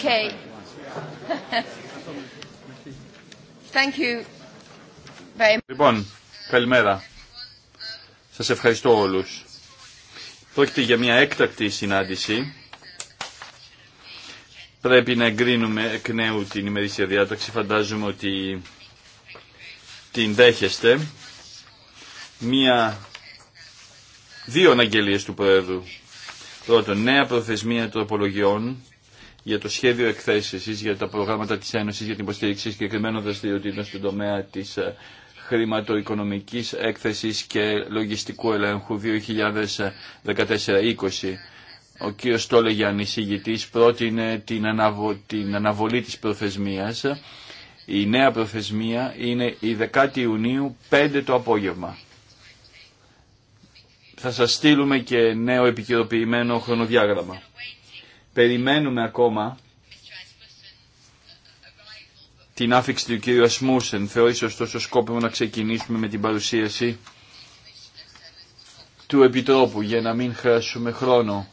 Okay. Λοιπόν, καλημέρα. Σας ευχαριστώ όλους. Πρόκειται για μια έκτακτη συνάντηση. Πρέπει να εγκρίνουμε εκ νέου την ημερήσια διάταξη. Φαντάζομαι ότι την δέχεστε. Μια, δύο αναγγελίες του Πρόεδρου. Πρώτον, νέα προθεσμία τροπολογιών για το σχέδιο εκθέσεις για τα προγράμματα της Ένωσης για την υποστήριξη συγκεκριμένων δραστηριοτήτων στον τομέα της ε, χρηματοοικονομικής έκθεσης και λογιστικού ελέγχου 2014-2020. Ο κύριος Στόλεγιαν, ηγητής, πρότεινε την, αναβο... την αναβολή της προθεσμίας. Η νέα προθεσμία είναι η 10η Ιουνίου 5 το απόγευμα. Θα σας στείλουμε και νέο επικαιροποιημένο χρονοδιάγραμμα. Περιμένουμε ακόμα την άφηξη του κύριου Ασμούσεν. Θεωρήσω ωστόσο σκόπιμο να ξεκινήσουμε με την παρουσίαση του Επιτρόπου για να μην χάσουμε χρόνο.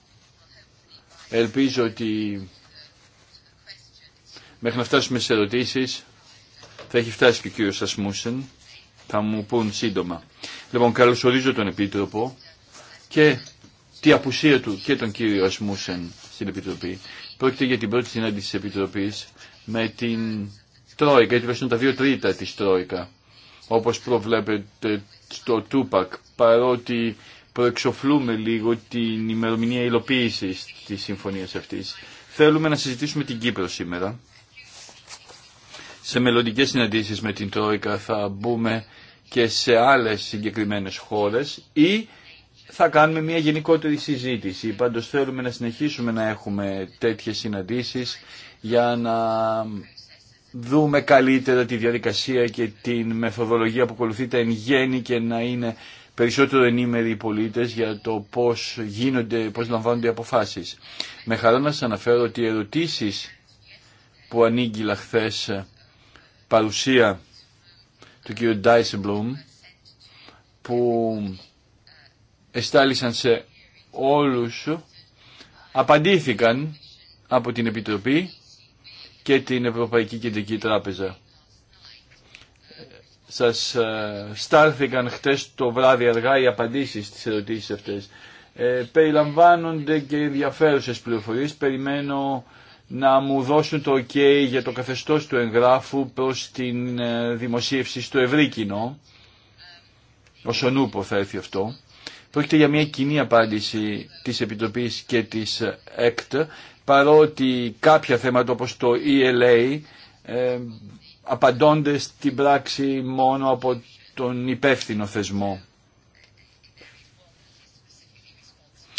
Ελπίζω ότι μέχρι να φτάσουμε σε ερωτήσεις θα έχει φτάσει και ο κύριος Ασμούσεν. Θα μου πούν σύντομα. Λοιπόν, καλωσορίζω τον Επίτροπο και τη απουσία του και τον κύριο Ασμούσεν στην Επιτροπή. Πρόκειται για την πρώτη συνάντηση τη με την Τρόικα, γιατί τα δύο τρίτα τη Τρόικα. Όπω προβλέπετε στο Τούπακ, παρότι προεξοφλούμε λίγο την ημερομηνία υλοποίηση τη συμφωνία αυτή. Θέλουμε να συζητήσουμε την Κύπρο σήμερα. Σε μελλοντικέ συναντήσεις με την Τρόικα θα μπούμε και σε άλλες συγκεκριμένες χώρες ή θα κάνουμε μια γενικότερη συζήτηση. Πάντως θέλουμε να συνεχίσουμε να έχουμε τέτοιες συναντήσεις για να δούμε καλύτερα τη διαδικασία και την μεθοδολογία που ακολουθείται εν γέννη και να είναι περισσότερο ενήμεροι οι πολίτες για το πώς γίνονται, πώς λαμβάνονται οι αποφάσεις. Με χαρά να σας αναφέρω ότι οι ερωτήσεις που ανήγγειλα χθε παρουσία του κ. Ντάισεμπλουμ που εστάλησαν σε όλους απαντήθηκαν από την Επιτροπή και την Ευρωπαϊκή Κεντρική Τράπεζα. Σας ε, στάλθηκαν χτες το βράδυ αργά οι απαντήσεις στις ερωτήσεις αυτές. Ε, περιλαμβάνονται και ενδιαφέρουσες πληροφορίες. Περιμένω να μου δώσουν το ok για το καθεστώς του εγγράφου προς την ε, δημοσίευση στο ευρύ κοινό. Ως θα έρθει αυτό. Πρόκειται για μια κοινή απάντηση της Επιτροπής και της ΕΚΤ, παρότι κάποια θέματα όπως το ELA ε, απαντώνται στην πράξη μόνο από τον υπεύθυνο θεσμό.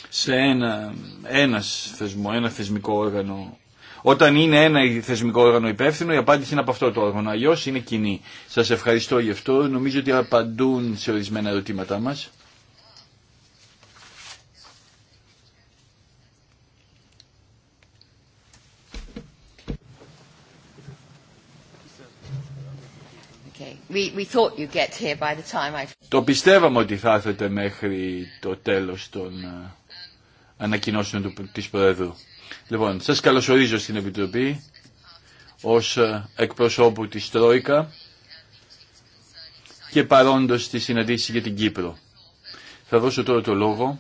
Σε ένα, ένας θεσμό, ένα θεσμικό όργανο. Όταν είναι ένα θεσμικό όργανο υπεύθυνο, η απάντηση είναι από αυτό το όργανο. Αλλιώ είναι κοινή. Σας ευχαριστώ γι' αυτό. Νομίζω ότι απαντούν σε ορισμένα ερωτήματά μας. Το πιστεύαμε ότι θα έρθετε μέχρι το τέλος των ε, ανακοινώσεων του, της Προεδρού. Λοιπόν, σας καλωσορίζω στην Επιτροπή ως ε, εκπροσώπου της Τρόικα και παρόντος στη συναντήση για την Κύπρο. Θα δώσω τώρα το λόγο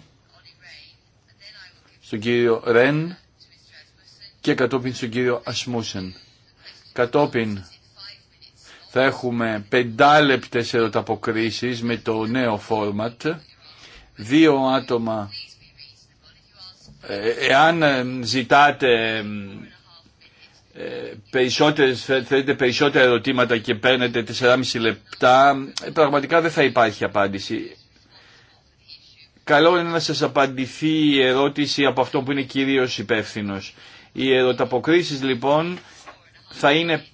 στον κύριο Ρεν και κατόπιν στον κύριο Ασμούσεν. Κατόπιν θα έχουμε πεντάλεπτες ερωταποκρίσεις με το νέο format. Δύο άτομα, ε, εάν ε, ζητάτε ε, θέλετε περισσότερα ερωτήματα και παίρνετε 4,5 λεπτά, πραγματικά δεν θα υπάρχει απάντηση. Καλό είναι να σας απαντηθεί η ερώτηση από αυτό που είναι κυρίως υπεύθυνο. Οι ερωταποκρίσεις λοιπόν θα είναι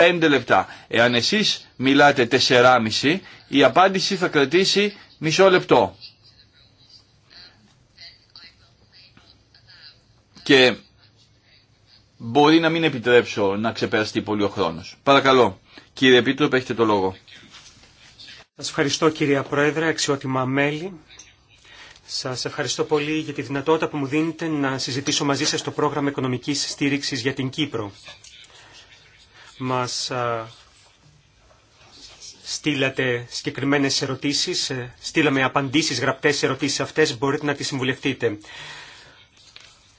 πέντε λεπτά. Εάν εσείς μιλάτε 4,5 η απάντηση θα κρατήσει μισό λεπτό. Και μπορεί να μην επιτρέψω να ξεπεραστεί πολύ ο χρόνος. Παρακαλώ, κύριε Επίτροπε, έχετε το λόγο. Σας ευχαριστώ κυρία Πρόεδρε, αξιότιμα μέλη. Σας ευχαριστώ πολύ για τη δυνατότητα που μου δίνετε να συζητήσω μαζί σας το πρόγραμμα οικονομικής στήριξης για την Κύπρο μας στείλατε συγκεκριμένες ερωτήσεις, ε, στείλαμε απαντήσεις γραπτές ερωτήσεις αυτές, μπορείτε να τις συμβουλευτείτε.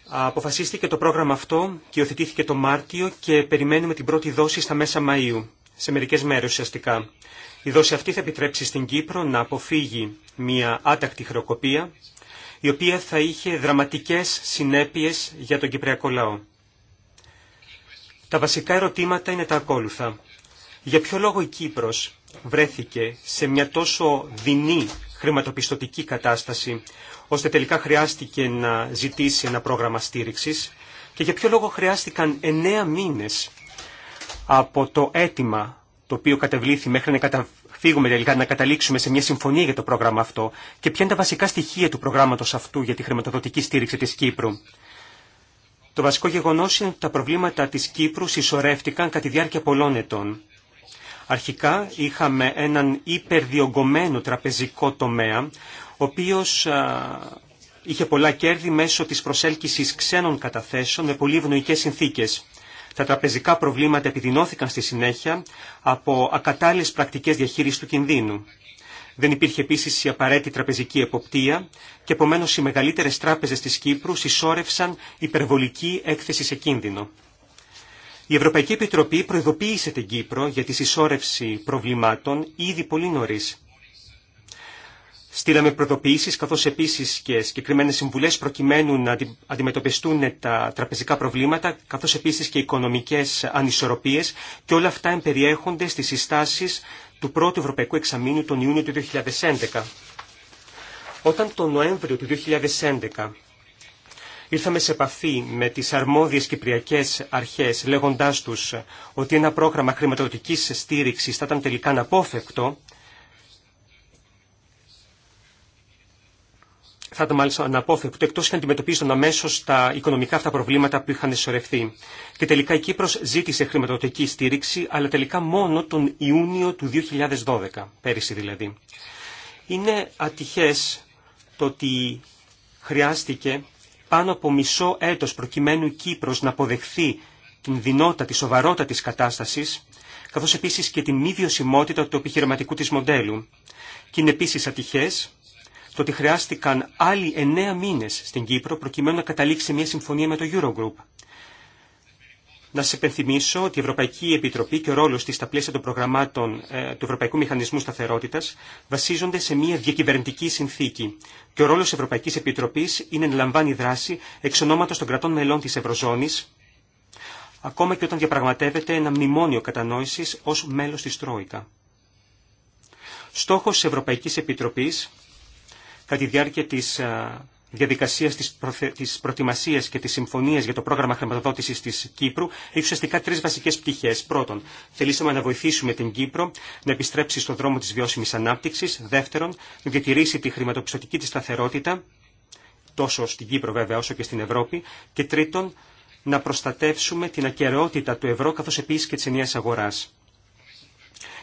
Αποφασίστηκε το πρόγραμμα αυτό και οθετήθηκε το Μάρτιο και περιμένουμε την πρώτη δόση στα μέσα Μαΐου, σε μερικές μέρες ουσιαστικά. Η δόση αυτή θα επιτρέψει στην Κύπρο να αποφύγει μια άτακτη χρεοκοπία, η οποία θα είχε δραματικές συνέπειες για τον κυπριακό λαό. Τα βασικά ερωτήματα είναι τα ακόλουθα. Για ποιο λόγο η Κύπρος βρέθηκε σε μια τόσο δεινή χρηματοπιστωτική κατάσταση, ώστε τελικά χρειάστηκε να ζητήσει ένα πρόγραμμα στήριξης και για ποιο λόγο χρειάστηκαν εννέα μήνες από το αίτημα το οποίο κατεβλήθη μέχρι να καταφύγουμε τελικά να καταλήξουμε σε μια συμφωνία για το πρόγραμμα αυτό και ποια είναι τα βασικά στοιχεία του προγράμματος αυτού για τη χρηματοδοτική στήριξη της Κύπρου. Το βασικό γεγονός είναι ότι τα προβλήματα της Κύπρου συσσωρεύτηκαν κατά τη διάρκεια πολλών ετών. Αρχικά είχαμε έναν υπερδιογκωμένο τραπεζικό τομέα, ο οποίος είχε πολλά κέρδη μέσω της προσέλκυσης ξένων καταθέσεων με πολύ ευνοϊκέ συνθήκες. Τα τραπεζικά προβλήματα επιδεινώθηκαν στη συνέχεια από ακατάλληλες πρακτικές διαχείρισης του κινδύνου. Δεν υπήρχε επίση η απαραίτητη τραπεζική εποπτεία και επομένω οι μεγαλύτερε τράπεζε τη Κύπρου συσσόρευσαν υπερβολική έκθεση σε κίνδυνο. Η Ευρωπαϊκή Επιτροπή προειδοποίησε την Κύπρο για τη συσσόρευση προβλημάτων ήδη πολύ νωρί. Στείλαμε προειδοποιήσει καθώ επίση και συγκεκριμένε συμβουλέ προκειμένου να αντιμετωπιστούν τα τραπεζικά προβλήματα καθώ επίση και οικονομικέ ανισορροπίε και όλα αυτά εμπεριέχονται στι συστάσει του πρώτου Ευρωπαϊκού Εξαμήνου τον Ιούνιο του 2011. Όταν τον Νοέμβριο του 2011 ήρθαμε σε επαφή με τις αρμόδιες κυπριακές αρχές λέγοντάς τους ότι ένα πρόγραμμα χρηματοδοτικής στήριξης θα ήταν τελικά αναπόφευκτο, θα ήταν μάλιστα αναπόφευκτο, εκτό και να αντιμετωπίσουν αμέσω τα οικονομικά αυτά προβλήματα που είχαν εσωρευτεί. Και τελικά η Κύπρος ζήτησε χρηματοδοτική στήριξη, αλλά τελικά μόνο τον Ιούνιο του 2012, πέρυσι δηλαδή. Είναι ατυχές το ότι χρειάστηκε πάνω από μισό έτος προκειμένου η Κύπρος να αποδεχθεί την δυνότητα τη σοβαρότητα της κατάστασης, καθώς επίσης και την μη βιωσιμότητα του επιχειρηματικού της μοντέλου. Και είναι επίση ατυχές το ότι χρειάστηκαν άλλοι εννέα μήνες στην Κύπρο προκειμένου να καταλήξει μια συμφωνία με το Eurogroup. Να σα υπενθυμίσω ότι η Ευρωπαϊκή Επιτροπή και ο ρόλο τη στα πλαίσια των προγραμμάτων ε, του Ευρωπαϊκού Μηχανισμού Σταθερότητα βασίζονται σε μια διακυβερνητική συνθήκη. Και ο ρόλο τη Ευρωπαϊκή Επιτροπή είναι να λαμβάνει δράση εξ ονόματο των κρατών μελών τη Ευρωζώνη, ακόμα και όταν διαπραγματεύεται ένα μνημόνιο κατανόηση ω μέλο τη Τρόικα. Στόχο Ευρωπαϊκή Επιτροπή κατά τη διάρκεια της ε, διαδικασίας της, προθε... και της συμφωνίας για το πρόγραμμα χρηματοδότησης της Κύπρου έχει ουσιαστικά τρεις βασικές πτυχές. Πρώτον, θελήσαμε να βοηθήσουμε την Κύπρο να επιστρέψει στον δρόμο της βιώσιμης ανάπτυξης. Δεύτερον, να διατηρήσει τη χρηματοπιστωτική της σταθερότητα, τόσο στην Κύπρο βέβαια όσο και στην Ευρώπη. Και τρίτον, να προστατεύσουμε την ακαιρεότητα του ευρώ καθώς επίση και τη ενία αγορά.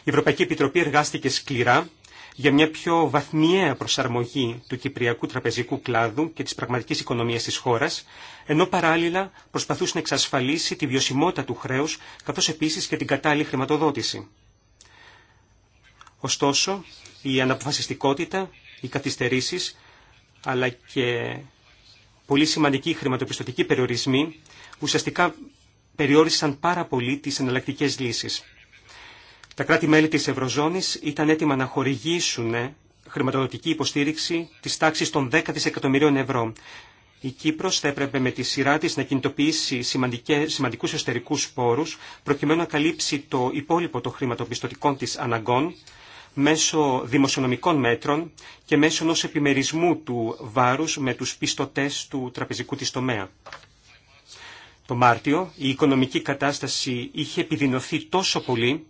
Η Ευρωπαϊκή Επιτροπή εργάστηκε σκληρά για μια πιο βαθμιαία προσαρμογή του κυπριακού τραπεζικού κλάδου και της πραγματικής οικονομίας της χώρας, ενώ παράλληλα προσπαθούσε να εξασφαλίσει τη βιωσιμότητα του χρέους, καθώς επίσης και την κατάλληλη χρηματοδότηση. Ωστόσο, η αναποφασιστικότητα, οι καθυστερήσεις, αλλά και πολύ σημαντικοί χρηματοπιστωτικοί περιορισμοί, ουσιαστικά περιόρισαν πάρα πολύ τις εναλλακτικές λύσεις. Τα κράτη-μέλη της Ευρωζώνης ήταν έτοιμα να χορηγήσουν χρηματοδοτική υποστήριξη της τάξης των 10 δισεκατομμυρίων ευρώ. Η Κύπρος θα έπρεπε με τη σειρά της να κινητοποιήσει σημαντικούς εσωτερικούς πόρους προκειμένου να καλύψει το υπόλοιπο των χρηματοπιστωτικών της αναγκών μέσω δημοσιονομικών μέτρων και μέσω ενός επιμερισμού του βάρους με τους πιστωτές του τραπεζικού της τομέα. Το Μάρτιο η οικονομική κατάσταση είχε επιδεινωθεί τόσο πολύ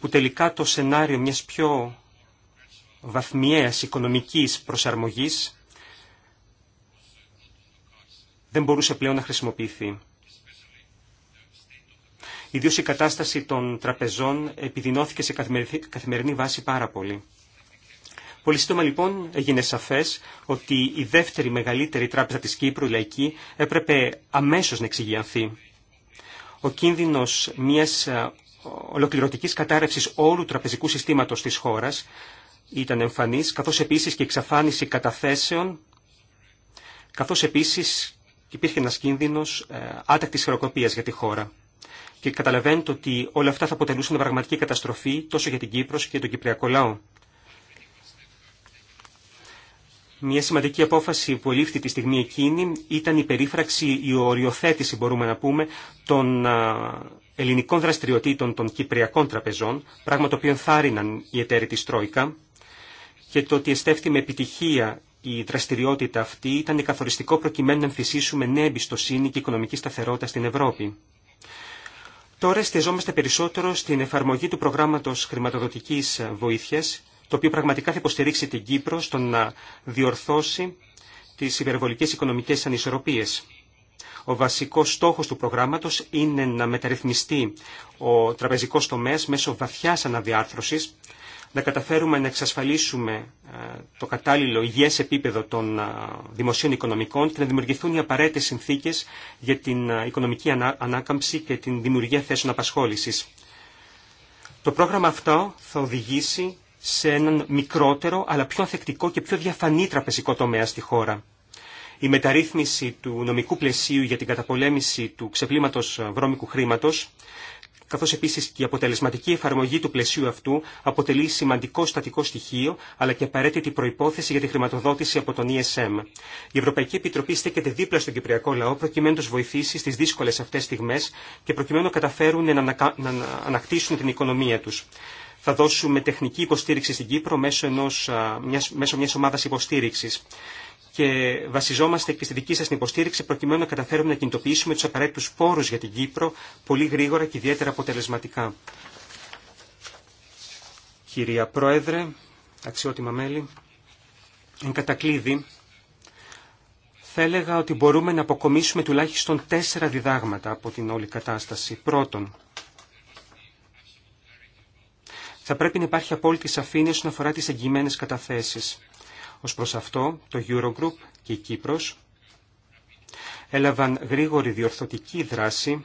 που τελικά το σενάριο μιας πιο βαθμιαίας οικονομικής προσαρμογής δεν μπορούσε πλέον να χρησιμοποιηθεί. Ιδίω η κατάσταση των τραπεζών επιδεινώθηκε σε καθημερινή βάση πάρα πολύ. Πολύ σύντομα λοιπόν έγινε σαφές ότι η δεύτερη μεγαλύτερη τράπεζα της Κύπρου, η Λαϊκή, έπρεπε αμέσως να εξηγιανθεί. Ο κίνδυνος μιας ε, ολοκληρωτικής κατάρρευσης όλου τραπεζικού συστήματος της χώρας ήταν εμφανής, καθώς επίσης και εξαφάνιση καταθέσεων, καθώς επίσης υπήρχε ένας κίνδυνος ε, άτακτης χρεοκοπίας για τη χώρα. Και καταλαβαίνετε ότι όλα αυτά θα αποτελούσαν πραγματική καταστροφή τόσο για την Κύπρο και τον Κυπριακό λαό. Μια σημαντική απόφαση που λήφθη τη στιγμή εκείνη ήταν η περίφραξη, η οριοθέτηση μπορούμε να πούμε, των ελληνικών δραστηριοτήτων των κυπριακών τραπεζών, πράγμα το οποίο ενθάρρυναν οι εταίροι της Τρόικα και το ότι εστέφθη με επιτυχία η δραστηριότητα αυτή ήταν καθοριστικό προκειμένου να εμφυσίσουμε νέα εμπιστοσύνη και οικονομική σταθερότητα στην Ευρώπη. Τώρα εστιαζόμαστε περισσότερο στην εφαρμογή του προγράμματος χρηματοδοτικής βοήθειας το οποίο πραγματικά θα υποστηρίξει την Κύπρο στο να διορθώσει τις υπερβολικές οικονομικές ανισορροπίες. Ο βασικός στόχος του προγράμματος είναι να μεταρρυθμιστεί ο τραπεζικός τομέας μέσω βαθιάς αναδιάρθρωσης, να καταφέρουμε να εξασφαλίσουμε ε, το κατάλληλο υγιές επίπεδο των ε, δημοσίων οικονομικών και να δημιουργηθούν οι απαραίτητες συνθήκες για την ε, οικονομική ανάκαμψη και την δημιουργία θέσεων απασχόλησης. Το πρόγραμμα αυτό θα οδηγήσει σε έναν μικρότερο αλλά πιο ανθεκτικό και πιο διαφανή τραπεζικό τομέα στη χώρα. Η μεταρρύθμιση του νομικού πλαισίου για την καταπολέμηση του ξεπλήματος βρώμικου χρήματος καθώς επίσης και η αποτελεσματική εφαρμογή του πλαισίου αυτού αποτελεί σημαντικό στατικό στοιχείο, αλλά και απαραίτητη προϋπόθεση για τη χρηματοδότηση από τον ESM. Η Ευρωπαϊκή Επιτροπή στέκεται δίπλα στον Κυπριακό λαό προκειμένου να βοηθήσει στις δύσκολε αυτές στιγμές και προκειμένου να καταφέρουν να ανακτήσουν την οικονομία τους. Θα δώσουμε τεχνική υποστήριξη στην Κύπρο μέσω, ενός, μιας, μέσω μιας ομάδας υποστήριξης και βασιζόμαστε και στη δική σα υποστήριξη προκειμένου να καταφέρουμε να κινητοποιήσουμε τους απαραίτητους πόρους για την Κύπρο πολύ γρήγορα και ιδιαίτερα αποτελεσματικά. Κυρία Πρόεδρε, αξιότιμα μέλη, εν κατακλείδη, θα έλεγα ότι μπορούμε να αποκομίσουμε τουλάχιστον τέσσερα διδάγματα από την όλη κατάσταση. Πρώτον, θα πρέπει να υπάρχει απόλυτη σαφήνεια όσον αφορά τι εγγυημένε καταθέσεις. Ως προς αυτό, το Eurogroup και η Κύπρος έλαβαν γρήγορη διορθωτική δράση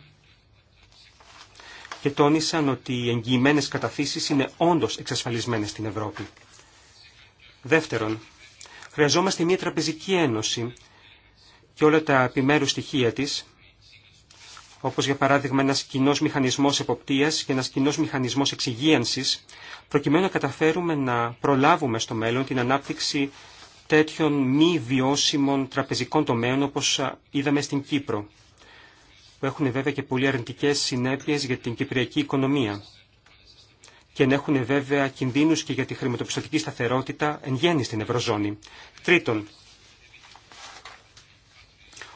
και τόνισαν ότι οι εγγυημένε καταθήσεις είναι όντω εξασφαλισμένες στην Ευρώπη. Δεύτερον, χρειαζόμαστε μια τραπεζική ένωση και όλα τα επιμέρου στοιχεία της όπως για παράδειγμα ένας κοινός μηχανισμός εποπτείας και ένας κοινός μηχανισμός εξυγίανσης, προκειμένου να καταφέρουμε να προλάβουμε στο μέλλον την ανάπτυξη τέτοιων μη βιώσιμων τραπεζικών τομέων όπως είδαμε στην Κύπρο, που έχουν βέβαια και πολύ αρνητικές συνέπειες για την κυπριακή οικονομία και να έχουν βέβαια κινδύνους και για τη χρηματοπιστωτική σταθερότητα εν γέννη στην Ευρωζώνη. Τρίτον,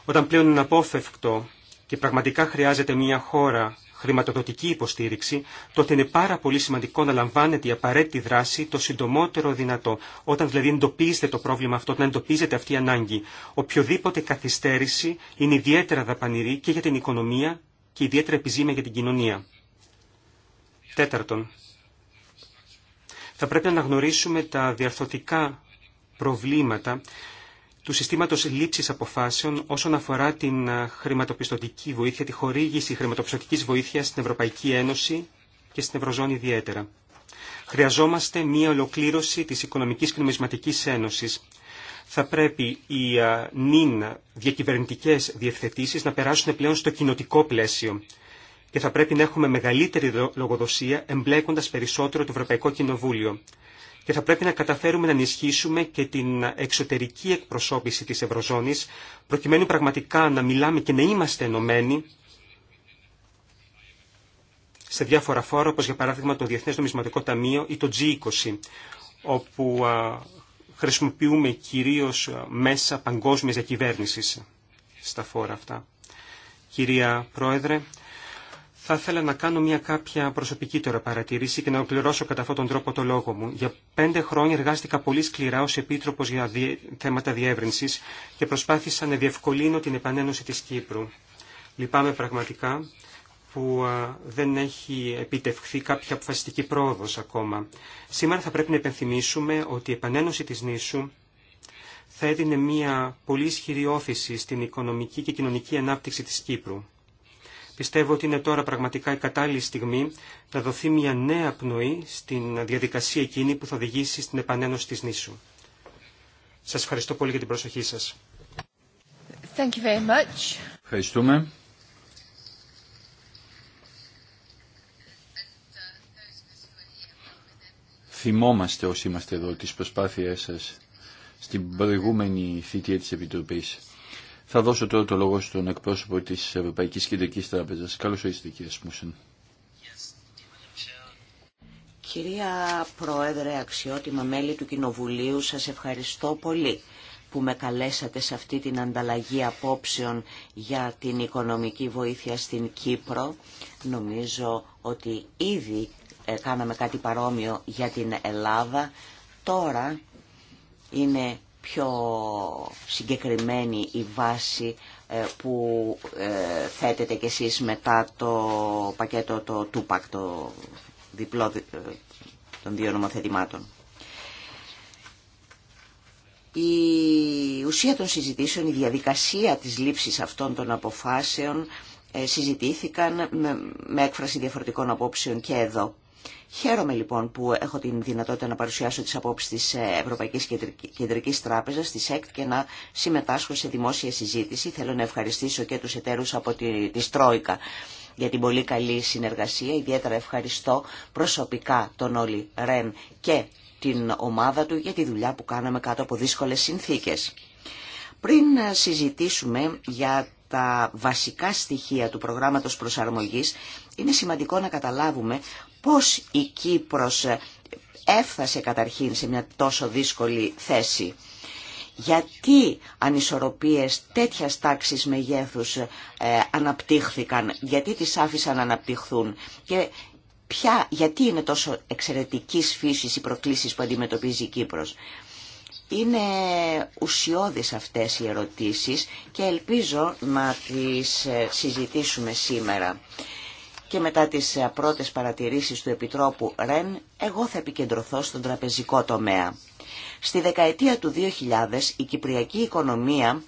όταν πλέον είναι απόφευκτο και πραγματικά χρειάζεται μια χώρα χρηματοδοτική υποστήριξη, τότε είναι πάρα πολύ σημαντικό να λαμβάνετε η απαραίτητη δράση το συντομότερο δυνατό. Όταν δηλαδή εντοπίζετε το πρόβλημα αυτό, όταν εντοπίζετε αυτή η ανάγκη, οποιοδήποτε καθυστέρηση είναι ιδιαίτερα δαπανηρή και για την οικονομία και ιδιαίτερα επιζήμια για την κοινωνία. Τέταρτον, θα πρέπει να αναγνωρίσουμε τα διαρθωτικά προβλήματα του συστήματος λήψης αποφάσεων όσον αφορά την ε, χρηματοπιστωτική βοήθεια, τη χορήγηση χρηματοπιστωτικής βοήθειας στην Ευρωπαϊκή Ένωση και στην Ευρωζώνη ιδιαίτερα. Χρειαζόμαστε μία ολοκλήρωση της Οικονομικής και Νομισματικής Ένωσης. Θα πρέπει οι ε, νυν διακυβερνητικές διευθετήσεις να περάσουν πλέον στο κοινοτικό πλαίσιο και θα πρέπει να έχουμε μεγαλύτερη λογοδοσία εμπλέκοντας περισσότερο το Ευρωπαϊκό Κοινοβούλιο και θα πρέπει να καταφέρουμε να ενισχύσουμε και την εξωτερική εκπροσώπηση της Ευρωζώνης, προκειμένου πραγματικά να μιλάμε και να είμαστε ενωμένοι σε διάφορα φόρα, όπως για παράδειγμα το Διεθνές Νομισματικό Ταμείο ή το G20, όπου χρησιμοποιούμε κυρίως μέσα παγκόσμιας διακυβέρνησης στα φόρα αυτά. Κυρία Πρόεδρε, θα ήθελα να κάνω μια κάποια προσωπική τώρα παρατηρήση και να ολοκληρώσω κατά αυτόν τον τρόπο το λόγο μου. Για πέντε χρόνια εργάστηκα πολύ σκληρά ω επίτροπο για θέματα διεύρυνση και προσπάθησα να διευκολύνω την επανένωση τη Κύπρου. Λυπάμαι πραγματικά που δεν έχει επιτευχθεί κάποια αποφασιστική πρόοδος ακόμα. Σήμερα θα πρέπει να επενθυμίσουμε ότι η επανένωση της νήσου θα έδινε μια πολύ ισχυρή όθηση στην οικονομική και κοινωνική ανάπτυξη της Κύπρου. Πιστεύω ότι είναι τώρα πραγματικά η κατάλληλη στιγμή να δοθεί μια νέα πνοή στην διαδικασία εκείνη που θα οδηγήσει στην επανένωση της νήσου. Σας ευχαριστώ πολύ για την προσοχή σας. Thank you very much. Ευχαριστούμε. Θυμόμαστε όσοι είμαστε εδώ τις προσπάθειές σας στην προηγούμενη θητεία της Επιτροπής. Θα δώσω τώρα το λόγο στον εκπρόσωπο της Ευρωπαϊκή Κεντρική Τράπεζας. Καλώς ήρθατε κύριε Σμούσεν. Κυρία Πρόεδρε, αξιότιμα μέλη του Κοινοβουλίου, σας ευχαριστώ πολύ που με καλέσατε σε αυτή την ανταλλαγή απόψεων για την οικονομική βοήθεια στην Κύπρο. Νομίζω ότι ήδη ε, κάναμε κάτι παρόμοιο για την Ελλάδα. Τώρα είναι πιο συγκεκριμένη η βάση ε, που ε, θέτετε κι εσείς μετά το πακέτο το τούπακ, το διπλό ε, των δύο νομοθετημάτων. Η ουσία των συζητήσεων, η διαδικασία της λήψης αυτών των αποφάσεων συζητήθηκαν με, με έκφραση διαφορετικών απόψεων και εδώ. Χαίρομαι λοιπόν που έχω την δυνατότητα να παρουσιάσω τις απόψεις της ε, Ευρωπαϊκής Κεντρικής Τράπεζας, της ΕΚΤ και να συμμετάσχω σε δημόσια συζήτηση. Θέλω να ευχαριστήσω και τους εταίρους από τη, της για την πολύ καλή συνεργασία. Ιδιαίτερα ευχαριστώ προσωπικά τον Όλη Ρεν και την ομάδα του για τη δουλειά που κάναμε κάτω από δύσκολες συνθήκες. Πριν ε, συζητήσουμε για τα βασικά στοιχεία του προγράμματος προσαρμογής, είναι σημαντικό να καταλάβουμε πώς η Κύπρος έφτασε καταρχήν σε μια τόσο δύσκολη θέση. Γιατί ανισορροπίες τέτοιας τάξης μεγέθους ε, αναπτύχθηκαν, γιατί τις άφησαν να αναπτυχθούν και ποια, γιατί είναι τόσο εξαιρετικής φύσης οι προκλήσεις που αντιμετωπίζει η Κύπρος. Είναι ουσιώδεις αυτές οι ερωτήσεις και ελπίζω να τις ε, συζητήσουμε σήμερα και μετά τις ε, πρώτες παρατηρήσεις του Επιτρόπου Ρεν, εγώ θα επικεντρωθώ στον τραπεζικό τομέα. Στη δεκαετία του 2000 η κυπριακή οικονομία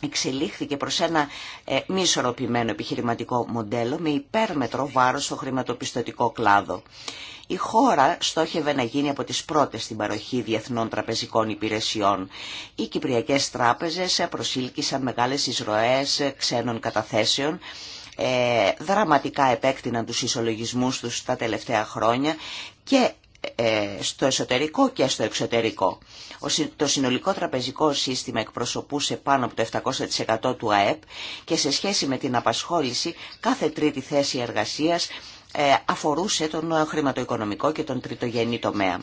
εξελίχθηκε προς ένα ε, μη ισορροπημένο επιχειρηματικό μοντέλο με υπέρμετρο βάρος στο χρηματοπιστωτικό κλάδο. Η χώρα στόχευε να γίνει από τις πρώτες στην παροχή διεθνών τραπεζικών υπηρεσιών. Οι κυπριακές τράπεζες προσήλκησαν μεγάλες εισρωές ξένων καταθέσεων ε, δραματικά επέκτηναν τους ισολογισμούς τους τα τελευταία χρόνια και ε, στο εσωτερικό και στο εξωτερικό. Το συνολικό τραπεζικό σύστημα εκπροσωπούσε πάνω από το 700% του ΑΕΠ και σε σχέση με την απασχόληση κάθε τρίτη θέση εργασίας ε, αφορούσε τον χρηματοοικονομικό και τον τριτογενή τομέα.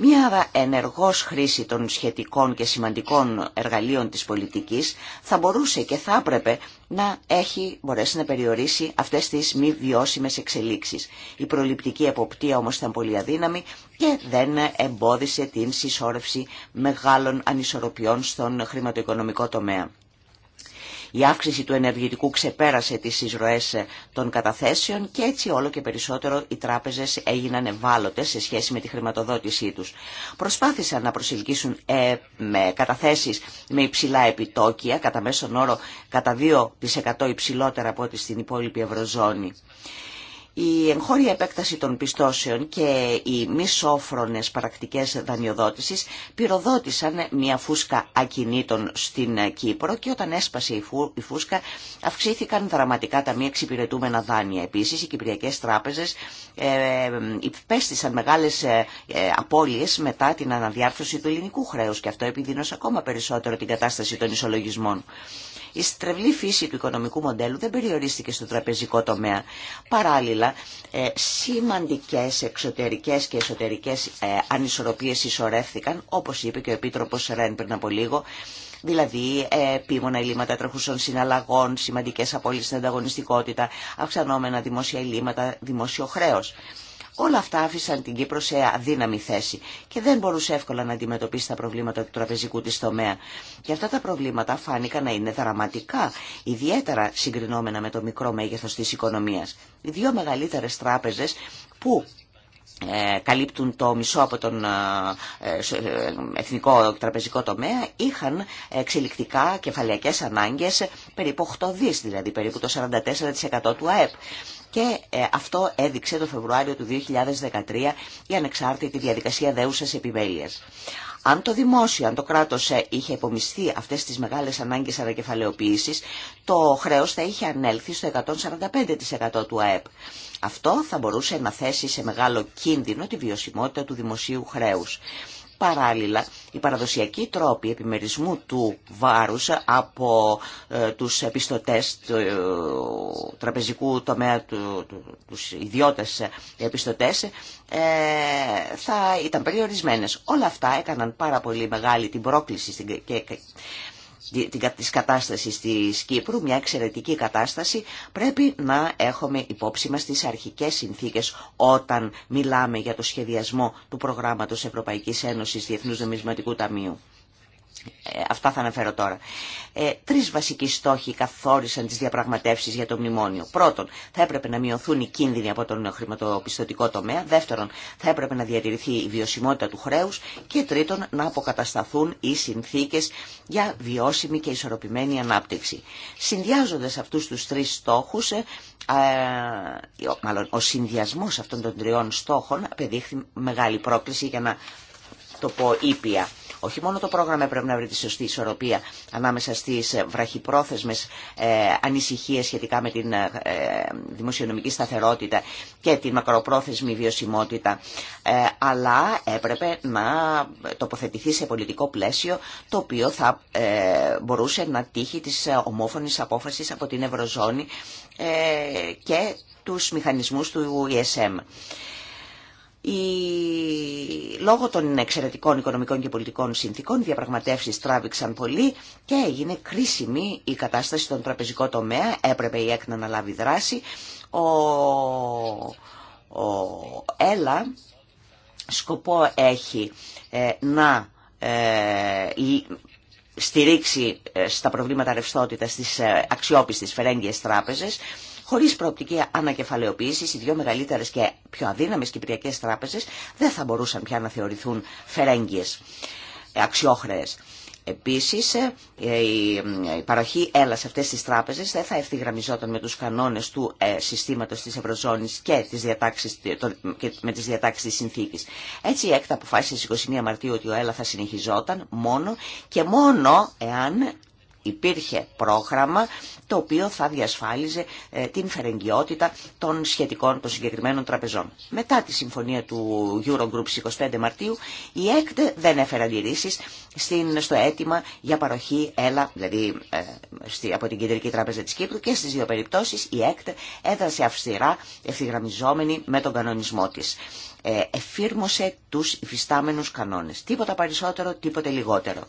Μια ενεργός χρήση των σχετικών και σημαντικών εργαλείων της πολιτικής θα μπορούσε και θα έπρεπε να έχει μπορέσει να περιορίσει αυτές τις μη βιώσιμες εξελίξεις. Η προληπτική εποπτεία όμως ήταν πολύ αδύναμη και δεν εμπόδισε την συσσόρευση μεγάλων ανισορροπιών στον χρηματοοικονομικό τομέα. Η αύξηση του ενεργητικού ξεπέρασε τις εισρωές ε, των καταθέσεων και έτσι όλο και περισσότερο οι τράπεζες έγιναν ευάλωτες σε σχέση με τη χρηματοδότησή τους. Προσπάθησαν να προσελκύσουν ε, με καταθέσεις με υψηλά επιτόκια, κατά μέσον όρο κατά 2% υψηλότερα από ό,τι στην υπόλοιπη Ευρωζώνη. Η εγχώρια επέκταση των πιστώσεων και οι μη σόφρονες πρακτικές δανειοδότησης πυροδότησαν μια φούσκα ακινήτων στην Κύπρο και όταν έσπασε η φούσκα αυξήθηκαν δραματικά τα μη εξυπηρετούμενα δάνεια. Επίσης οι κυπριακές τράπεζες ε, υπέστησαν μεγάλες ε, ε, απώλειες μετά την αναδιάρθρωση του ελληνικού χρέους και αυτό επιδίνωσε ακόμα περισσότερο την κατάσταση των ισολογισμών. Η στρεβλή φύση του οικονομικού μοντέλου δεν περιορίστηκε στο τραπεζικό τομέα. Παράλληλα, ε, σημαντικές εξωτερικές και εσωτερικές ε, ανισορροπίες ισορρεύθηκαν, όπως είπε και ο Επίτροπος Ρέν πριν από λίγο, δηλαδή ε, επίμονα ελλείμματα τροχούσων συναλλαγών, σημαντικές απόλυτες στην ανταγωνιστικότητα, αυξανόμενα δημόσια ελλείμματα, δημόσιο χρέος. Όλα αυτά άφησαν την Κύπρο σε αδύναμη θέση και δεν μπορούσε εύκολα να αντιμετωπίσει τα προβλήματα του τραπεζικού της τομέα. Και αυτά τα προβλήματα φάνηκαν να είναι δραματικά, ιδιαίτερα συγκρινόμενα με το μικρό μέγεθος της οικονομίας. Οι δύο μεγαλύτερες τράπεζες που ε, καλύπτουν το μισό από τον ε, ε, εθνικό τραπεζικό τομέα είχαν εξελικτικά κεφαλαιακές ανάγκες περίπου 8 δις, δηλαδή περίπου το 44% του ΑΕΠ. Και αυτό έδειξε το Φεβρουάριο του 2013 η ανεξάρτητη διαδικασία δέουσας επιμέλειας. Αν το δημόσιο, αν το κράτος ε, είχε υπομειστεί αυτές τις μεγάλες ανάγκες ανακεφαλαιοποίηση, το χρέος θα είχε ανέλθει στο 145% του ΑΕΠ. Αυτό θα μπορούσε να θέσει σε μεγάλο κίνδυνο τη βιωσιμότητα του δημοσίου χρέους. Παράλληλα, οι παραδοσιακοί τρόποι επιμερισμού του βάρους από ε, τους επιστοτές του ε, τραπεζικού τομέα, του, τους ιδιώτες επιστοτές, ε, θα ήταν περιορισμένες. Όλα αυτά έκαναν πάρα πολύ μεγάλη την πρόκληση και Τη κατάσταση τη Κύπρου, μια εξαιρετική κατάσταση, πρέπει να έχουμε υπόψη μα τις αρχικές συνθήκες όταν μιλάμε για το σχεδιασμό του προγράμματος Ευρωπαϊκής Ένωσης Διεθνούς Νομισματικού Ταμείου. Ε, αυτά θα αναφέρω τώρα. Ε, Τρει βασικοί στόχοι καθόρισαν τι διαπραγματεύσει για το μνημόνιο. Πρώτον, θα έπρεπε να μειωθούν οι κίνδυνοι από τον χρηματοπιστωτικό τομέα. Δεύτερον, θα έπρεπε να διατηρηθεί η βιωσιμότητα του χρέου. Και τρίτον, να αποκατασταθούν οι συνθήκε για βιώσιμη και ισορροπημένη ανάπτυξη. Συνδυάζοντα αυτού του τρει στόχου, ε, ε, ο συνδυασμό αυτών των τριών στόχων απεδείχθη μεγάλη πρόκληση για να το πω ήπια. Όχι μόνο το πρόγραμμα έπρεπε να βρει τη σωστή ισορροπία ανάμεσα στις ε, βραχυπρόθεσμες ε, ανησυχίες σχετικά με την ε, δημοσιονομική σταθερότητα και την μακροπρόθεσμη βιωσιμότητα, αλλά έπρεπε να τοποθετηθεί σε πολιτικό πλαίσιο το οποίο θα μπορούσε να τύχει της ομόφωνης απόφασης από την Ευρωζώνη και τους μηχανισμούς του ESM. Η... Λόγω των εξαιρετικών οικονομικών και πολιτικών συνθήκων, διαπραγματεύσει τράβηξαν πολύ και έγινε κρίσιμη η κατάσταση στον τραπεζικό τομέα. Έπρεπε η ΕΚ να αναλάβει δράση. Ο, Ο ΕΛΑ σκοπό έχει ε, να ε, στηρίξει ε, στα προβλήματα ρευστότητα στις ε, αξιόπιστης φερέγγιες τράπεζες χωρίς προοπτική ανακεφαλαιοποίηση, οι δύο μεγαλύτερε και πιο αδύναμες κυπριακές τράπεζες δεν θα μπορούσαν πια να θεωρηθούν φερέγγιε αξιόχρεε. Επίσης, ε, ε, η παροχή έλα σε αυτές τις τράπεζες δεν θα ευθυγραμμιζόταν με τους κανόνες του ε, συστήματος της Ευρωζώνης και, με τις διατάξεις της συνθήκη. Έτσι, η έκτα αποφάσισε στι 21 Μαρτίου ότι ο έλα θα συνεχιζόταν μόνο και μόνο εάν υπήρχε πρόγραμμα το οποίο θα διασφάλιζε ε, την φερεγγιότητα των σχετικών των συγκεκριμένων τραπεζών. Μετά τη συμφωνία του Eurogroup 25 Μαρτίου, η ΕΚΤ δεν έφερε αντιρρήσεις στο αίτημα για παροχή ΕΛΑ, δηλαδή ε, από την Κεντρική Τράπεζα της Κύπρου και στις δύο περιπτώσεις η ΕΚΤ έδρασε αυστηρά ευθυγραμμιζόμενη με τον κανονισμό της ε, εφήρμοσε τους υφιστάμενους κανόνες. Τίποτα περισσότερο, τίποτε λιγότερο.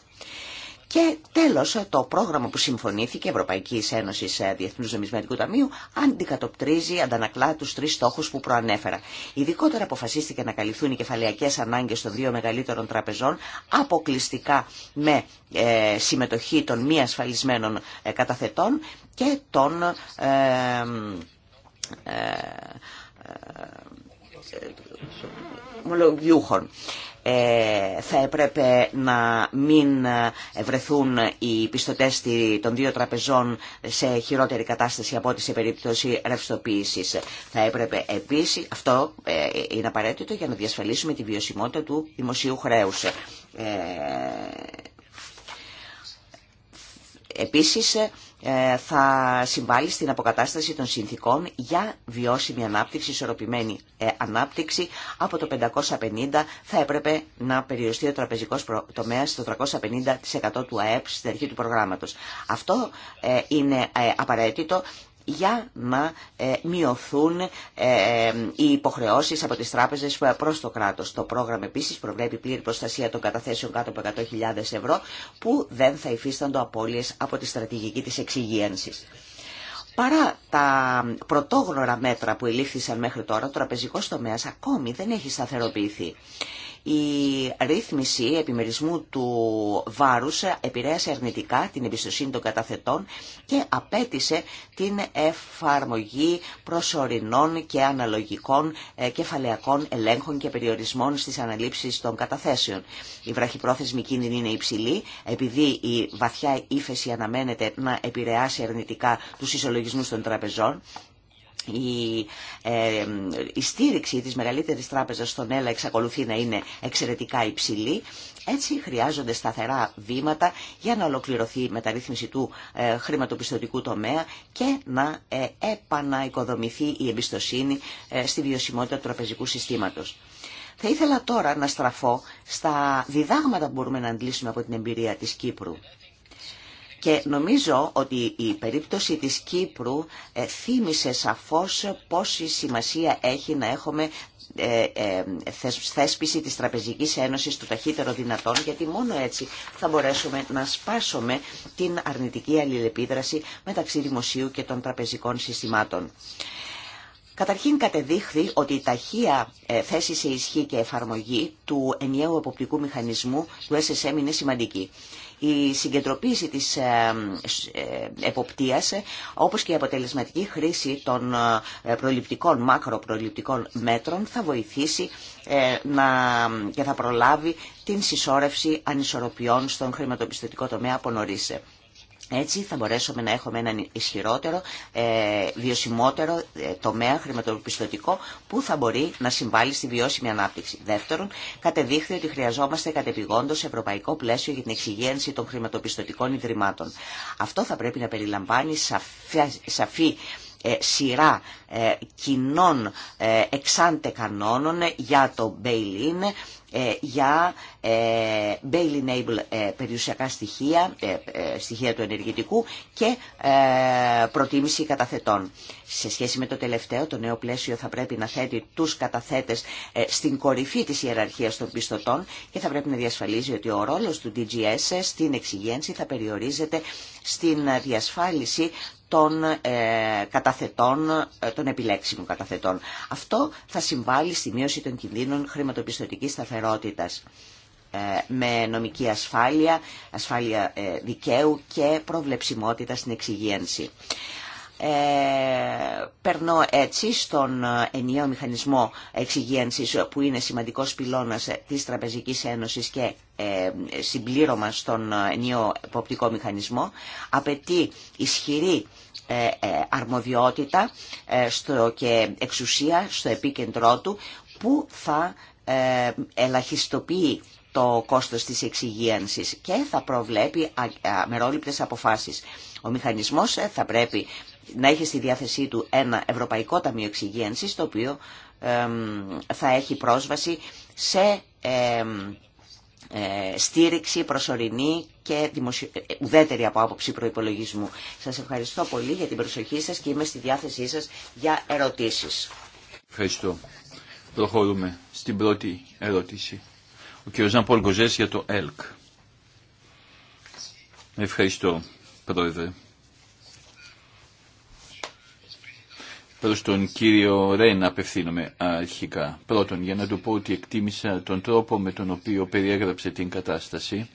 Και τέλος, το πρόγραμμα που συμφωνήθηκε ευρωπαϊκή Ένωση ε, Διεθνούς Νομισματικού Ταμείου αντικατοπτρίζει, αντανακλά τους τρεις στόχους που προανέφερα. Ειδικότερα αποφασίστηκε να καλυφθούν οι κεφαλαιακές ανάγκες των δύο μεγαλύτερων τραπεζών αποκλειστικά με ε, συμμετοχή των μη ασφαλισμένων ε, καταθετών και των... Ε, ε, θα έπρεπε να μην ε, βρεθούν οι πιστωτές των δύο τραπεζών σε χειρότερη κατάσταση από ό,τι σε περίπτωση ρευστοποίησης. Θα έπρεπε επίσης, αυτό ε, είναι απαραίτητο για να διασφαλίσουμε τη βιωσιμότητα του δημοσίου χρέους. Επίσης, ε, θα συμβάλλει στην αποκατάσταση των συνθήκων για βιώσιμη ανάπτυξη, ισορροπημένη ε, ανάπτυξη. Από το 550 θα έπρεπε να περιοριστεί ο τραπεζικός τομέα στο 350% του ΑΕΠ στην αρχή του προγράμματος. Αυτό ε, είναι απαραίτητο για να ε, μειωθούν ε, οι υποχρεώσεις από τις τράπεζες προς το κράτος. Το πρόγραμμα επίσης προβλέπει πλήρη προστασία των καταθέσεων κάτω από 100.000 ευρώ που δεν θα υφίστανται απώλειες από τη στρατηγική της εξυγίανσης. Παρά τα πρωτόγνωρα μέτρα που ελήφθησαν μέχρι τώρα, το τραπεζικό τομέα ακόμη δεν έχει σταθεροποιηθεί. Η ρύθμιση επιμερισμού του βάρους επηρέασε αρνητικά την εμπιστοσύνη των καταθετών και απέτησε την εφαρμογή προσωρινών και αναλογικών ε, κεφαλαιακών ελέγχων και περιορισμών στις αναλήψεις των καταθέσεων. Η βραχυπρόθεσμη κίνδυνη είναι υψηλή, επειδή η βαθιά ύφεση αναμένεται να επηρεάσει αρνητικά τους ισολογισμούς των τραπεζών η, ε, η στήριξη της μεγαλύτερης τράπεζας στον ΕΛΑ εξακολουθεί να είναι εξαιρετικά υψηλή. Έτσι χρειάζονται σταθερά βήματα για να ολοκληρωθεί η μεταρρύθμιση του ε, χρηματοπιστωτικού τομέα και να ε, επαναοικοδομηθεί η εμπιστοσύνη ε, στη βιωσιμότητα του τραπεζικού συστήματος. Θα ήθελα τώρα να στραφώ στα διδάγματα που μπορούμε να αντλήσουμε από την εμπειρία της Κύπρου. Και νομίζω ότι η περίπτωση της Κύπρου ε, θύμισε σαφώς πόση σημασία έχει να έχουμε ε, ε, θέσπιση της Τραπεζικής Ένωσης του ταχύτερο δυνατόν γιατί μόνο έτσι θα μπορέσουμε να σπάσουμε την αρνητική αλληλεπίδραση μεταξύ δημοσίου και των τραπεζικών συστημάτων. Καταρχήν κατεδείχθη ότι η ταχεία ε, θέση σε ισχύ και εφαρμογή του ενιαίου εποπτικού μηχανισμού του SSM είναι σημαντική. Η συγκεντροποίηση της ε, ε, εποπτείας, όπως και η αποτελεσματική χρήση των προληπτικών, μακροπροληπτικών μέτρων, θα βοηθήσει να, και θα προλάβει την συσσόρευση ανισορροπιών στον χρηματοπιστωτικό τομέα από νωρίς. Έτσι θα μπορέσουμε να έχουμε έναν ισχυρότερο, ε, βιωσιμότερο ε, τομέα χρηματοπιστωτικό που θα μπορεί να συμβάλλει στη βιώσιμη ανάπτυξη. Δεύτερον, κατεδείχθη ότι χρειαζόμαστε κατεπηγόντω ευρωπαϊκό πλαίσιο για την εξυγένση των χρηματοπιστωτικών ιδρυμάτων. Αυτό θα πρέπει να περιλαμβάνει σαφή ε, σειρά ε, κοινών ε, εξάντε κανόνων για το bail-in, για bail-enable περιουσιακά στοιχεία, στοιχεία του ενεργητικού και προτίμηση καταθετών. Σε σχέση με το τελευταίο, το νέο πλαίσιο θα πρέπει να θέτει τους καταθέτες στην κορυφή της ιεραρχίας των πιστωτών και θα πρέπει να διασφαλίζει ότι ο ρόλος του DGS στην εξυγένση θα περιορίζεται στην διασφάλιση των ε, καταθετών, ε, των επιλέξιμων καταθετών. Αυτό θα συμβάλλει στη μείωση των κινδύνων χρηματοπιστωτικής σταθερότητας ε, με νομική ασφάλεια, ασφάλεια δικαίου και προβλεψιμότητα στην εξυγίανση. Ε, περνώ έτσι στον ενιαίο μηχανισμό εξυγίανσης που είναι σημαντικός πυλώνας της Τραπεζικής Ένωσης και ε, συμπλήρωμα στον ενιαίο εποπτικό μηχανισμό. Απαιτεί ισχυρή ε, ε, αρμοδιότητα ε, και εξουσία στο επίκεντρό του που θα ελαχιστοποιεί το κόστος της εξυγίανσης και θα προβλέπει αμερόληπτες αποφάσεις. Ο μηχανισμός θα πρέπει να έχει στη διάθεσή του ένα Ευρωπαϊκό Ταμείο Εξυγίανσης το οποίο θα έχει πρόσβαση σε ε, στήριξη προσωρινή και δημοσιο... Ε, ε, ουδέτερη από άποψη προϋπολογισμού. Σας ευχαριστώ πολύ για την προσοχή σας και είμαι στη διάθεσή σας για ερωτήσεις. Ευχαριστώ. Προχωρούμε στην πρώτη ερώτηση. Ο κ. Ζαν για το ΕΛΚ. Ευχαριστώ, Πρόεδρε. Προς τον κύριο Ρέν απευθύνομαι αρχικά. Πρώτον, για να του πω ότι εκτίμησα τον τρόπο με τον οποίο περιέγραψε την κατάσταση.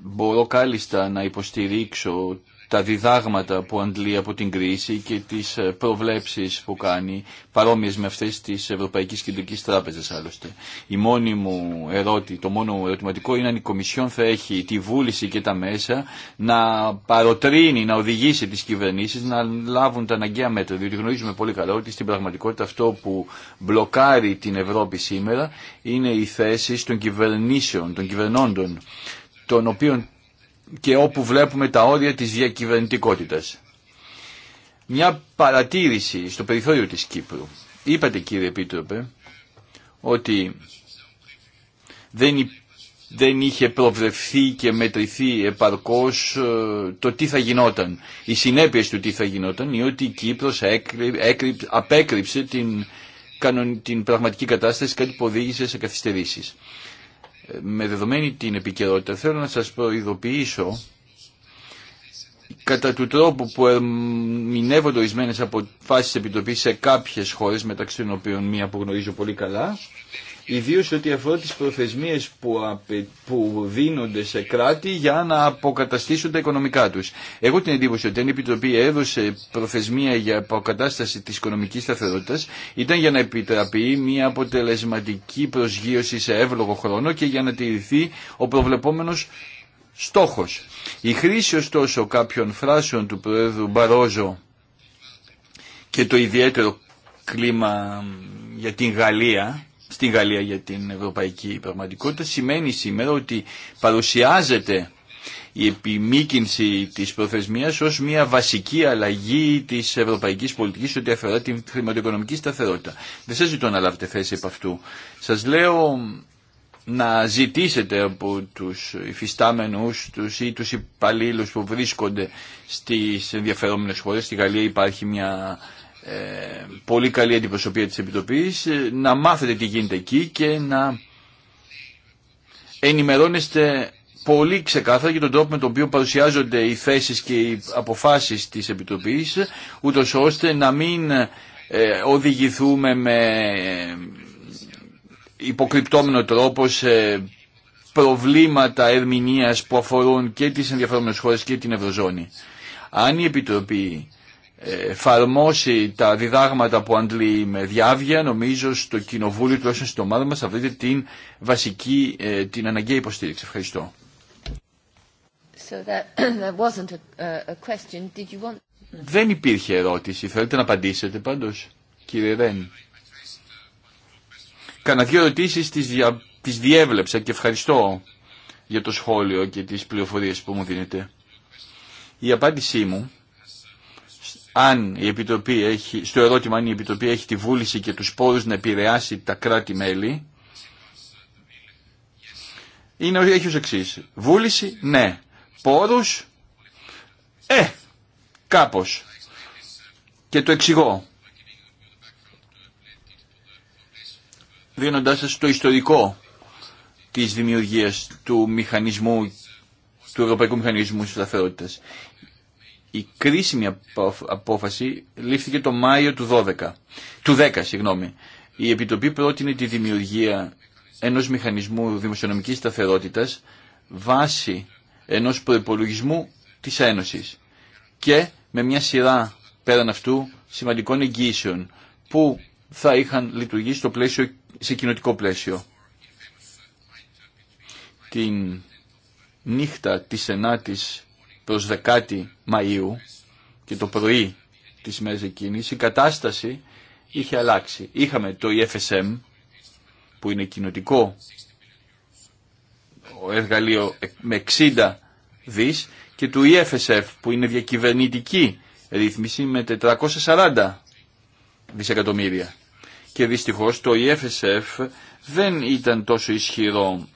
Μπορώ κάλλιστα να υποστηρίξω τα διδάγματα που αντλεί από την κρίση και τις ε, προβλέψεις που κάνει παρόμοιες με αυτές της Ευρωπαϊκής Κεντρικής Τράπεζας άλλωστε. Η μόνη μου ερώτη, το μόνο μου ερωτηματικό είναι αν η Κομισιόν θα έχει τη βούληση και τα μέσα να παροτρύνει, να οδηγήσει τις κυβερνήσεις να λάβουν τα αναγκαία μέτρα. Διότι γνωρίζουμε πολύ καλά ότι στην πραγματικότητα αυτό που μπλοκάρει την Ευρώπη σήμερα είναι οι θέσεις των κυβερνήσεων, των κυβερνώντων των οποίων και όπου βλέπουμε τα όρια της διακυβερνητικότητας. Μια παρατήρηση στο περιθώριο της Κύπρου. Είπατε κύριε Επίτροπε ότι δεν, δεν είχε προβλεφθεί και μετρηθεί επαρκώς ε, το τι θα γινόταν. Οι συνέπειες του τι θα γινόταν η ότι η Κύπρος απέκρυψε την, την πραγματική κατάσταση, κάτι που οδήγησε σε καθυστερήσεις με δεδομένη την επικαιρότητα θέλω να σας προειδοποιήσω κατά του τρόπου που ερμηνεύονται ορισμένε αποφάσει επιτροπή σε κάποιε χώρε, μεταξύ των οποίων μία που γνωρίζω πολύ καλά, Ιδίω ό,τι αφορά τι προθεσμίε που, απε, που δίνονται σε κράτη για να αποκαταστήσουν τα οικονομικά του. Έχω την εντύπωση ότι αν η Επιτροπή έδωσε προθεσμία για αποκατάσταση τη οικονομική σταθερότητα ήταν για να επιτραπεί μια αποτελεσματική προσγείωση σε εύλογο χρόνο και για να τηρηθεί ο προβλεπόμενο στόχο. Η χρήση ωστόσο κάποιων φράσεων του Προέδρου Μπαρόζο και το ιδιαίτερο κλίμα για την Γαλλία στην Γαλλία για την ευρωπαϊκή πραγματικότητα σημαίνει σήμερα ότι παρουσιάζεται η επιμήκυνση της προθεσμίας ως μια βασική αλλαγή της ευρωπαϊκής πολιτικής ότι αφορά την χρηματοοικονομική σταθερότητα. Δεν σας ζητώ να λάβετε θέση επ' αυτού. Σας λέω να ζητήσετε από τους υφιστάμενους τους ή τους υπαλλήλους που βρίσκονται στις ενδιαφερόμενες χώρες. Στη Γαλλία υπάρχει μια ε, πολύ καλή αντιπροσωπεία της Επιτροπής ε, να μάθετε τι γίνεται εκεί και να ενημερώνεστε πολύ ξεκάθαρα για τον τρόπο με τον οποίο παρουσιάζονται οι θέσεις και οι αποφάσεις της Επιτροπής ούτω ώστε να μην ε, οδηγηθούμε με υποκρυπτόμενο τρόπο σε προβλήματα ερμηνείας που αφορούν και τις ενδιαφέρομενες χώρες και την Ευρωζώνη. Αν η Επιτροπή εφαρμόσει τα διδάγματα που αντλεί με διάβια, νομίζω στο κοινοβούλιο, του στην ομάδα μας, θα βρείτε την βασική, ε, την αναγκαία υποστήριξη. Ευχαριστώ. Δεν υπήρχε ερώτηση. Θέλετε να απαντήσετε πάντως, κύριε Ρέν. Κάνα δύο ερωτήσεις τις, διέβλεψα και ευχαριστώ για το σχόλιο και τις πληροφορίες που μου δίνετε. Η απάντησή μου αν η Επιτροπή έχει, στο ερώτημα αν η Επιτροπή έχει τη βούληση και τους πόρους να επηρεάσει τα κράτη-μέλη, είναι, έχει ως εξής. Βούληση, ναι. Πόρους, ε, κάπως. Και το εξηγώ. Δίνοντάς σας το ιστορικό της δημιουργίας του μηχανισμού, του Ευρωπαϊκού Μηχανισμού Σταθερότητας. Η κρίσιμη απόφαση λήφθηκε το Μάιο του 12, του 10, συγγνώμη. Η Επιτροπή πρότεινε τη δημιουργία ενός μηχανισμού δημοσιονομικής σταθερότητας βάσει ενός προπολογισμού της Ένωσης και με μια σειρά πέραν αυτού σημαντικών εγγύσεων που θα είχαν λειτουργήσει στο πλαίσιο, σε κοινοτικό πλαίσιο. Την νύχτα της 9 προς 10η Μαΐου και το πρωί της μέσης εκείνης η κατάσταση είχε αλλάξει. Είχαμε το EFSM που είναι κοινοτικό εργαλείο με 60 δις και το EFSF που είναι διακυβερνητική ρύθμιση με 440 δισεκατομμύρια. Και δυστυχώς το EFSF δεν ήταν τόσο ισχυρό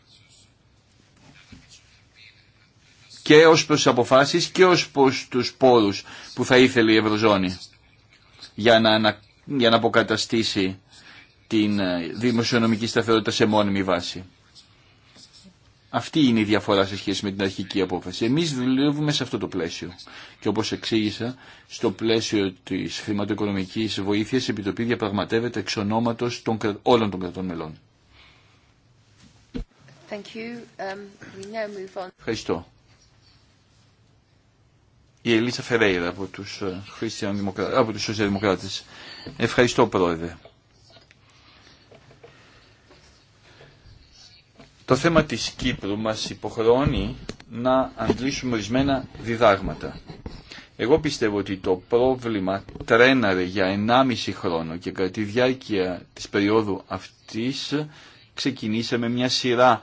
και ως προς τις αποφάσεις και ως προς τους πόρους που θα ήθελε η Ευρωζώνη για να, για να αποκαταστήσει την ε, δημοσιονομική σταθερότητα σε μόνιμη βάση. Αυτή είναι η διαφορά σε σχέση με την αρχική απόφαση. Εμείς δουλεύουμε σε αυτό το πλαίσιο. Και όπως εξήγησα, στο πλαίσιο της χρηματοοικονομικής βοήθειας η Επιτροπή διαπραγματεύεται εξ ονόματος όλων των κρατών μελών. Um, Ευχαριστώ η Ελίσσα Φερέιρα από τους, ε, από τους Σοσιαδημοκράτες. Ευχαριστώ Πρόεδρε. Το θέμα της Κύπρου μας υποχρεώνει να αντλήσουμε ορισμένα διδάγματα. Εγώ πιστεύω ότι το πρόβλημα τρέναρε για 1,5 χρόνο και κατά τη διάρκεια της περίοδου αυτής ξεκινήσαμε μια σειρά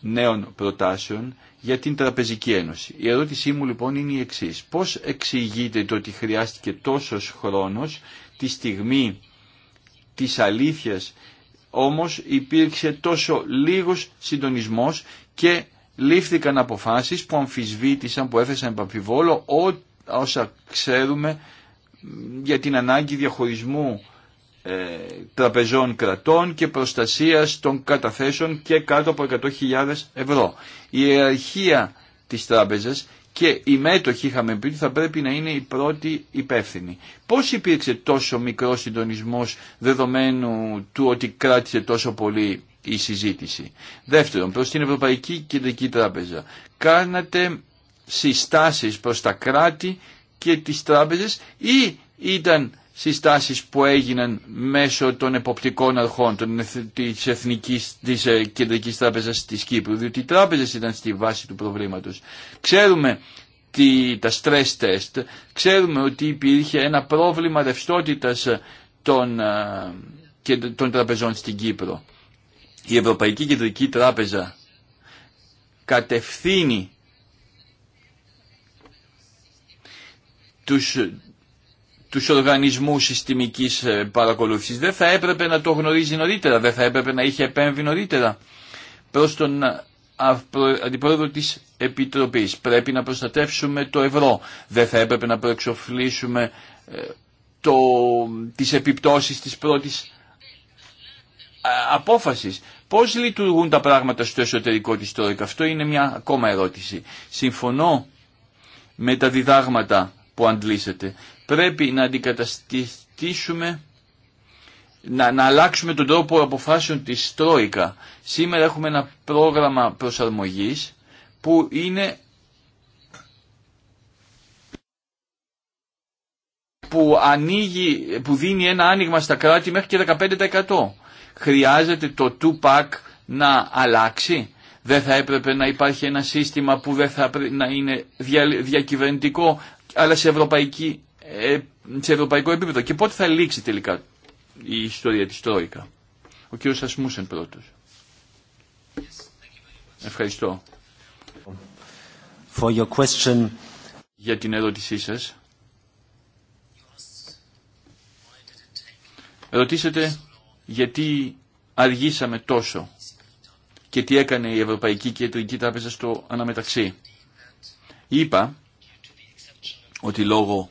νέων προτάσεων για την Τραπεζική Ένωση. Η ερώτησή μου λοιπόν είναι η εξής. Πώς εξηγείται το ότι χρειάστηκε τόσος χρόνος τη στιγμή της αλήθειας όμως υπήρξε τόσο λίγος συντονισμός και λήφθηκαν αποφάσεις που αμφισβήτησαν, που έθεσαν επαμφιβόλο ό, όσα ξέρουμε για την ανάγκη διαχωρισμού ε, τραπεζών κρατών και προστασίας των καταθέσεων και κάτω από 100.000 ευρώ. Η ιεραρχία της τράπεζας και οι μέτοχοι είχαμε πει ότι θα πρέπει να είναι οι πρώτοι υπεύθυνοι. Πώς υπήρξε τόσο μικρό συντονισμό δεδομένου του ότι κράτησε τόσο πολύ η συζήτηση. Δεύτερον, προς την Ευρωπαϊκή Κεντρική Τράπεζα. Κάνατε συστάσεις προς τα κράτη και τις τράπεζες ή ήταν συστάσεις που έγιναν μέσω των εποπτικών αρχών των, της, Εθνικής, της ε, Κεντρικής Τράπεζας της Κύπρου, διότι οι τράπεζες ήταν στη βάση του προβλήματος. Ξέρουμε τι, τα stress test, ξέρουμε ότι υπήρχε ένα πρόβλημα ρευστότητα των, ε, των τραπεζών στην Κύπρο. Η Ευρωπαϊκή Κεντρική Τράπεζα κατευθύνει τους τους οργανισμούς συστημικής ε, παρακολούθησης. Δεν θα έπρεπε να το γνωρίζει νωρίτερα, δεν θα έπρεπε να είχε επέμβει νωρίτερα. Προς τον ε, αντιπρόεδρο της Επιτροπής πρέπει να προστατεύσουμε το ευρώ. Δεν θα έπρεπε να προεξοφλήσουμε ε, το, τις επιπτώσεις της πρώτης απόφασης. Πώς λειτουργούν τα πράγματα στο εσωτερικό της Τρόικα. Αυτό είναι μια ακόμα ερώτηση. Συμφωνώ με τα διδάγματα που αντλήσετε πρέπει να αντικαταστήσουμε να, να αλλάξουμε τον τρόπο αποφάσεων της Τρόικα. Σήμερα έχουμε ένα πρόγραμμα προσαρμογής που είναι που, ανοίγει, που δίνει ένα άνοιγμα στα κράτη μέχρι και 15%. Χρειάζεται το 2 να αλλάξει. Δεν θα έπρεπε να υπάρχει ένα σύστημα που δεν θα να είναι δια, διακυβερνητικό αλλά σε ευρωπαϊκή ε, σε ευρωπαϊκό επίπεδο. Και πότε θα λήξει τελικά η ιστορία της Τρόικα. Ο κύριος Σασμούσεν πρώτος. Ευχαριστώ. For your question. Για την ερώτησή σας. Ρωτήσατε γιατί αργήσαμε τόσο και τι έκανε η Ευρωπαϊκή Κεντρική Τράπεζα στο αναμεταξύ. Είπα ότι λόγω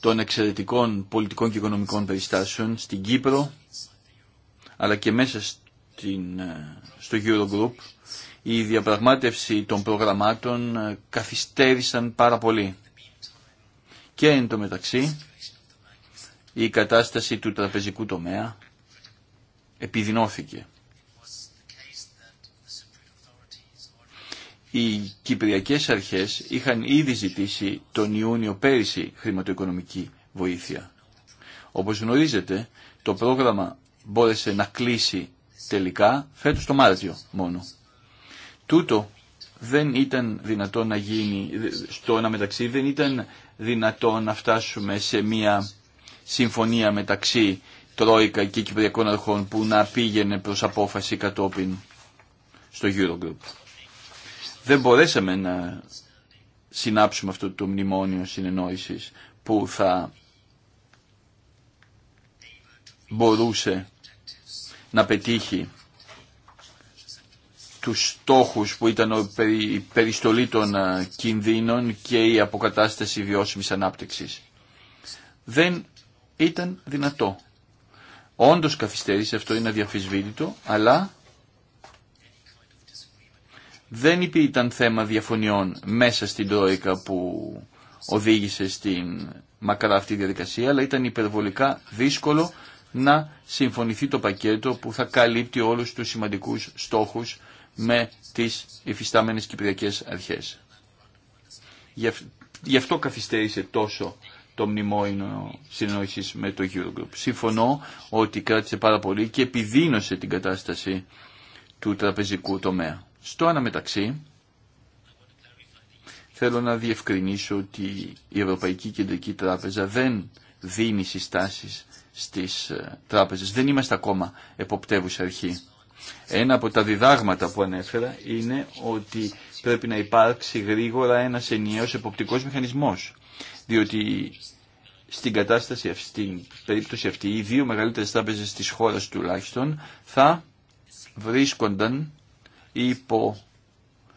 των εξαιρετικών πολιτικών και οικονομικών περιστάσεων στην Κύπρο αλλά και μέσα στην, ε, στο Eurogroup η διαπραγμάτευση των προγραμμάτων ε, καθυστέρησαν πάρα πολύ. Και εν τω μεταξύ η κατάσταση του τραπεζικού τομέα επιδεινώθηκε. οι κυπριακές αρχές είχαν ήδη ζητήσει τον Ιούνιο πέρυσι χρηματοοικονομική βοήθεια. Όπως γνωρίζετε, το πρόγραμμα μπόρεσε να κλείσει τελικά φέτος το Μάρτιο μόνο. Τούτο δεν ήταν δυνατό να γίνει, στο ένα μεταξύ δεν ήταν δυνατό να φτάσουμε σε μια συμφωνία μεταξύ Τρόικα και Κυπριακών Αρχών που να πήγαινε προς απόφαση κατόπιν στο Eurogroup δεν μπορέσαμε να συνάψουμε αυτό το μνημόνιο συνεννόησης που θα μπορούσε να πετύχει τους στόχους που ήταν η περιστολή των κινδύνων και η αποκατάσταση βιώσιμης ανάπτυξης. Δεν ήταν δυνατό. Όντως καθυστέρησε, αυτό είναι αδιαφυσβήτητο, αλλά δεν ήταν θέμα διαφωνιών μέσα στην Τρόικα που οδήγησε στην μακρά αυτή διαδικασία, αλλά ήταν υπερβολικά δύσκολο να συμφωνηθεί το πακέτο που θα καλύπτει όλους τους σημαντικούς στόχους με τις υφιστάμενες κυπριακές αρχές. Γι' αυτό καθυστέρησε τόσο το μνημόνιο συνεννόηση με το Eurogroup. Συμφωνώ ότι κράτησε πάρα πολύ και επιδίνωσε την κατάσταση του τραπεζικού τομέα. Στο αναμεταξύ, θέλω να διευκρινίσω ότι η Ευρωπαϊκή Κεντρική Τράπεζα δεν δίνει συστάσεις στις ε, τράπεζες. Δεν είμαστε ακόμα εποπτεύουσα αρχή. Ένα από τα διδάγματα που ανέφερα είναι ότι πρέπει να υπάρξει γρήγορα ένας ενιαίος εποπτικός μηχανισμός. Διότι στην κατάσταση αυτή, στην περίπτωση αυτή, οι δύο μεγαλύτερες τράπεζες της χώρας τουλάχιστον θα βρίσκονταν υπό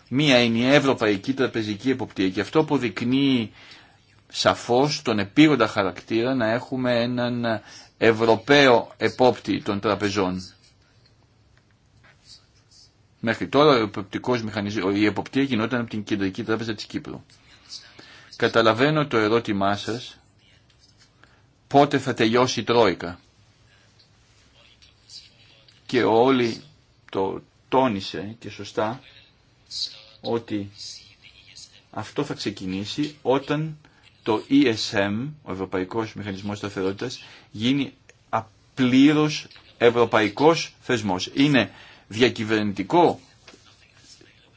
μία είναι η ευρωπαϊκή τραπεζική εποπτεία. Και αυτό αποδεικνύει σαφώς τον επίγοντα χαρακτήρα να έχουμε έναν Ευρωπαίο επόπτη των τραπεζών. Μέχρι τώρα ο μηχανισμός, η εποπτεία γινόταν από την Κεντρική Τράπεζα της Κύπρου. Καταλαβαίνω το ερώτημά σας πότε θα τελειώσει η Τρόικα. Και όλοι το τόνισε και σωστά ότι αυτό θα ξεκινήσει όταν το ESM, ο Ευρωπαϊκός Μηχανισμός Σταθερότητας, γίνει απλήρως ευρωπαϊκός θεσμός. Είναι διακυβερνητικό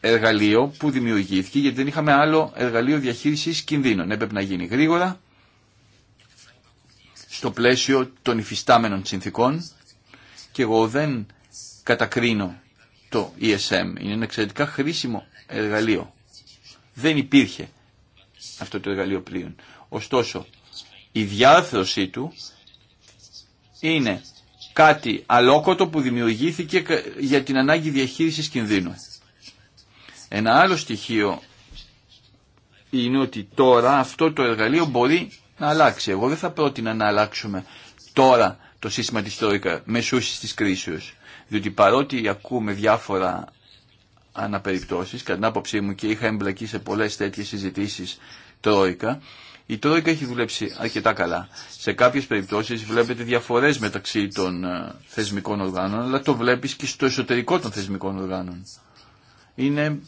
εργαλείο που δημιουργήθηκε γιατί δεν είχαμε άλλο εργαλείο διαχείρισης κινδύνων. Έπρεπε να γίνει γρήγορα στο πλαίσιο των υφιστάμενων συνθήκων και εγώ δεν κατακρίνω το ESM. Είναι ένα εξαιρετικά χρήσιμο εργαλείο. Δεν υπήρχε αυτό το εργαλείο πλήρων. Ωστόσο, η διάρθρωσή του είναι κάτι αλόκοτο που δημιουργήθηκε για την ανάγκη διαχείρισης κινδύνου. Ένα άλλο στοιχείο είναι ότι τώρα αυτό το εργαλείο μπορεί να αλλάξει. Εγώ δεν θα πρότεινα να αλλάξουμε τώρα το σύστημα της Τρόικα μεσούσης της κρίσεως. Διότι παρότι ακούμε διάφορα αναπεριπτώσεις, κατά την άποψή μου και είχα εμπλακεί σε πολλές τέτοιες συζητήσεις Τρόικα, η Τρόικα έχει δουλέψει αρκετά καλά. Σε κάποιες περιπτώσεις βλέπετε διαφορές μεταξύ των ε, θεσμικών οργάνων, αλλά το βλέπεις και στο εσωτερικό των θεσμικών οργάνων. Είναι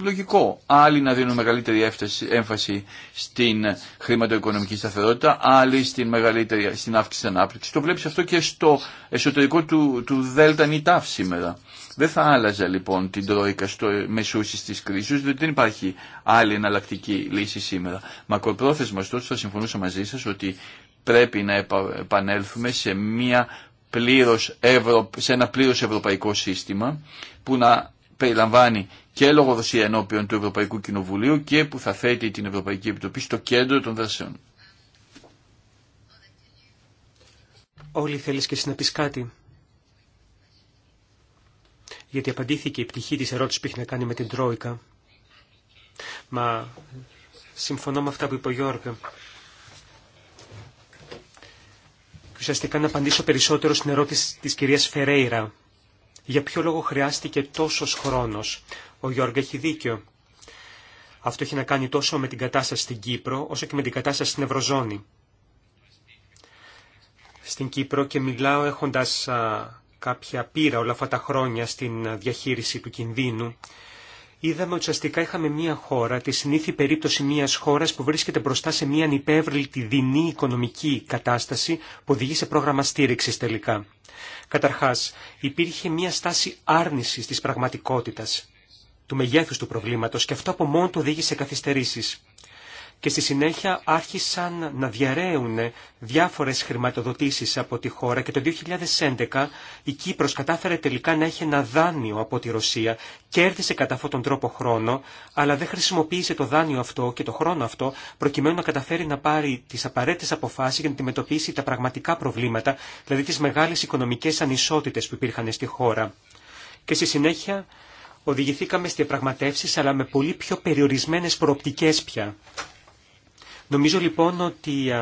λογικό. Άλλοι να δίνουν μεγαλύτερη έμφαση στην χρηματοοικονομική σταθερότητα, άλλοι στην, μεγαλύτερη, στην αύξηση της ανάπτυξης. Το βλέπεις αυτό και στο εσωτερικό του, του Δέλτα Νιτάφ σήμερα. Δεν θα άλλαζε λοιπόν την Τρόικα στο μεσούση τη κρίση, διότι δεν υπάρχει άλλη εναλλακτική λύση σήμερα. Μακροπρόθεσμα, ωστόσο, θα συμφωνούσα μαζί σα ότι πρέπει να επανέλθουμε σε μια πλήρως ευρω... σε ένα πλήρως ευρωπαϊκό σύστημα που να περιλαμβάνει και λογοδοσία ενώπιον του Ευρωπαϊκού Κοινοβουλίου και που θα θέτει την Ευρωπαϊκή Επιτροπή στο κέντρο των δράσεων. Όλοι θέλεις και εσύ να πεις κάτι. Γιατί απαντήθηκε η πτυχή της ερώτησης που είχε να κάνει με την Τρόικα. Μα συμφωνώ με αυτά που είπε ο Γιώργο. Και ουσιαστικά να απαντήσω περισσότερο στην ερώτηση της κυρίας Φερέιρα για ποιο λόγο χρειάστηκε τόσος χρόνος. Ο Γιώργο έχει δίκιο. Αυτό έχει να κάνει τόσο με την κατάσταση στην Κύπρο, όσο και με την κατάσταση στην Ευρωζώνη. Στην Κύπρο και μιλάω έχοντας κάποια πείρα όλα αυτά τα χρόνια στην διαχείριση του κινδύνου είδαμε ότι ουσιαστικά είχαμε μια χώρα, τη συνήθι περίπτωση μιας χώρας που βρίσκεται μπροστά σε μια ανυπέβρελτη δεινή οικονομική κατάσταση που οδηγεί σε πρόγραμμα στηριξη τελικά. Καταρχάς, υπήρχε μια στάση άρνησης της πραγματικότητας, του μεγέθους του προβλήματος και αυτό από μόνο του οδήγησε καθυστερησει και στη συνέχεια άρχισαν να διαραίουν διάφορες χρηματοδοτήσεις από τη χώρα και το 2011 η Κύπρος κατάφερε τελικά να έχει ένα δάνειο από τη Ρωσία, κέρδισε κατά αυτόν τον τρόπο χρόνο, αλλά δεν χρησιμοποίησε το δάνειο αυτό και το χρόνο αυτό προκειμένου να καταφέρει να πάρει τις απαραίτητες αποφάσεις για να αντιμετωπίσει τα πραγματικά προβλήματα, δηλαδή τις μεγάλες οικονομικές ανισότητες που υπήρχαν στη χώρα. Και στη συνέχεια οδηγηθήκαμε στις διαπραγματεύσεις αλλά με πολύ πιο περιορισμένες προοπτικές πια. Νομίζω λοιπόν ότι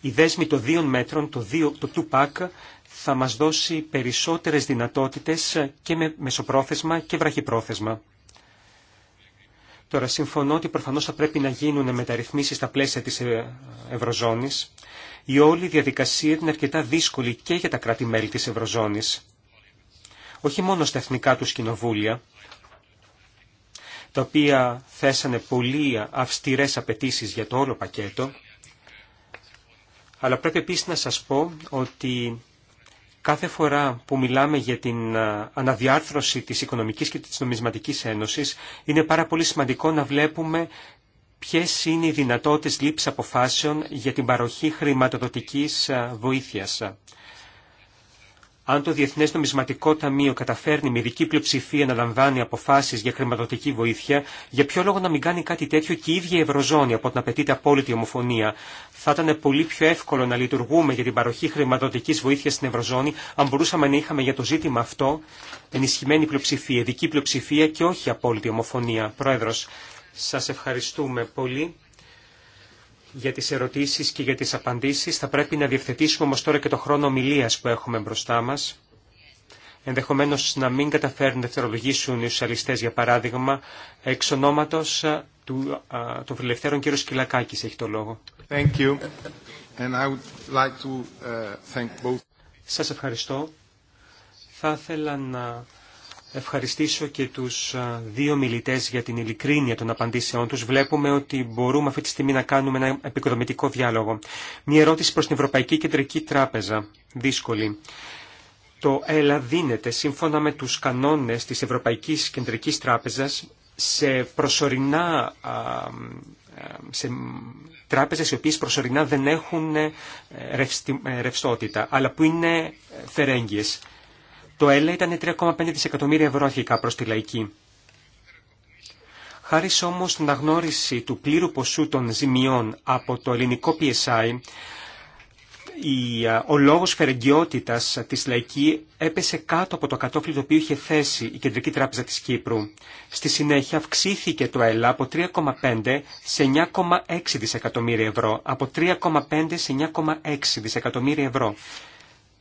η δέσμη των δύο μέτρων, το, δύο, το θα μας δώσει περισσότερες δυνατότητες και με μεσοπρόθεσμα και βραχυπρόθεσμα. Τώρα, συμφωνώ ότι προφανώς θα πρέπει να γίνουν μεταρρυθμίσεις στα πλαίσια της ε, Ευρωζώνης. Η όλη διαδικασία είναι αρκετά δύσκολη και για τα κράτη-μέλη της Ευρωζώνης. Όχι μόνο στα εθνικά τους κοινοβούλια, τα οποία θέσανε πολύ αυστηρές απαιτήσεις για το όλο πακέτο, αλλά πρέπει επίσης να σας πω ότι κάθε φορά που μιλάμε για την αναδιάρθρωση της Οικονομικής και της Νομισματικής Ένωσης, είναι πάρα πολύ σημαντικό να βλέπουμε ποιες είναι οι δυνατότητες λήψης αποφάσεων για την παροχή χρηματοδοτικής βοήθειας αν το Διεθνές Νομισματικό Ταμείο καταφέρνει με ειδική πλειοψηφία να λαμβάνει αποφάσεις για χρηματοδοτική βοήθεια, για ποιο λόγο να μην κάνει κάτι τέτοιο και η ίδια η Ευρωζώνη από την απαιτείται απόλυτη ομοφωνία. Θα ήταν πολύ πιο εύκολο να λειτουργούμε για την παροχή χρηματοδοτικής βοήθειας στην Ευρωζώνη, αν μπορούσαμε να είχαμε για το ζήτημα αυτό ενισχυμένη πλειοψηφία, ειδική πλειοψηφία και όχι απόλυτη ομοφωνία. Πρόεδρος, σας ευχαριστούμε πολύ για τις ερωτήσεις και για τις απαντήσεις. Θα πρέπει να διευθετήσουμε όμως τώρα και το χρόνο ομιλίας που έχουμε μπροστά μας. Ενδεχομένως να μην καταφέρουν να δευτερολογήσουν οι ουσιαλιστές, για παράδειγμα, εξ ονόματος του, α, των φιλελευθέρων κύριος Σκυλακάκης έχει το λόγο. Thank you. And I would like to uh, thank both. Σας ευχαριστώ. Θα ήθελα να ευχαριστήσω και τους δύο μιλητές για την ειλικρίνεια των απαντήσεών τους. Βλέπουμε ότι μπορούμε αυτή τη στιγμή να κάνουμε ένα επικοδομητικό διάλογο. Μία ερώτηση προς την Ευρωπαϊκή Κεντρική Τράπεζα. Δύσκολη. Το ΕΛΑ δίνεται σύμφωνα με τους κανόνες της Ευρωπαϊκής Κεντρικής Τράπεζας σε προσωρινά σε τράπεζες οι οποίες προσωρινά δεν έχουν ε, ε, ρευστότητα, αλλά που είναι ε, φερέγγιες. Το ΕΛΑ ήταν 3,5 δισεκατομμύρια ευρώ αρχικά προς τη λαϊκή. Χάρη όμως στην αγνώριση του πλήρου ποσού των ζημιών από το ελληνικό PSI, ο λόγος φερεγγιότητας της λαϊκή έπεσε κάτω από το κατόφλι το οποίο είχε θέσει η Κεντρική Τράπεζα της Κύπρου. Στη συνέχεια αυξήθηκε το ΕΛΑ από 3,5 σε 9,6 δισεκατομμύρια ευρώ. Από 3,5 σε 9,6 δισεκατομμύρια ευρώ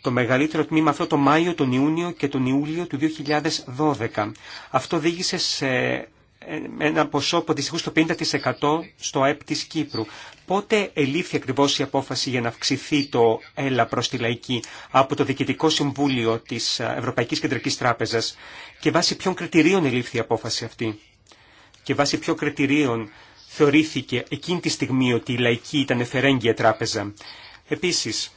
το μεγαλύτερο τμήμα αυτό το Μάιο, τον Ιούνιο και τον Ιούλιο του 2012. Αυτό οδήγησε σε ένα ποσό που αντιστοιχούσε στο 50% στο ΑΕΠ της Κύπρου. Πότε ελήφθη ακριβώς η απόφαση για να αυξηθεί το έλα προς τη λαϊκή από το Διοικητικό Συμβούλιο της Ευρωπαϊκής Κεντρικής Τράπεζας και βάσει ποιων κριτηρίων ελήφθη η απόφαση αυτή και βάσει ποιων κριτηρίων θεωρήθηκε εκείνη τη στιγμή ότι η λαϊκή ήταν εφερέγγια τράπεζα. Επίσης,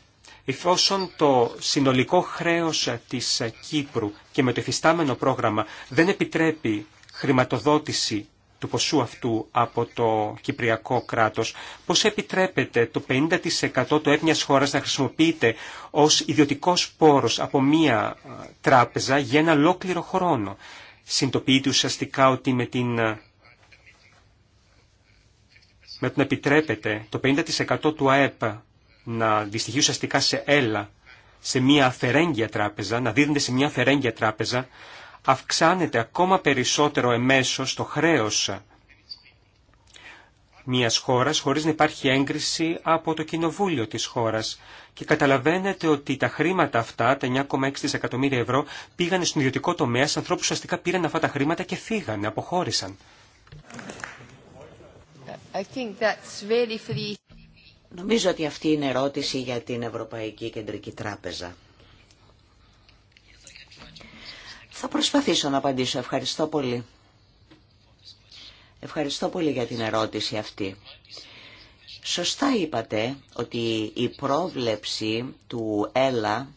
εφόσον το συνολικό χρέος της Κύπρου και με το εφιστάμενο πρόγραμμα δεν επιτρέπει χρηματοδότηση του ποσού αυτού από το κυπριακό κράτος. Πώς επιτρέπεται το 50% του έπνιας χώρας να χρησιμοποιείται ως ιδιωτικός πόρος από μία τράπεζα για ένα ολόκληρο χρόνο. Συντοποιείται ουσιαστικά ότι με την με τον επιτρέπεται το 50% του ΑΕΠ να δυστυχεί ουσιαστικά σε έλα, σε μια αφαιρέγγια τράπεζα, να δίδονται σε μια αφαιρέγγια τράπεζα, αυξάνεται ακόμα περισσότερο εμέσως το χρέος μια χώρας χωρίς να υπάρχει έγκριση από το κοινοβούλιο της χώρας. Και καταλαβαίνετε ότι τα χρήματα αυτά, τα 9,6 δισεκατομμύρια ευρώ, πήγανε στον ιδιωτικό τομέα, σαν ανθρώπους ουσιαστικά πήραν αυτά τα χρήματα και φύγανε, αποχώρησαν. Νομίζω ότι αυτή είναι ερώτηση για την Ευρωπαϊκή Κεντρική Τράπεζα. Θα προσπαθήσω να απαντήσω. Ευχαριστώ πολύ. Ευχαριστώ πολύ για την ερώτηση αυτή. Σωστά είπατε ότι η πρόβλεψη του ΕΛΑ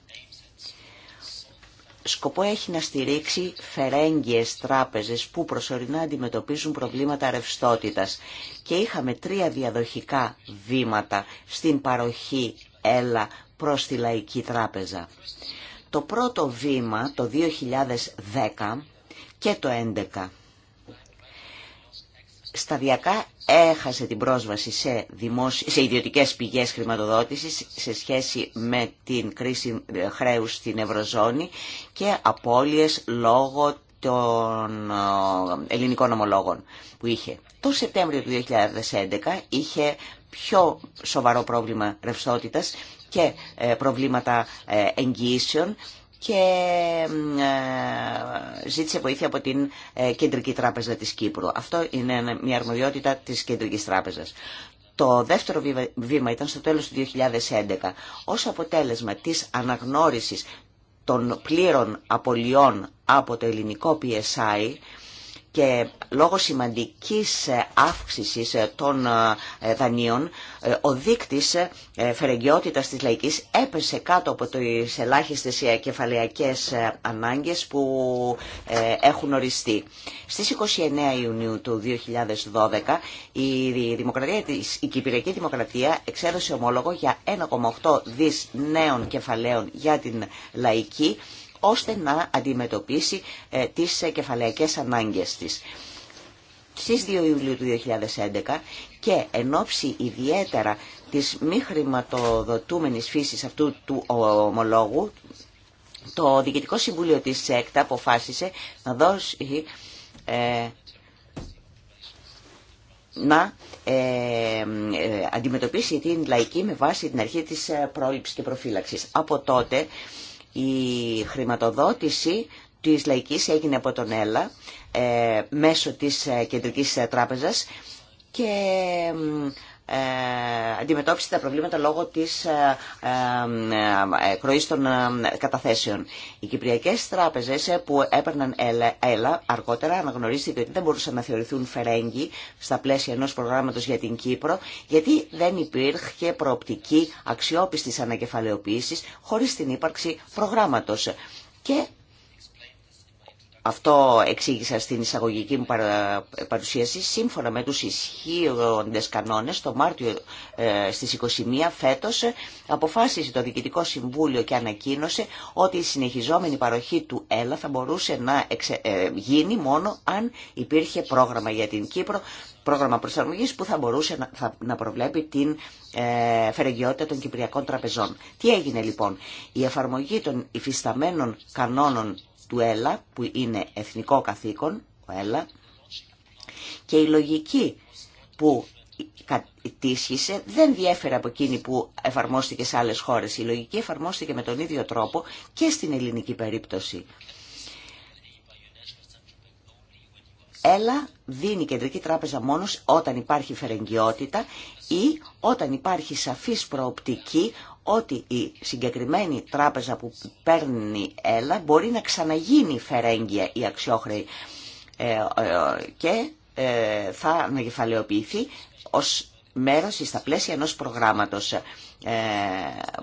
σκοπό έχει να στηρίξει φερέγγιες τράπεζες που προσωρινά αντιμετωπίζουν προβλήματα ρευστότητας. Και είχαμε τρία διαδοχικά βήματα στην παροχή ΕΛΑ προς τη Λαϊκή Τράπεζα. Το πρώτο βήμα το 2010 και το 2011 σταδιακά έχασε την πρόσβαση σε, δημόσι... σε ιδιωτικές πηγές χρηματοδότησης σε σχέση με την κρίση ε, χρέους στην Ευρωζώνη και απώλειες λόγω των ε, ελληνικών ομολόγων που είχε. Το Σεπτέμβριο του 2011 είχε πιο σοβαρό πρόβλημα ρευστότητας και ε, προβλήματα εγγυήσεων και ε, ζήτησε βοήθεια από την ε, Κεντρική Τράπεζα της Κύπρου. Αυτό είναι μια αρμοδιότητα της Κεντρικής Τράπεζας. Το δεύτερο βήμα ήταν στο τέλος του 2011. Ως αποτέλεσμα της αναγνώρισης των πλήρων απολειών από το ελληνικό PSI, και λόγω σημαντικής ε, αύξησης ε, των ε, δανείων ο δείκτης φερεγγιότητας της λαϊκής έπεσε κάτω από τις ελάχιστες κεφαλαιακές ανάγκες που έχουν οριστεί. Στις 29 Ιουνίου του 2012 η, δημοκρατία, η Κυπριακή Δημοκρατία εξέδωσε ομόλογο για 1,8 δις νέων κεφαλαίων για την λαϊκή ώστε να αντιμετωπίσει ε, τις κεφαλαϊκές ανάγκες της. Στις 2 Ιουλίου του 2011 και εν ώψη ιδιαίτερα της μη χρηματοδοτούμενης φύσης αυτού του ομολόγου, το Διοικητικό Συμβούλιο της ΕΚΤΑ αποφάσισε να δώσει ε, να ε, αντιμετωπίσει την λαϊκή με βάση την αρχή της πρόληψης και προφύλαξης. Από τότε η χρηματοδότηση της Λαϊκής έγινε από τον ΕΛΑ ε, μέσω της ε, Κεντρικής ε, Τράπεζας και ε, αντιμετώπισε τα προβλήματα λόγω της ε, ε, κροής των καταθέσεων. Οι κυπριακές τράπεζες που έπαιρναν έλα αργότερα αναγνωρίστηκε ότι δεν μπορούσαν να θεωρηθούν φερέγγι στα πλαίσια ενός προγράμματος για την Κύπρο γιατί δεν υπήρχε προοπτική αξιόπιστης ανακεφαλαιοποίησης χωρίς την ύπαρξη προγράμματος. Αυτό εξήγησα στην εισαγωγική μου παρουσίαση. Σύμφωνα με τους ισχύοντες κανόνες, το Μάρτιο ε, στις 21 φέτος ε, αποφάσισε το Διοικητικό Συμβούλιο και ανακοίνωσε ότι η συνεχιζόμενη παροχή του ΕΛΑ θα μπορούσε να ε, γίνει μόνο αν υπήρχε πρόγραμμα για την Κύπρο, πρόγραμμα προσαρμογής που θα μπορούσε να, προβλέπει την ε, φερεγγιότητα των Κυπριακών Τραπεζών. Τι έγινε λοιπόν. Η εφαρμογή των υφισταμένων κανόνων του ΕΛΑ, που είναι εθνικό καθήκον, ο ΕΛΑ, και η λογική που κατήσχησε δεν διέφερε από εκείνη που εφαρμόστηκε σε άλλες χώρες. Η λογική εφαρμόστηκε με τον ίδιο τρόπο και στην ελληνική περίπτωση. Έλα, δίνει Κεντρική Τράπεζα μόνος όταν υπάρχει φερεγγιότητα ή όταν υπάρχει σαφής προοπτική ότι η συγκεκριμένη τράπεζα που παίρνει έλα μπορεί να ξαναγίνει φερέγγια η αξιόχρεη ε, ε, και ε, θα ανακεφαλαιοποιηθεί ως μέρος στα πλαίσια ενός προγράμματος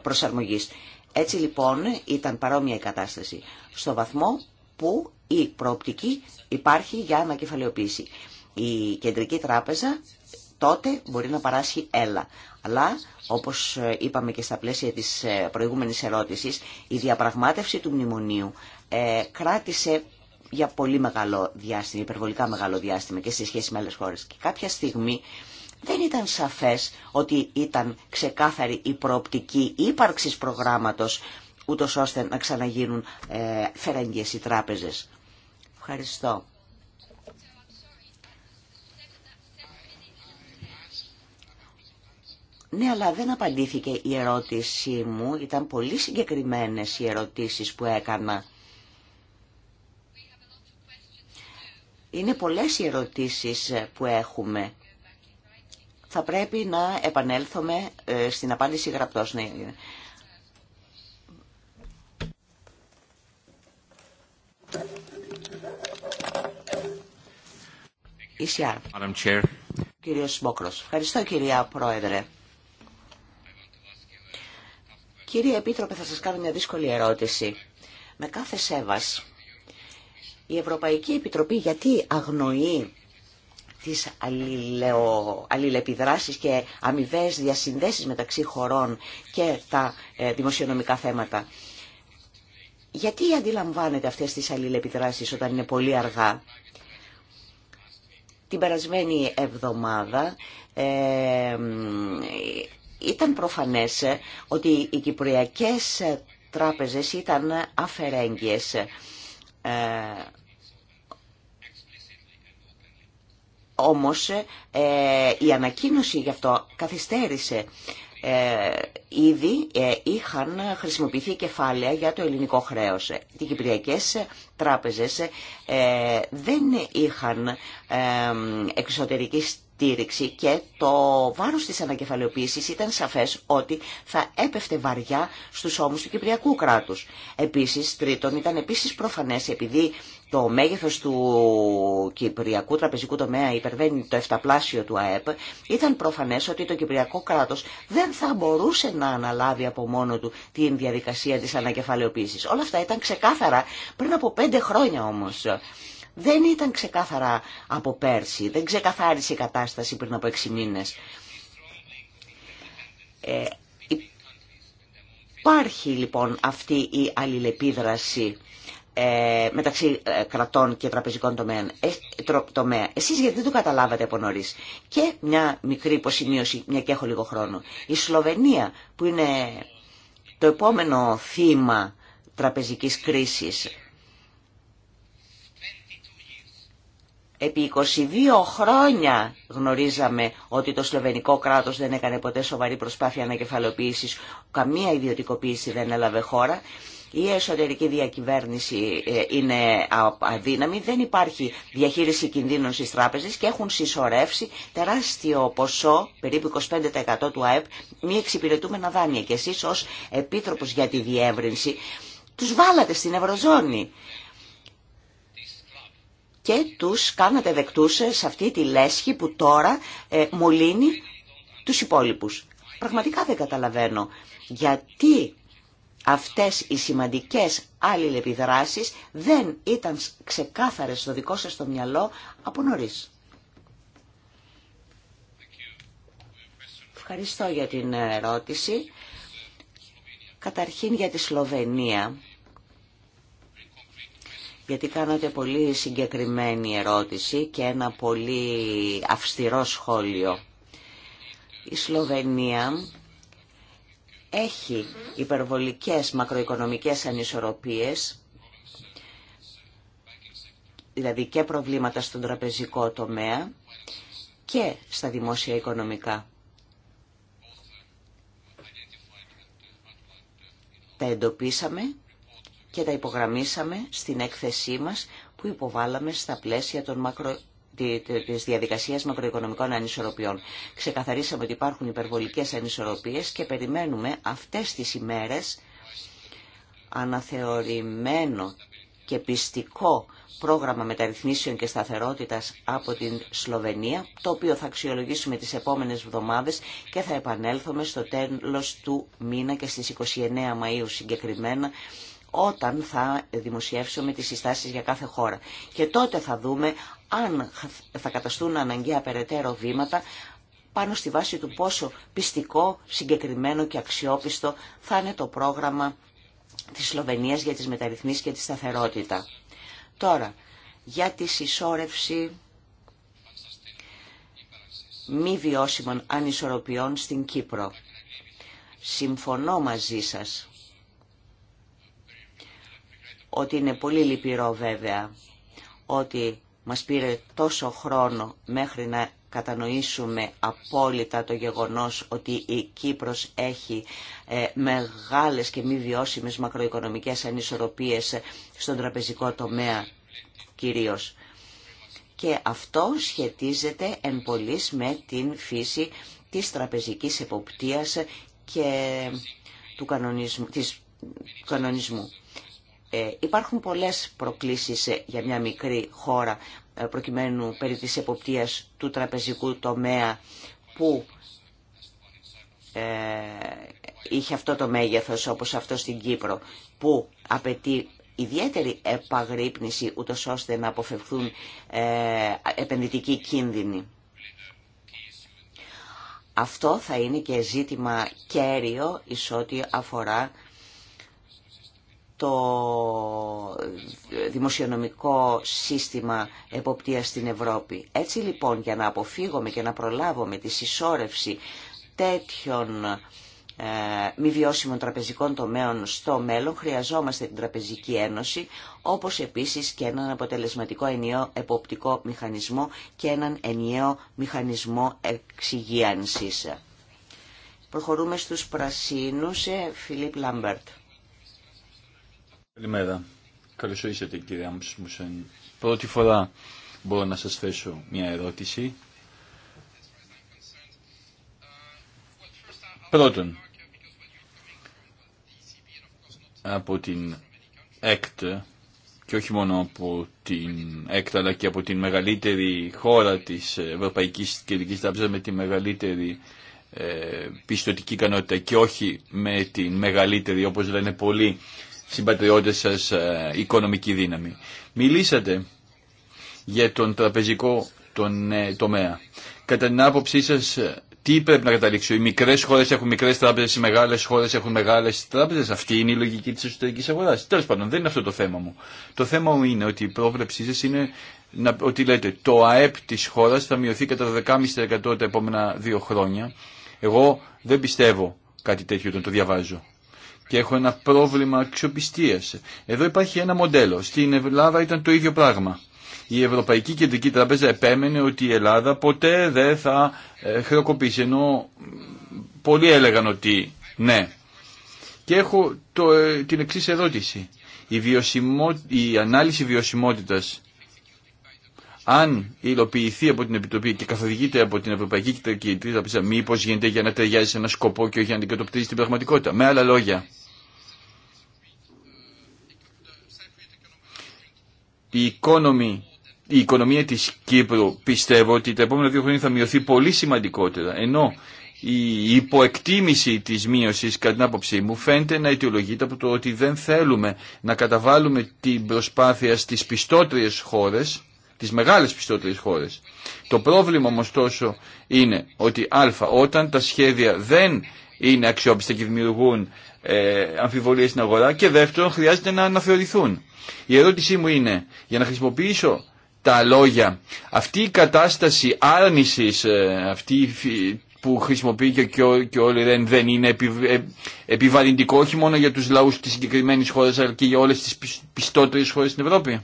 προσαρμογής. Έτσι λοιπόν ήταν παρόμοια η κατάσταση στο βαθμό που η προοπτική υπάρχει για ανακεφαλαιοποίηση. Η Κεντρική Τράπεζα τότε μπορεί να παράσχει έλα. Αλλά, όπως ε, είπαμε και στα πλαίσια της ε, προηγούμενης ερώτησης, η διαπραγμάτευση του μνημονίου ε, κράτησε για πολύ μεγάλο διάστημα, υπερβολικά μεγάλο διάστημα και σε σχέση με άλλες χώρες. Και κάποια στιγμή δεν ήταν σαφές ότι ήταν ξεκάθαρη η προοπτική ύπαρξης προγράμματος ούτως ώστε να ξαναγίνουν ε, οι τράπεζες. Ευχαριστώ. Ναι, αλλά δεν απαντήθηκε η ερώτησή μου. Ήταν πολύ συγκεκριμένες οι ερωτήσεις που έκανα. Είναι πολλές οι ερωτήσεις ε, που έχουμε. Θα πρέπει να επανέλθουμε ε, στην απάντηση γραπτός. Ναι. Κύριος Μπόκρος. Ευχαριστώ κυρία Πρόεδρε. Κύριε Επίτροπε, θα σας κάνω μια δύσκολη ερώτηση. Με κάθε σέβας, η Ευρωπαϊκή Επιτροπή γιατί αγνοεί τις αλληλεο... αλληλεπιδράσεις και αμοιβέ διασυνδέσεις μεταξύ χωρών και τα ε, δημοσιονομικά θέματα. Γιατί αντιλαμβάνεται αυτές τις αλληλεπιδράσεις όταν είναι πολύ αργά. Την περασμένη εβδομάδα ε, ήταν προφανές ε, ότι οι κυπριακές ε, τράπεζες ήταν αφαιρέγγιες. Ε, όμως η ανακοίνωση γι' αυτό καθυστέρησε. Ε, ήδη είχαν χρησιμοποιηθεί κεφάλαια για το ελληνικό χρέος. Οι κυπριακές τράπεζες δεν είχαν εξωτερική στήριξη και το βάρος της ανακεφαλαιοποίησης ήταν σαφές ότι θα έπεφτε βαριά στους ώμους του Κυπριακού κράτους. Επίσης, τρίτον, ήταν επίσης προφανές επειδή το μέγεθος του Κυπριακού τραπεζικού τομέα υπερβαίνει το εφταπλάσιο του ΑΕΠ, ήταν προφανές ότι το Κυπριακό κράτος δεν θα μπορούσε να αναλάβει από μόνο του την διαδικασία της ανακεφαλαιοποίησης. Όλα αυτά ήταν ξεκάθαρα πριν από πέντε χρόνια όμως δεν ήταν ξεκάθαρα από πέρσι, δεν ξεκαθάρισε η κατάσταση πριν από έξι μήνες. Ε, υπάρχει λοιπόν αυτή η αλληλεπίδραση ε, μεταξύ ε, κρατών και τραπεζικών τομέων, ε, τομέα. Εσείς γιατί δεν το καταλάβατε από νωρίς. Και μια μικρή υποσημείωση, μια και έχω λίγο χρόνο. Η Σλοβενία που είναι το επόμενο θύμα τραπεζικής κρίσης Επί 22 χρόνια γνωρίζαμε ότι το Σλοβενικό κράτος δεν έκανε ποτέ σοβαρή προσπάθεια ανακεφαλοποίησης, καμία ιδιωτικοποίηση δεν έλαβε χώρα. Η εσωτερική διακυβέρνηση ε, είναι αδύναμη, δεν υπάρχει διαχείριση κινδύνων στις τράπεζες και έχουν συσσωρεύσει τεράστιο ποσό, περίπου 25% του ΑΕΠ, μη εξυπηρετούμενα δάνεια. Και εσείς ως Επίτροπος για τη Διεύρυνση τους βάλατε στην Ευρωζώνη και τους κάνατε δεκτούς σε αυτή τη λέσχη που τώρα ε, μολύνει τους υπόλοιπους. Πραγματικά δεν καταλαβαίνω γιατί αυτές οι σημαντικές αλληλεπιδράσεις δεν ήταν ξεκάθαρες στο δικό σας το μυαλό από νωρίς. Ευχαριστώ για την ερώτηση. Καταρχήν για τη Σλοβενία γιατί κάνατε πολύ συγκεκριμένη ερώτηση και ένα πολύ αυστηρό σχόλιο. Η Σλοβενία έχει υπερβολικές μακροοικονομικές ανισορροπίες, δηλαδή και προβλήματα στον τραπεζικό τομέα και στα δημόσια οικονομικά. Τα εντοπίσαμε και τα υπογραμμίσαμε στην έκθεσή μας που υποβάλαμε στα πλαίσια των μακρο... της διαδικασίας μακροοικονομικών ανισορροπιών. Ξεκαθαρίσαμε ότι υπάρχουν υπερβολικές ανισορροπίες και περιμένουμε αυτές τις ημέρες αναθεωρημένο και πιστικό πρόγραμμα μεταρρυθμίσεων και σταθερότητας από την Σλοβενία, το οποίο θα αξιολογήσουμε τις επόμενες εβδομάδες και θα επανέλθουμε στο τέλος του μήνα και στις 29 Μαΐου συγκεκριμένα όταν θα δημοσιεύσουμε τις συστάσεις για κάθε χώρα. Και τότε θα δούμε αν θα καταστούν αναγκαία περαιτέρω βήματα πάνω στη βάση του πόσο πιστικό, συγκεκριμένο και αξιόπιστο θα είναι το πρόγραμμα της Σλοβενίας για τις μεταρρυθμίσεις και τη σταθερότητα. Τώρα, για τη συσσόρευση μη βιώσιμων ανισορροπιών στην Κύπρο. Συμφωνώ μαζί σας ότι είναι πολύ λυπηρό βέβαια ότι μας πήρε τόσο χρόνο μέχρι να κατανοήσουμε απόλυτα το γεγονός ότι η Κύπρος έχει ε, μεγάλες και μη βιώσιμες μακροοικονομικές ανισορροπίες στον τραπεζικό τομέα κυρίως. Και αυτό σχετίζεται εν με την φύση της τραπεζικής εποπτείας και του κανονισμού. Ε, υπάρχουν πολλές προκλήσεις ε, για μια μικρή χώρα ε, προκειμένου περί της εποπτείας του τραπεζικού τομέα που είχε αυτό το μέγεθος όπως αυτό στην Κύπρο που απαιτεί ιδιαίτερη επαγρύπνηση ούτω ώστε να αποφευθούν επενδυτικοί κίνδυνοι. Αυτό θα είναι και ζήτημα κέριο εις ό,τι αφορά το δημοσιονομικό σύστημα εποπτείας στην Ευρώπη. Έτσι λοιπόν για να αποφύγουμε και να προλάβουμε τη συσσόρευση τέτοιων ε, μη βιώσιμων τραπεζικών τομέων στο μέλλον χρειαζόμαστε την Τραπεζική Ένωση όπως επίσης και έναν αποτελεσματικό ενιαίο εποπτικό μηχανισμό και έναν ενιαίο μηχανισμό εξυγίανσης. Προχωρούμε στους πρασίνους, ε, Φιλίπ Λάμπερτ. Καλημέρα. Καλώς ορίσατε κυρία Μουσεν. Πρώτη φορά μπορώ να σας θέσω μια ερώτηση. Πρώτον, από την ΕΚΤ και όχι μόνο από την ΕΚΤ αλλά και από την μεγαλύτερη χώρα της Ευρωπαϊκής Κεντρικής Τράπεζας με τη μεγαλύτερη ε, πιστοτική ικανότητα και όχι με την μεγαλύτερη όπως λένε πολλοί συμπατριώτες σας ε, οικονομική δύναμη. Μιλήσατε για τον τραπεζικό τον, ε, τομέα. Κατά την άποψή σας, ε, τι πρέπει να καταλήξω. Οι μικρές χώρε έχουν μικρές τράπεζες οι μεγάλες χώρε έχουν μεγάλες τράπεζες Αυτή είναι η λογική της εσωτερική αγορά. Τέλο πάντων, δεν είναι αυτό το θέμα μου. Το θέμα μου είναι ότι η πρόβλεψή σα είναι να, ότι λέτε το ΑΕΠ της χώρας θα μειωθεί κατά 12,5% τα επόμενα δύο χρόνια. Εγώ δεν πιστεύω κάτι τέτοιο όταν το διαβάζω και έχω ένα πρόβλημα αξιοπιστία. Εδώ υπάρχει ένα μοντέλο. Στην Ελλάδα ήταν το ίδιο πράγμα. Η Ευρωπαϊκή Κεντρική Τράπεζα επέμενε ότι η Ελλάδα ποτέ δεν θα ε, χρεοκοπήσει, ενώ πολλοί έλεγαν ότι ναι. Και έχω το, ε, την εξή ερώτηση. Η, βιωσιμο, η ανάλυση βιωσιμότητας αν υλοποιηθεί από την Επιτροπή και καθοδηγείται από την Ευρωπαϊκή Κεντρική Τράπεζα, μήπω γίνεται για να ταιριάζει σε ένα σκοπό και όχι για να αντικατοπτρίζει την πραγματικότητα. Με άλλα λόγια, η, οικονομία, η οικονομία της Κύπρου πιστεύω ότι τα επόμενα δύο χρόνια θα μειωθεί πολύ σημαντικότερα, ενώ η υποεκτίμηση της μείωσης κατά την άποψή μου φαίνεται να αιτιολογείται από το ότι δεν θέλουμε να καταβάλουμε την προσπάθεια στις πιστότερες χώρες τις μεγάλες πιστότερες χώρες. Το πρόβλημα όμως τόσο είναι ότι α, όταν τα σχέδια δεν είναι αξιόπιστα και δημιουργούν ε, στην αγορά και δεύτερον χρειάζεται να αναθεωρηθούν. Η ερώτησή μου είναι, για να χρησιμοποιήσω τα λόγια, αυτή η κατάσταση άρνησης, ε, αυτή που χρησιμοποιεί και, και, και όλοι δεν, δεν είναι επι, ε, επιβαρυντικό όχι μόνο για τους λαούς της συγκεκριμένης χώρας αλλά και για όλες τις πιστότερες χώρες στην Ευρώπη.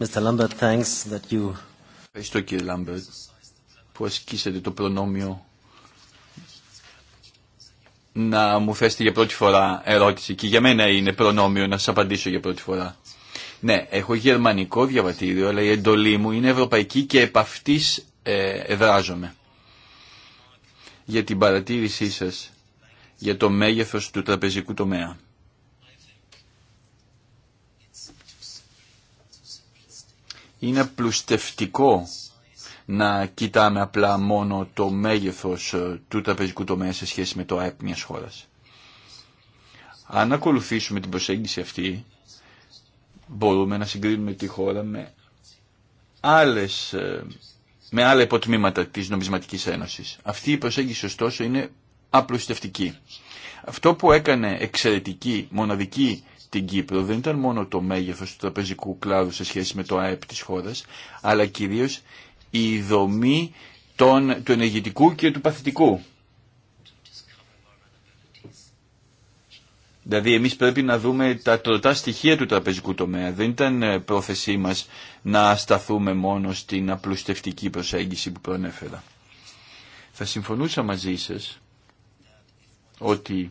Mr. Lambert, thanks that you... Ευχαριστώ κύριε Λάμπερτ που ασκήσατε το προνόμιο να μου θέσετε για πρώτη φορά ερώτηση και για μένα είναι προνόμιο να σας απαντήσω για πρώτη φορά. Ναι, έχω γερμανικό διαβατήριο, αλλά η εντολή μου είναι ευρωπαϊκή και επ' αυτής ε, εδράζομαι. Για την παρατήρησή σας για το μέγεθος του τραπεζικού τομέα. είναι απλουστευτικό να κοιτάμε απλά μόνο το μέγεθος ε, του τραπεζικού τομέα σε σχέση με το ΑΕΠ μιας χώρας. Αν ακολουθήσουμε την προσέγγιση αυτή, μπορούμε να συγκρίνουμε τη χώρα με, άλλες, ε, με άλλα υποτμήματα της νομισματικής ένωσης. Αυτή η προσέγγιση ωστόσο είναι απλουστευτική. Αυτό που έκανε εξαιρετική, μοναδική στην Κύπρο δεν ήταν μόνο το μέγεθος του τραπεζικού κλάδου σε σχέση με το ΑΕΠ της χώρας, αλλά κυρίως η δομή των, του ενεργητικού και του παθητικού. Δηλαδή εμείς πρέπει να δούμε τα τροτά στοιχεία του τραπεζικού τομέα. Δεν ήταν ε, πρόθεσή μας να σταθούμε μόνο στην απλουστευτική προσέγγιση που προνέφερα. Θα συμφωνούσα μαζί σας ότι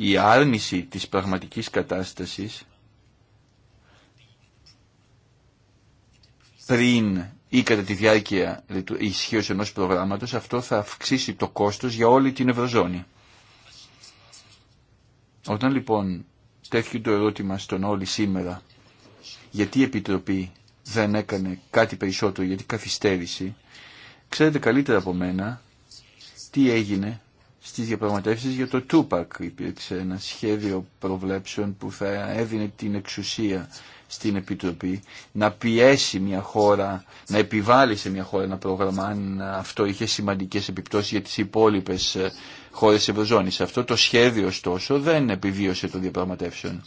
η άρνηση της πραγματικής κατάστασης πριν ή κατά τη διάρκεια ισχύω ενό προγράμματος, αυτό θα αυξήσει το κόστος για όλη την Ευρωζώνη. Όταν λοιπόν τέθηκε το ερώτημα στον όλοι σήμερα, γιατί η κατα τη διαρκεια ισχυω ενο προγραμματος αυτο θα αυξησει το κοστος για ολη την ευρωζωνη οταν λοιπον τεθηκε το ερωτημα στον ολη σημερα γιατι η επιτροπη δεν έκανε κάτι περισσότερο, την καθυστέρηση, ξέρετε καλύτερα από μένα τι έγινε στις διαπραγματεύσεις για το Τούπακ υπήρξε ένα σχέδιο προβλέψεων που θα έδινε την εξουσία στην Επιτροπή να πιέσει μια χώρα, να επιβάλλει σε μια χώρα ένα πρόγραμμα αν αυτό είχε σημαντικές επιπτώσεις για τις υπόλοιπες ε, χώρες Ευρωζώνης. Αυτό το σχέδιο ωστόσο δεν επιβίωσε των διαπραγματεύσεων.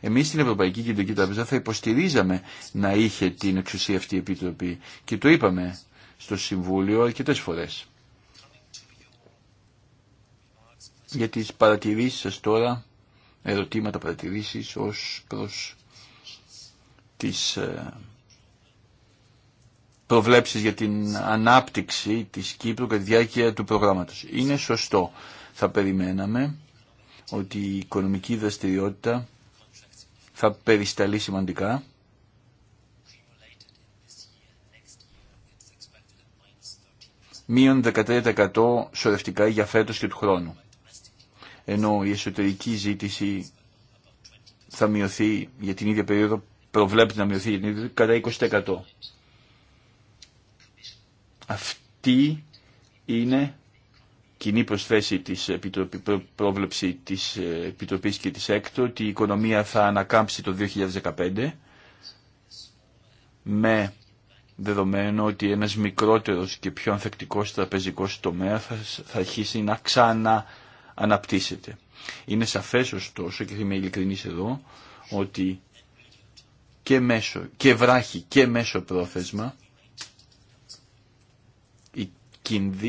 Εμείς στην Ευρωπαϊκή Κεντρική Τράπεζα θα υποστηρίζαμε να είχε την εξουσία αυτή η Επιτροπή και το είπαμε στο Συμβούλιο αρκετές φορές. για τις παρατηρήσεις σας τώρα, ερωτήματα παρατηρήσεις ως προς τις ε, προβλέψεις για την ανάπτυξη της Κύπρου κατά τη διάρκεια του προγράμματος. Είναι σωστό. Θα περιμέναμε ότι η οικονομική δραστηριότητα θα περισταλεί σημαντικά. Μείον 13% σωρευτικά για φέτος και του χρόνου ενώ η εσωτερική ζήτηση θα μειωθεί για την ίδια περίοδο, προβλέπεται να μειωθεί την ίδια, κατά 20%. Αυτή είναι κοινή προσθέση της πρόβλεψη της Επιτροπής και της ΕΚΤΟ ότι η οικονομία θα ανακάμψει το 2015 με δεδομένο ότι ένας μικρότερος και πιο ανθεκτικός τραπεζικός τομέα θα, θα αρχίσει να ξανά αναπτύσσεται. Είναι σαφές ωστόσο και είμαι ειλικρινής εδώ ότι και μέσο και βράχη και μέσο πρόθεσμα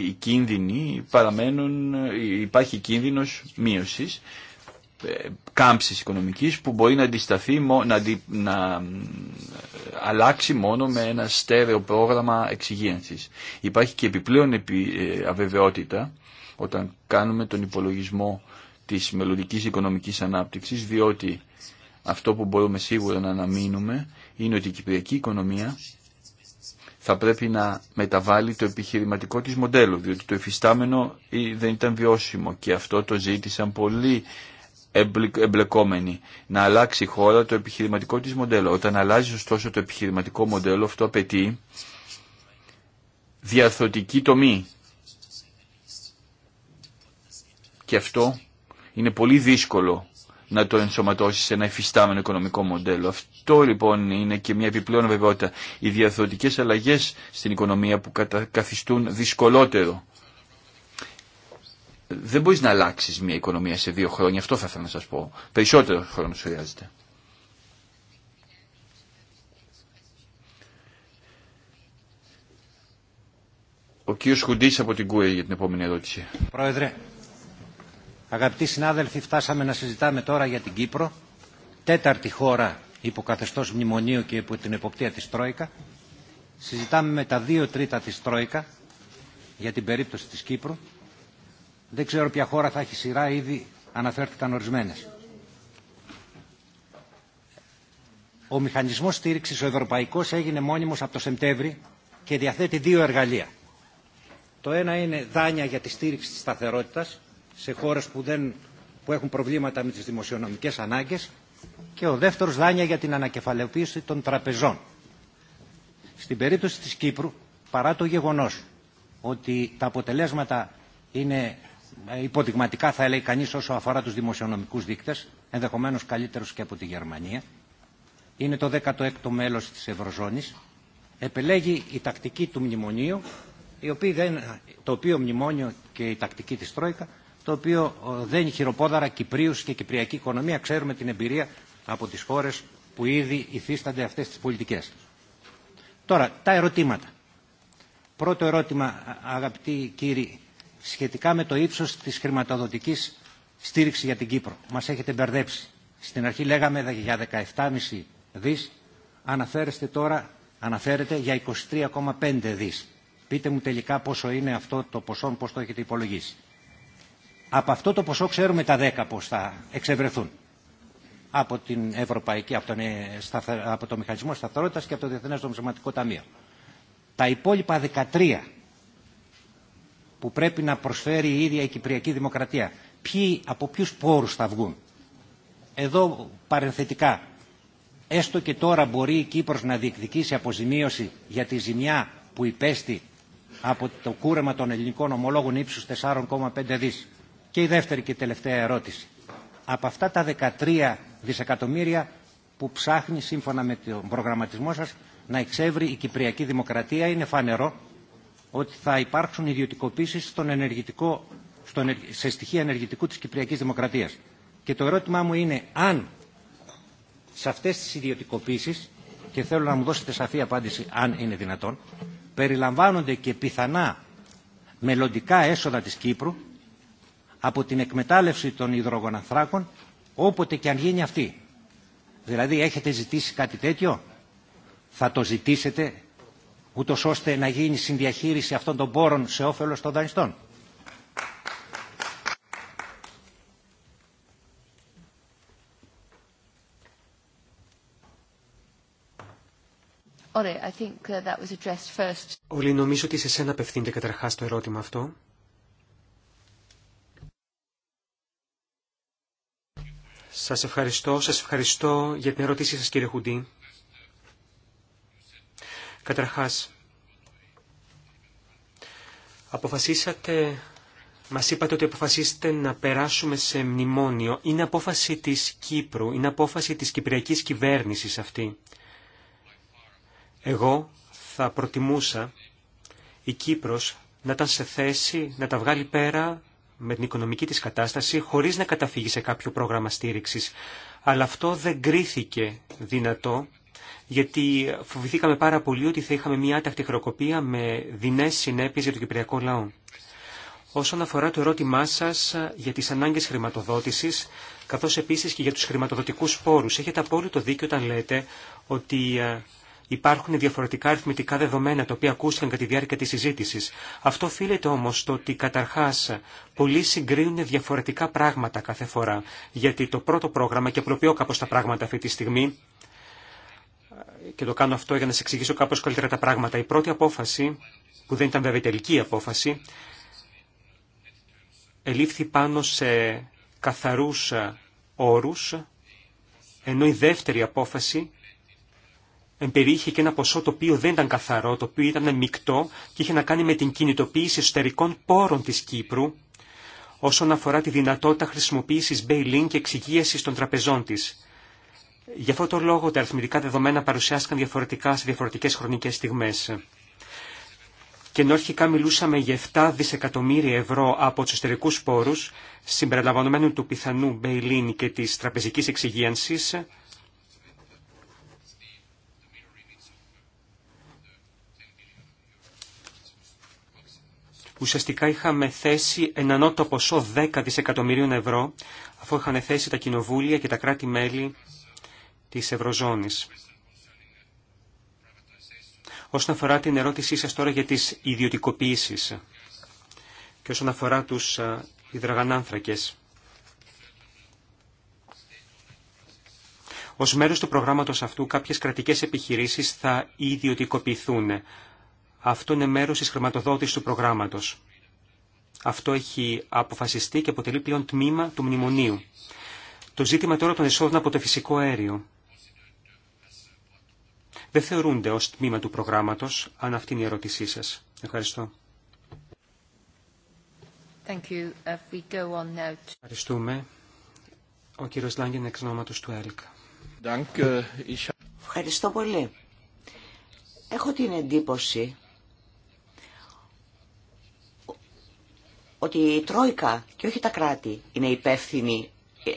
οι κίνδυνοι παραμένουν, υπάρχει κίνδυνος μείωσης ε, κάμψης οικονομικής που μπορεί να αντισταθεί, να, να ε, αλλάξει μόνο με ένα στέρεο πρόγραμμα εξυγίανσης. Υπάρχει και επιπλέον ε, αβεβαιότητα όταν κάνουμε τον υπολογισμό της μελλοντική οικονομικής ανάπτυξης, διότι αυτό που μπορούμε σίγουρα να αναμείνουμε είναι ότι η κυπριακή οικονομία θα πρέπει να μεταβάλει το επιχειρηματικό της μοντέλο, διότι το εφιστάμενο δεν ήταν βιώσιμο και αυτό το ζήτησαν πολλοί εμπλεκόμενοι. Να αλλάξει η χώρα το επιχειρηματικό της μοντέλο. Όταν αλλάζει ωστόσο το επιχειρηματικό μοντέλο αυτό απαιτεί διαρθρωτική τομή και αυτό είναι πολύ δύσκολο να το ενσωματώσει σε ένα εφιστάμενο οικονομικό μοντέλο. Αυτό λοιπόν είναι και μια επιπλέον βεβαιότητα. Οι διαθροτικές αλλαγές στην οικονομία που καθιστούν δυσκολότερο. Δεν μπορείς να αλλάξεις μια οικονομία σε δύο χρόνια, αυτό θα ήθελα να σας πω. Περισσότερο χρόνο χρειάζεται. Ο κύριος Χουντής από την ΚΟΕ για την επόμενη ερώτηση. Πρόεδρε, Αγαπητοί συνάδελφοι, φτάσαμε να συζητάμε τώρα για την Κύπρο, τέταρτη χώρα υπό μνημονίου και υπό την εποπτεία της Τρόικα. Συζητάμε με τα δύο τρίτα της Τρόικα για την περίπτωση της Κύπρου. Δεν ξέρω ποια χώρα θα έχει σειρά, ήδη αναφέρθηκαν ορισμένες. Ο μηχανισμός στήριξης ο ευρωπαϊκός έγινε μόνιμος από το Σεπτέμβρη και διαθέτει δύο εργαλεία. Το ένα είναι δάνεια για τη στήριξη της σταθερότητας, σε χώρες που, δεν, που έχουν προβλήματα με τις δημοσιονομικές ανάγκες και ο δεύτερος δάνεια για την ανακεφαλαιοποίηση των τραπεζών. Στην περίπτωση της Κύπρου, παρά το γεγονός ότι τα αποτελέσματα είναι ε, υποδειγματικά θα έλεγε κανείς όσο αφορά τους δημοσιονομικούς δείκτες, ενδεχομένως καλύτερους και από τη Γερμανία, είναι το 16ο μέλος της Ευρωζώνης, επελέγει η τακτική του μνημονίου, το οποίο μνημόνιο και η τακτική της Τρόικα το οποίο ε, δένει χειροπόδαρα Κυπρίους και Κυπριακή οικονομία. Ξέρουμε την εμπειρία από τις χώρες που ήδη υφίστανται αυτές τις πολιτικές. Τώρα, τα ερωτήματα. Πρώτο ερώτημα, αγαπητοί κύριοι, σχετικά με το ύψος της χρηματοδοτικής στήριξης για την Κύπρο. Μας έχετε μπερδέψει. Στην αρχή λέγαμε για 17,5 δις, αναφέρεστε τώρα, αναφέρετε για 23,5 δις. Πείτε μου τελικά πόσο είναι αυτό το ποσό, πώς το έχετε υπολογίσει. Από αυτό το ποσό ξέρουμε τα 10 πώς θα εξευρεθούν από, την Ευρωπαϊκή, από, τον, ε, από το Μηχανισμό Σταθερότητας και από το Διεθνές Νομισματικό Ταμείο. Τα υπόλοιπα 13 που πρέπει να προσφέρει η ίδια η Κυπριακή Δημοκρατία, ποιοι, από ποιους πόρους θα βγουν. Εδώ παρενθετικά, έστω και τώρα μπορεί η Κύπρος να διεκδικήσει αποζημίωση για τη ζημιά που υπέστη από το κούρεμα των ελληνικών ομολόγων ύψους 4,5 δις. Και η δεύτερη και τελευταία ερώτηση. Από αυτά τα 13 δισεκατομμύρια που ψάχνει σύμφωνα με τον προγραμματισμό σας να εξεύρει η Κυπριακή Δημοκρατία είναι φανερό ότι θα υπάρξουν ιδιωτικοποίησεις στον ενεργητικό, στον, σε στοιχεία ενεργητικού της Κυπριακής Δημοκρατίας. Και το ερώτημά μου είναι αν σε αυτές τις ιδιωτικοποίησεις και θέλω να μου δώσετε σαφή απάντηση αν είναι δυνατόν περιλαμβάνονται και πιθανά μελλοντικά έσοδα της Κύπρου από την εκμετάλλευση των υδρογοναθράκων όποτε και αν γίνει αυτή. Δηλαδή έχετε ζητήσει κάτι τέτοιο, θα το ζητήσετε ούτω ώστε να γίνει συνδιαχείριση αυτών των πόρων σε όφελος των δανειστών. Uh, Όλοι νομίζω ότι σε σένα απευθύνεται καταρχάς το ερώτημα αυτό. Σας ευχαριστώ. Σας ευχαριστώ για την ερώτησή σας κύριε Χουντή. Καταρχάς, αποφασίσατε, μας είπατε ότι αποφασίσετε να περάσουμε σε μνημόνιο. Είναι απόφαση της Κύπρου, είναι απόφαση της κυπριακής κυβέρνησης αυτή. Εγώ θα προτιμούσα η Κύπρος να ήταν σε θέση να τα βγάλει πέρα με την οικονομική της κατάσταση χωρίς να καταφύγει σε κάποιο πρόγραμμα στήριξης. Αλλά αυτό δεν κρίθηκε δυνατό γιατί φοβηθήκαμε πάρα πολύ ότι θα είχαμε μια άτακτη χροκοπία με δεινές συνέπειες για τον κυπριακό λαό. Όσον αφορά το ερώτημά σας για τις ανάγκες χρηματοδότησης, καθώς επίσης και για τους χρηματοδοτικούς πόρους, έχετε απόλυτο δίκιο όταν λέτε ότι ε, Υπάρχουν διαφορετικά αριθμητικά δεδομένα τα οποία ακούστηκαν κατά τη διάρκεια τη συζήτηση. Αυτό οφείλεται όμω στο ότι καταρχά πολλοί συγκρίνουν διαφορετικά πράγματα κάθε φορά. Γιατί το πρώτο πρόγραμμα, και απλοποιώ κάπω τα πράγματα αυτή τη στιγμή, και το κάνω αυτό για να σα εξηγήσω κάπω καλύτερα τα πράγματα. Η πρώτη απόφαση, που δεν ήταν βέβαια τελική απόφαση, ελήφθη πάνω σε καθαρούς όρους, ενώ η δεύτερη απόφαση περιείχε και ένα ποσό το οποίο δεν ήταν καθαρό, το οποίο ήταν μεικτό και είχε να κάνει με την κινητοποίηση εσωτερικών πόρων της Κύπρου όσον αφορά τη δυνατότητα χρησιμοποίησης bail-in και εξυγίασης των τραπεζών της. Γι' αυτό το λόγο τα αριθμητικά δεδομένα παρουσιάστηκαν διαφορετικά σε διαφορετικές χρονικές στιγμές. Και ενώ αρχικά μιλούσαμε για 7 δισεκατομμύρια ευρώ από τους εσωτερικούς πόρους, συμπεριλαμβανομένου του πιθανού bail-in και της τραπεζικής εξυγίανσης, ουσιαστικά είχαμε θέσει έναν νότο ποσό 10 δισεκατομμυρίων ευρώ, αφού είχαν θέσει τα κοινοβούλια και τα κράτη-μέλη της Ευρωζώνης. Όσον αφορά την ερώτησή σας τώρα για τις ιδιωτικοποιήσεις και όσον αφορά τους υδραγανάνθρακες. Ως μέρος του προγράμματος αυτού κάποιες κρατικές επιχειρήσεις θα ιδιωτικοποιηθούν. Αυτό είναι μέρος της χρηματοδότησης του προγράμματος. Αυτό έχει αποφασιστεί και αποτελεί πλέον τμήμα του μνημονίου. Το ζήτημα τώρα των εσόδων από το φυσικό αέριο δεν θεωρούνται ως τμήμα του προγράμματος, αν αυτή είναι η ερώτησή σας. Ευχαριστώ. Thank you. If we go on Ευχαριστούμε. Ο κύριος Λάγκεν εξ νόματος του ΕΛΚ. Ευχαριστώ πολύ. Έχω την εντύπωση ότι η Τρόικα και όχι τα κράτη είναι υπεύθυνοι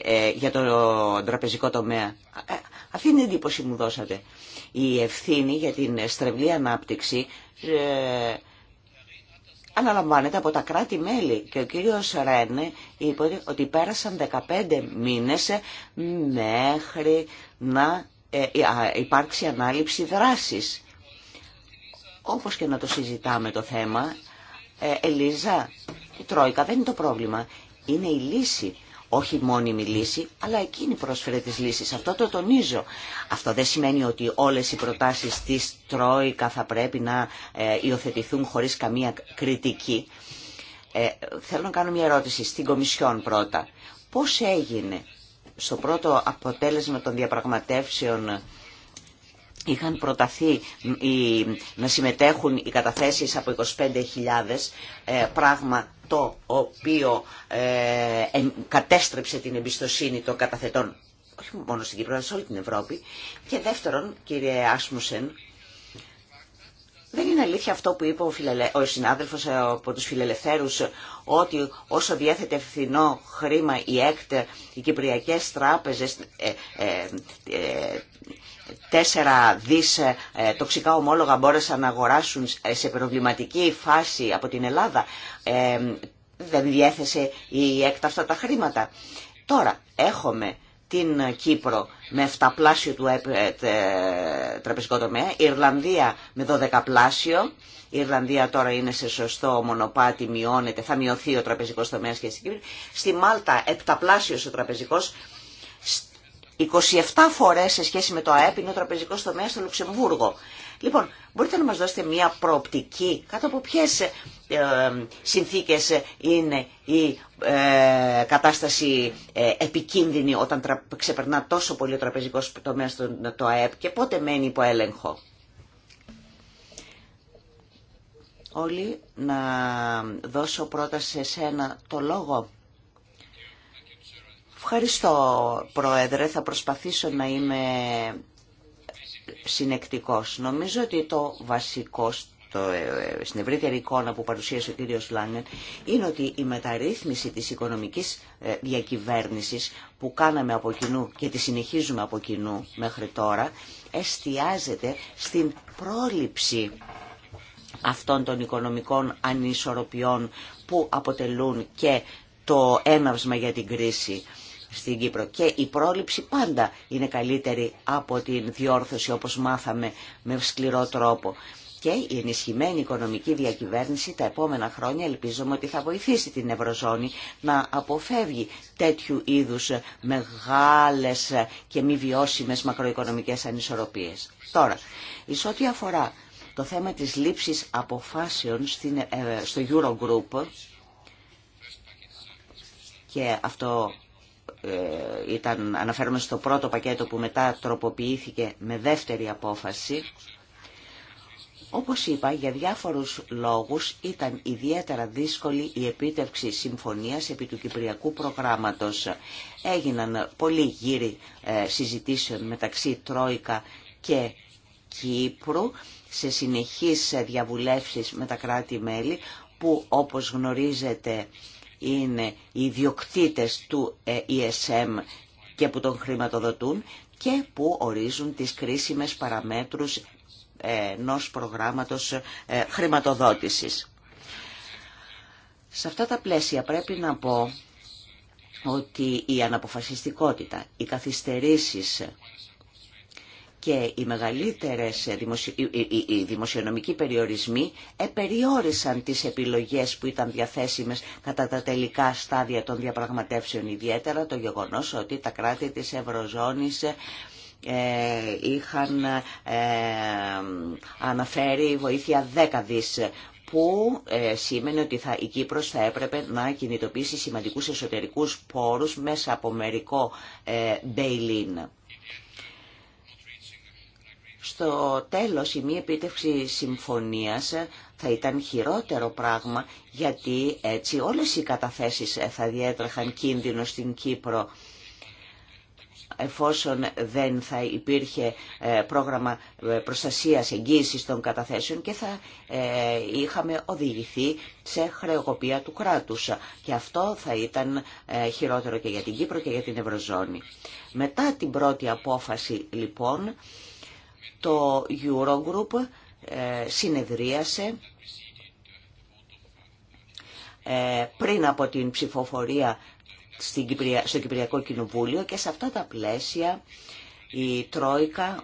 ε, για το τραπεζικό τομέα. Ε, αυτή είναι η εντύπωση που μου δώσατε. Η ευθύνη για την στρεβλή ανάπτυξη ε, αναλαμβάνεται από τα κράτη-μέλη. Και ο κύριος Ρένε είπε ότι πέρασαν 15 μήνες μέχρι να υπάρξει ανάληψη δράσης. Όπως και να το συζητάμε το θέμα, Ελίζα, η Τρόικα δεν είναι το πρόβλημα. Είναι η λύση. Όχι μόνιμη λύση, αλλά εκείνη πρόσφερε τις λύσεις. Αυτό το τονίζω. Αυτό δεν σημαίνει ότι όλες οι προτάσεις της Τρόικα θα πρέπει να ε, υιοθετηθούν χωρίς καμία κριτική. Ε, θέλω να κάνω μια ερώτηση στην Κομισιόν πρώτα. Πώς έγινε στο πρώτο αποτέλεσμα των διαπραγματεύσεων είχαν προταθεί να συμμετέχουν οι καταθέσεις από 25.000, ε, πράγμα το οποίο ε, κατέστρεψε την εμπιστοσύνη των καταθετών όχι μόνο στην Κύπρο, αλλά σε όλη την Ευρώπη. Και δεύτερον, κύριε Άσμουσεν, δεν είναι αλήθεια αυτό που είπε ο, φιλελε... ο συνάδελφος ε, από τους φιλελευθέρους ότι όσο διέθετε φθηνό χρήμα η ΕΚΤ, οι κυπριακές τράπεζες, ε, ε, τέσσερα δις τοξικά ομόλογα μπόρεσαν να αγοράσουν σε προβληματική φάση από την Ελλάδα. Δεν διέθεσε η ΕΚΤ αυτά τα χρήματα. Τώρα έχουμε την Κύπρο με 7 πλάσιο του ε, τραπεζικό τομέα, η Ιρλανδία με 12 πλάσιο, η Ιρλανδία τώρα είναι σε σωστό μονοπάτι, μειώνεται, θα μειωθεί ο τραπεζικός τομέας και στην Κύπρο. Στη Μάλτα 7 πλάσιο ο τραπεζικός, 27 φορές σε σχέση με το ΑΕΠ είναι ο τραπεζικός τομέας στο Λουξεμβούργο. Λοιπόν, Μπορείτε να μας δώσετε μια προοπτική κάτω από ποιες ε, συνθήκες είναι η ε, κατάσταση ε, επικίνδυνη όταν ξεπερνά τόσο πολύ ο τραπεζικός τομέας το ΑΕΠ και πότε μένει υπό έλεγχο. Όλοι να δώσω πρώτα σε σένα το λόγο. Ευχαριστώ, Πρόεδρε. Θα προσπαθήσω να είμαι συνεκτικός. Νομίζω ότι το βασικό το, ε, στην ευρύτερη εικόνα που παρουσίασε ο κύριος Λάνεν είναι ότι η μεταρρύθμιση της οικονομικής ε, διακυβέρνησης που κάναμε από κοινού και τη συνεχίζουμε από κοινού μέχρι τώρα εστιάζεται στην πρόληψη αυτών των οικονομικών ανισορροπιών που αποτελούν και το έναυσμα για την κρίση στην Κύπρο. Και η πρόληψη πάντα είναι καλύτερη από την διόρθωση όπως μάθαμε με σκληρό τρόπο. Και η ενισχυμένη οικονομική διακυβέρνηση τα επόμενα χρόνια ελπίζουμε ότι θα βοηθήσει την Ευρωζώνη να αποφεύγει τέτοιου είδους μεγάλες και μη βιώσιμες μακροοικονομικές ανισορροπίες. Τώρα, εις ό,τι αφορά το θέμα της λήψης αποφάσεων στην, ε, στο Eurogroup και αυτό ε, ήταν, αναφέρομαι στο πρώτο πακέτο που μετά τροποποιήθηκε με δεύτερη απόφαση. Όπως είπα, για διάφορους λόγους ήταν ιδιαίτερα δύσκολη η επίτευξη συμφωνίας επί του Κυπριακού προγράμματος. Έγιναν πολλοί γύροι ε, συζητήσεων μεταξύ Τρόικα και Κύπρου σε συνεχείς διαβουλεύσεις με τα κράτη-μέλη που όπως γνωρίζετε είναι οι ιδιοκτήτες του ε, ESM και που τον χρηματοδοτούν και που ορίζουν τις κρίσιμες παραμέτρους ε, ενό προγράμματος ε, χρηματοδότησης. Σε αυτά τα πλαίσια πρέπει να πω ότι η αναποφασιστικότητα, οι καθυστερήσεις και οι μεγαλύτερες οι δημοσιονομικοί περιορισμοί επεριόρισαν τις επιλογές που ήταν διαθέσιμες κατά τα τελικά στάδια των διαπραγματεύσεων, ιδιαίτερα το γεγονός ότι τα κράτη της Ευρωζώνης ε, είχαν ε, αναφέρει βοήθεια 10 δις που ε, σήμαινε ότι θα, η Κύπρος θα έπρεπε να κινητοποιήσει σημαντικούς εσωτερικούς πόρους μέσα από μερικό στο τέλος η μη επίτευξη συμφωνίας θα ήταν χειρότερο πράγμα γιατί έτσι όλες οι καταθέσεις θα διέτρεχαν κίνδυνο στην Κύπρο εφόσον δεν θα υπήρχε ε, πρόγραμμα ε, προστασίας εγγύησης των καταθέσεων και θα ε, είχαμε οδηγηθεί σε χρεοκοπία του κράτους. Και αυτό θα ήταν χειρότερο και για την Κύπρο και για την Ευρωζώνη. Μετά την πρώτη απόφαση λοιπόν το Eurogroup ε, συνεδρίασε ε, πριν από την ψηφοφορία στο Κυπριακό Κοινοβούλιο και σε αυτά τα πλαίσια η Τρόικα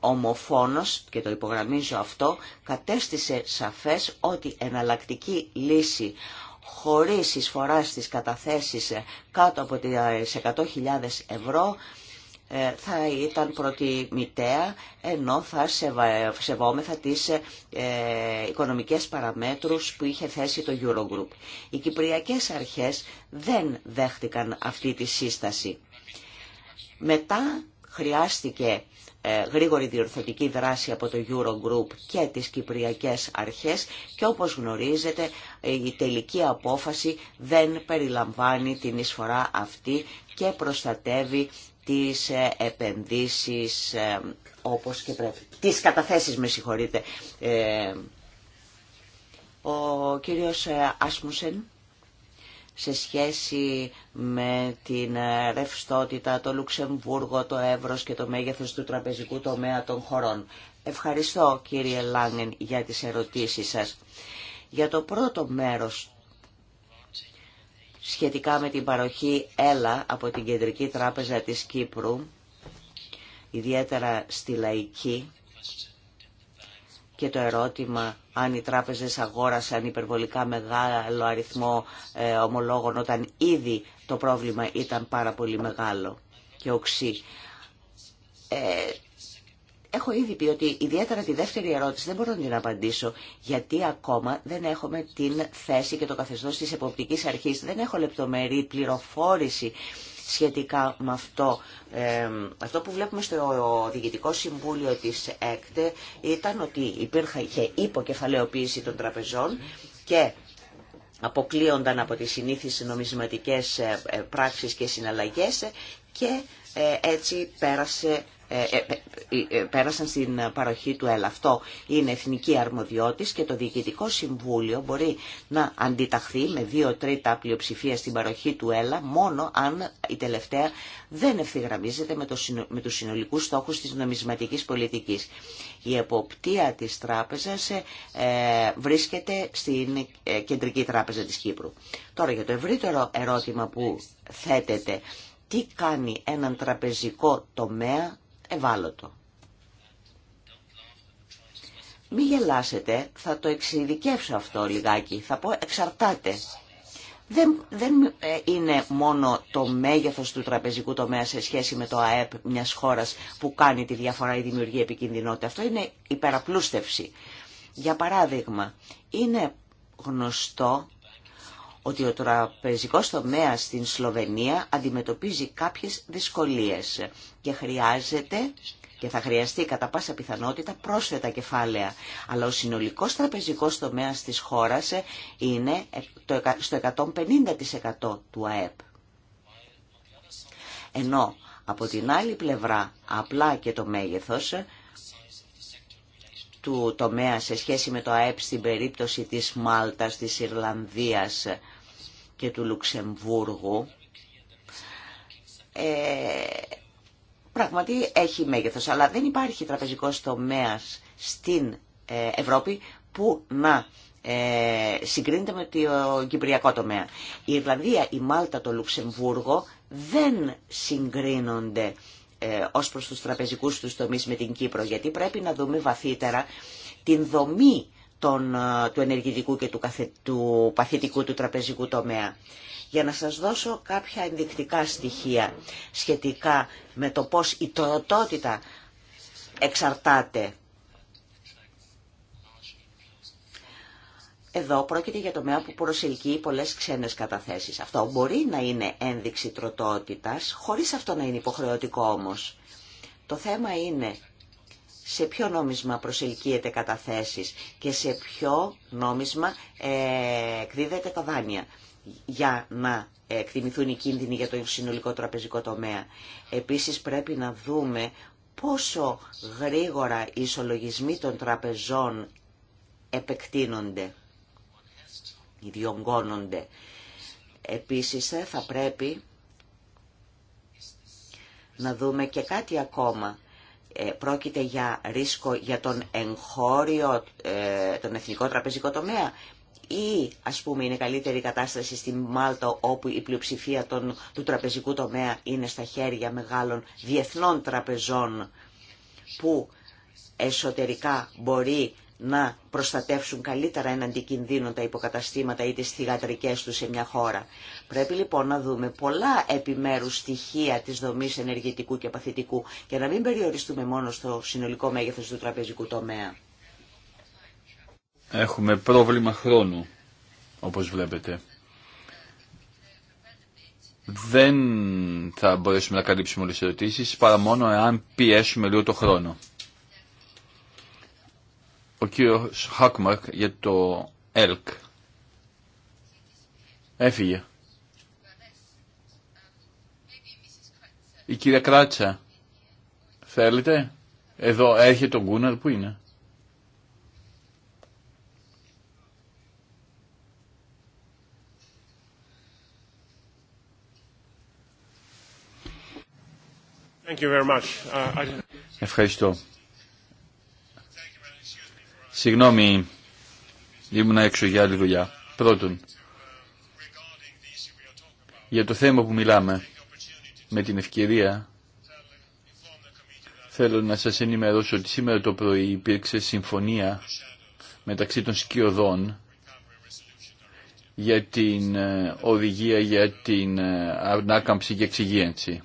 ομοφόνος, και το υπογραμμίζω αυτό, κατέστησε σαφές ότι εναλλακτική λύση χωρίς εισφορά στις καταθέσεις κάτω από τις 100.000 ευρώ ε, θα ήταν προτιμητέα ενώ θα σεβόμεθα τις ε, οικονομικές παραμέτρους που είχε θέσει το Eurogroup. Οι κυπριακές αρχές δεν δέχτηκαν αυτή τη σύσταση. Μετά χρειάστηκε ε, γρήγορη διορθωτική δράση από το Eurogroup και τις Κυπριακές Αρχές και όπως γνωρίζετε η τελική απόφαση δεν περιλαμβάνει την εισφορά αυτή και προστατεύει τις ε, επενδύσεις ε, όπως και πρέπει. Τις καταθέσεις, με συγχωρείτε. Ε, ο κύριος Άσμουσεν σε σχέση με την ρευστότητα, το Λουξεμβούργο, το Εύρος και το μέγεθος του τραπεζικού τομέα των χωρών. Ευχαριστώ κύριε Λάγεν για τις ερωτήσεις σας. Για το πρώτο μέρος σχετικά με την παροχή ΕΛΑ από την Κεντρική Τράπεζα της Κύπρου, ιδιαίτερα στη Λαϊκή, και το ερώτημα αν οι τράπεζες αγόρασαν υπερβολικά μεγάλο αριθμό ε, ομολόγων όταν ήδη το πρόβλημα ήταν πάρα πολύ μεγάλο και οξύ. Ε, Έχω ήδη πει ότι ιδιαίτερα τη δεύτερη ερώτηση δεν μπορώ να την απαντήσω, γιατί ακόμα δεν έχουμε την θέση και το καθεστώς της εποπτικής αρχής. Δεν έχω λεπτομερή πληροφόρηση σχετικά με αυτό. αυτό που βλέπουμε στο Διοικητικό Συμβούλιο της ΕΚΤΕ ήταν ότι υπήρχε υποκεφαλαιοποίηση των τραπεζών και αποκλείονταν από τις συνήθεις νομισματικές ε, ε, πράξεις και συναλλαγές και ε, έτσι πέρασε ε, ε, ε, πέρασαν στην παροχή του ΕΛΑ. Αυτό είναι εθνική αρμοδιότης και το Διοικητικό Συμβούλιο μπορεί να αντιταχθεί με δύο τρίτα πλειοψηφία στην παροχή του ΕΛΑ μόνο αν η τελευταία δεν ευθυγραμμίζεται με, το, με τους συνολικούς στόχους της νομισματικής πολιτικής. Η εποπτεία της τράπεζας βρίσκεται στην Κεντρική Τράπεζα της Κύπρου. Τώρα για το ευρύτερο ερώτημα που θέτεται, τι κάνει έναν τραπεζικό τομέα ευάλωτο. Μη γελάσετε, θα το εξειδικεύσω αυτό λιγάκι, θα πω εξαρτάται. Δεν, δεν ε, είναι μόνο το μέγεθος του τραπεζικού τομέα σε σχέση με το ΑΕΠ μιας χώρας που κάνει τη διαφορά ή δημιουργεί επικινδυνότητα. Αυτό είναι υπεραπλούστευση. Για παράδειγμα, είναι γνωστό ότι ο τραπεζικός τομέα στην Σλοβενία αντιμετωπίζει κάποιες δυσκολίες και χρειάζεται και θα χρειαστεί κατά πάσα πιθανότητα πρόσθετα κεφάλαια. Αλλά ο συνολικός τραπεζικός τομέας της χώρας είναι στο 150% του ΑΕΠ. Ενώ από την άλλη πλευρά απλά και το μέγεθος του τομέα σε σχέση με το ΑΕΠ στην περίπτωση της Μάλτας, της Ιρλανδίας, και του Λουξεμβούργου ε, πραγματι έχει μέγεθος, αλλά δεν υπάρχει τραπεζικός τομέας στην ε, Ευρώπη που να ε, συγκρίνεται με το κυπριακό τομέα. Η Ιρλανδία, η Μάλτα, το Λουξεμβούργο δεν συγκρίνονται ε, ως προς τους τραπεζικούς τους τομείς με την Κύπρο, γιατί πρέπει να δούμε βαθύτερα την δομή τον του ενεργητικού και του, καθε, του παθητικού του τραπεζικού τομέα. Για να σας δώσω κάποια ενδεικτικά στοιχεία σχετικά με το πώς η τροτότητα εξαρτάται. Εδώ πρόκειται για τομέα που προσελκύει πολλές ξένες καταθέσεις. Αυτό μπορεί να είναι ένδειξη τροτότητας, χωρίς αυτό να είναι υποχρεωτικό όμως. Το θέμα είναι σε ποιο νόμισμα προσελκύεται καταθέσεις και σε ποιο νόμισμα ε, εκδίδεται τα δάνεια για να ε, εκτιμηθούν οι κίνδυνοι για το συνολικό τραπεζικό τομέα. Επίσης πρέπει να δούμε πόσο γρήγορα οι ισολογισμοί των τραπεζών επεκτείνονται, διογκώνονται. Επίσης ε, θα πρέπει να δούμε και κάτι ακόμα. Ε, πρόκειται για ρίσκο για τον εγχώριο, ε, τον εθνικό τραπεζικό τομέα ή ας πούμε είναι καλύτερη η κατάσταση στη Μάλτα όπου η πλειοψηφία των, του τραπεζικού τομέα είναι στα χέρια μεγάλων διεθνών τραπεζών που εσωτερικά μπορεί να προστατεύσουν καλύτερα εναντί κινδύνων τα υποκαταστήματα ή τις θηγατρικές τους σε μια χώρα. Πρέπει λοιπόν να δούμε πολλά επιμέρου στοιχεία τη δομή ενεργητικού και παθητικού και να μην περιοριστούμε μόνο στο συνολικό μέγεθο του τραπεζικού τομέα. Έχουμε πρόβλημα χρόνου, όπως βλέπετε. Δεν θα μπορέσουμε να καλύψουμε όλες τις ερωτήσεις, παρά μόνο εάν πιέσουμε λίγο το χρόνο. Ο κύριος Χάκμαρκ για το ΕΛΚ. Έφυγε. Η κυρία Κράτσα, θέλετε, εδώ έρχεται ο Γκούναρ, πού είναι. Uh, Ευχαριστώ. Συγγνώμη, ήμουν έξω για άλλη δουλειά. Πρώτον, για το θέμα που μιλάμε, με την ευκαιρία θέλω να σας ενημερώσω ότι σήμερα το πρωί υπήρξε συμφωνία μεταξύ των σκιωδών για την ε, οδηγία για την ε, ανάκαμψη και εξυγίανση.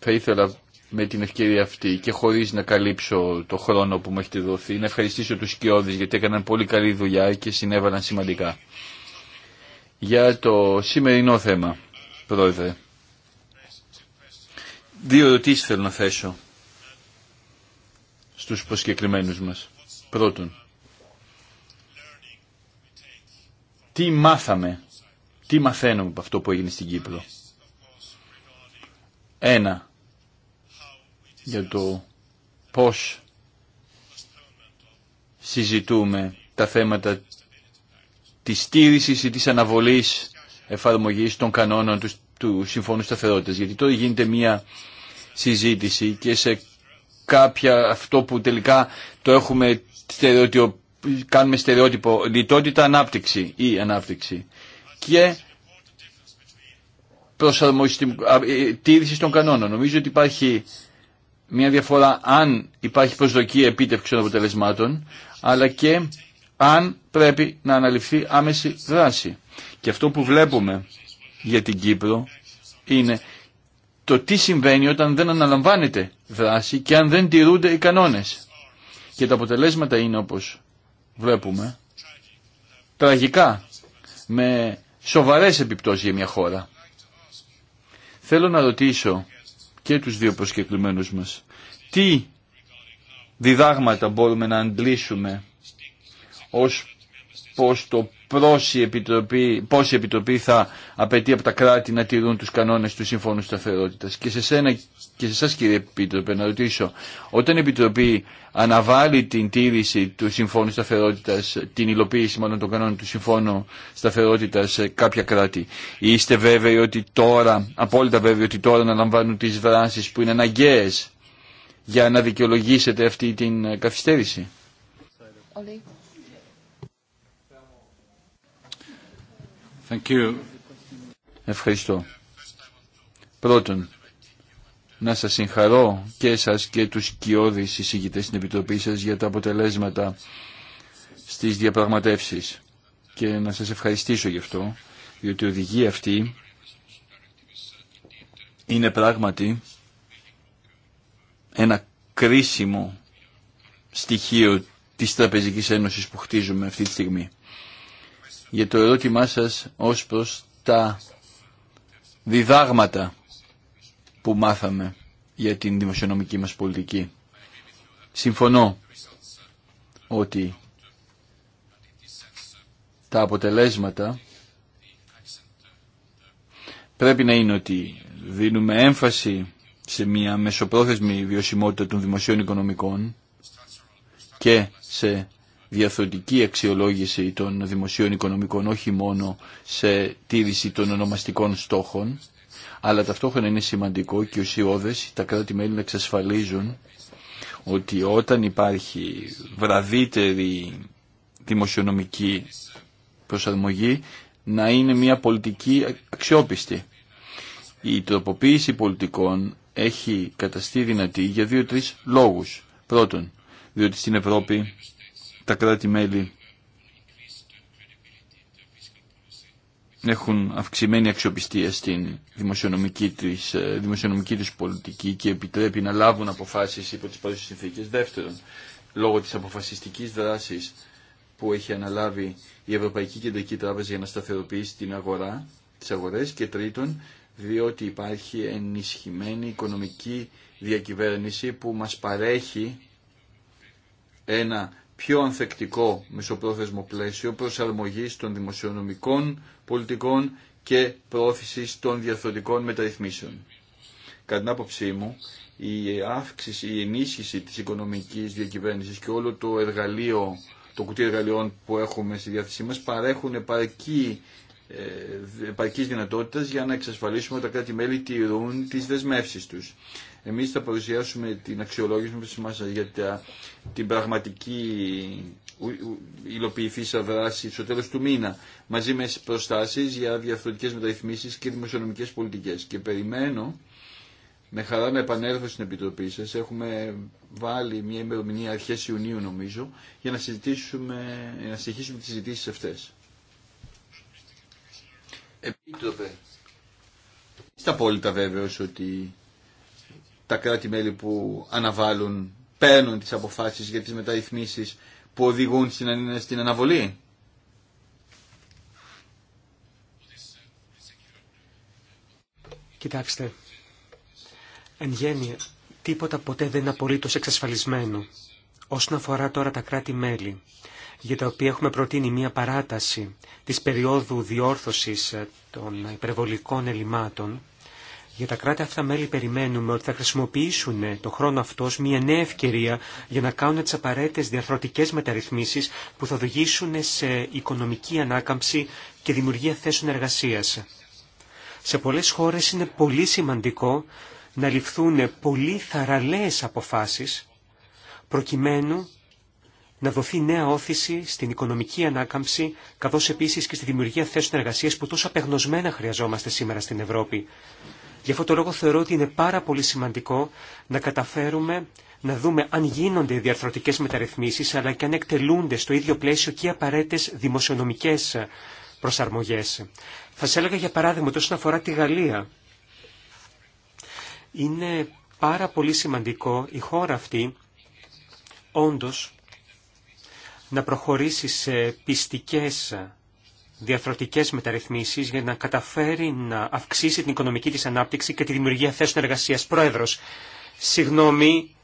Θα ήθελα με την ευκαιρία αυτή και χωρίς να καλύψω το χρόνο που μου έχετε δοθεί να ευχαριστήσω τους σκιώδεις γιατί έκαναν πολύ καλή δουλειά και συνέβαλαν σημαντικά για το σημερινό θέμα, πρόεδρε. Δύο ερωτήσει θέλω να θέσω στους προσκεκριμένους μας. Πρώτον, τι μάθαμε, τι μαθαίνουμε από αυτό που έγινε στην Κύπρο. Ένα, για το πώς συζητούμε τα θέματα της στήρησης ή της αναβολής εφαρμογής των κανόνων του, Συμφώνου Σταθερότητας. Γιατί τώρα γίνεται μια συζήτηση και σε κάποια αυτό που τελικά το έχουμε στερεότυπο, κάνουμε στερεότυπο λιτότητα ανάπτυξη ή ανάπτυξη και ε, τήρηση των κανόνων. Νομίζω ότι υπάρχει μια διαφορά αν υπάρχει προσδοκία επίτευξη των αποτελεσμάτων αλλά και αν πρέπει να αναλυφθεί άμεση δράση. Και αυτό που βλέπουμε για την Κύπρο είναι το τι συμβαίνει όταν δεν αναλαμβάνεται δράση και αν δεν τηρούνται οι κανόνες. Και τα αποτελέσματα είναι όπως βλέπουμε τραγικά με σοβαρές επιπτώσεις για μια χώρα. Θέλω να ρωτήσω και τους δύο προσκεκλημένους μας τι διδάγματα μπορούμε να αντλήσουμε ως πως το πώς η, Επιτροπή, πώς η Επιτροπή θα απαιτεί από τα κράτη να τηρούν τους κανόνες του Συμφώνου Σταθερότητας. Και σε σένα και σε εσάς κύριε Επίτροπε να ρωτήσω, όταν η Επιτροπή αναβάλει την τήρηση του Συμφώνου Σταθερότητας, την υλοποίηση μάλλον των κανόνων του Συμφώνου Σταθερότητας σε κάποια κράτη, είστε βέβαιοι ότι τώρα, απόλυτα βέβαιοι ότι τώρα να λαμβάνουν τις δράσεις που είναι αναγκαίες για να δικαιολογήσετε αυτή την καθυστέρηση. Ευχαριστώ. Πρώτον, να σας συγχαρώ και σας και τους κοιόδης εισηγητές στην Επιτροπή σας για τα αποτελέσματα στις διαπραγματεύσεις και να σας ευχαριστήσω γι' αυτό, διότι η οδηγία αυτή είναι πράγματι ένα κρίσιμο στοιχείο της Τραπεζικής Ένωσης που χτίζουμε αυτή τη στιγμή για το ερώτημά σας ως προς τα διδάγματα που μάθαμε για την δημοσιονομική μας πολιτική. Συμφωνώ ότι τα αποτελέσματα πρέπει να είναι ότι δίνουμε έμφαση σε μια μεσοπρόθεσμη βιωσιμότητα των δημοσίων οικονομικών και σε διαθωτική αξιολόγηση των δημοσίων οικονομικών όχι μόνο σε τήρηση των ονομαστικών στόχων, αλλά ταυτόχρονα είναι σημαντικό και ουσιώδες τα κράτη-μέλη να εξασφαλίζουν ότι όταν υπάρχει βραδύτερη δημοσιονομική προσαρμογή να είναι μια πολιτική αξιόπιστη. Η τροποποίηση πολιτικών έχει καταστεί δυνατή για δύο-τρεις λόγους. Πρώτον, διότι στην Ευρώπη τα κράτη-μέλη έχουν αυξημένη αξιοπιστία στην δημοσιονομική της, ε, δημοσιονομική τους πολιτική και επιτρέπει να λάβουν αποφάσεις υπό τις παρούσες συνθήκες. Δεύτερον, λόγω της αποφασιστικής δράσης που έχει αναλάβει η Ευρωπαϊκή Κεντρική Τράπεζα για να σταθεροποιήσει την αγορά, τις αγορές και τρίτον, διότι υπάρχει ενισχυμένη οικονομική διακυβέρνηση που μας παρέχει ένα πιο ανθεκτικό μεσοπρόθεσμο πλαίσιο προσαρμογής των δημοσιονομικών πολιτικών και πρόθεσης των διαφορετικών μεταρρυθμίσεων. Κατά την άποψή μου, η αύξηση, η ενίσχυση της οικονομικής διακυβέρνησης και όλο το εργαλείο, το κουτί εργαλειών που έχουμε στη διάθεσή μας παρέχουν επαρκή ε, επαρκής δυνατότητας για να εξασφαλίσουμε ότι τα κράτη-μέλη τηρούν τις δεσμεύσεις τους. Εμείς θα παρουσιάσουμε την αξιολόγηση μας για τα, την πραγματική υλοποιηθήσα δράση στο τέλος του μήνα, μαζί με προστάσει για διαφορετικέ μεταρρυθμίσει και δημοσιονομικέ πολιτικές. Και περιμένω με χαρά να επανέλθω στην Επιτροπή σα, Έχουμε βάλει μια ημερομηνία αρχέ Ιουνίου νομίζω για να, συζητήσουμε, να συνεχίσουμε τι συζητήσει αυτέ. Επίτροπε. Είστε απόλυτα βέβαιο ότι τα κράτη-μέλη που αναβάλουν, παίρνουν τις αποφάσεις για τις μεταρρυθμίσεις που οδηγούν στην, στην αναβολή. Κοιτάξτε, εν γέννη, τίποτα ποτέ δεν είναι απολύτως εξασφαλισμένο. Όσον αφορά τώρα τα κράτη-μέλη, για τα οποία έχουμε προτείνει μία παράταση της περίοδου διόρθωσης των υπερβολικών ελλημάτων, για τα κράτη αυτά μέλη περιμένουμε ότι θα χρησιμοποιήσουν το χρόνο αυτός μια νέα ευκαιρία για να κάνουν τις απαραίτητες διαθροτικές μεταρρυθμίσεις που θα οδηγήσουν σε οικονομική ανάκαμψη και δημιουργία θέσεων εργασίας. Σε πολλές χώρες είναι πολύ σημαντικό να ληφθούν πολύ θαραλέες αποφάσεις προκειμένου να δοθεί νέα όθηση στην οικονομική ανάκαμψη, καθώς επίσης και στη δημιουργία θέσεων εργασίας που τόσο απεγνωσμένα χρειαζόμαστε σήμερα στην Ευρώπη. Γι' αυτό το λόγο θεωρώ ότι είναι πάρα πολύ σημαντικό να καταφέρουμε να δούμε αν γίνονται διαρθρωτικές μεταρρυθμίσεις αλλά και αν εκτελούνται στο ίδιο πλαίσιο και απαραίτητες δημοσιονομικές προσαρμογές. Θα σας έλεγα για παράδειγμα όσον αφορά τη Γαλλία. Είναι πάρα πολύ σημαντικό η χώρα αυτή όντως να προχωρήσει σε πιστικές διαφορετικές μεταρρυθμίσεις για να καταφέρει να αυξήσει την οικονομική της ανάπτυξη και τη δημιουργία θέσεων εργασίας. Πρόεδρος, συγγνώμη,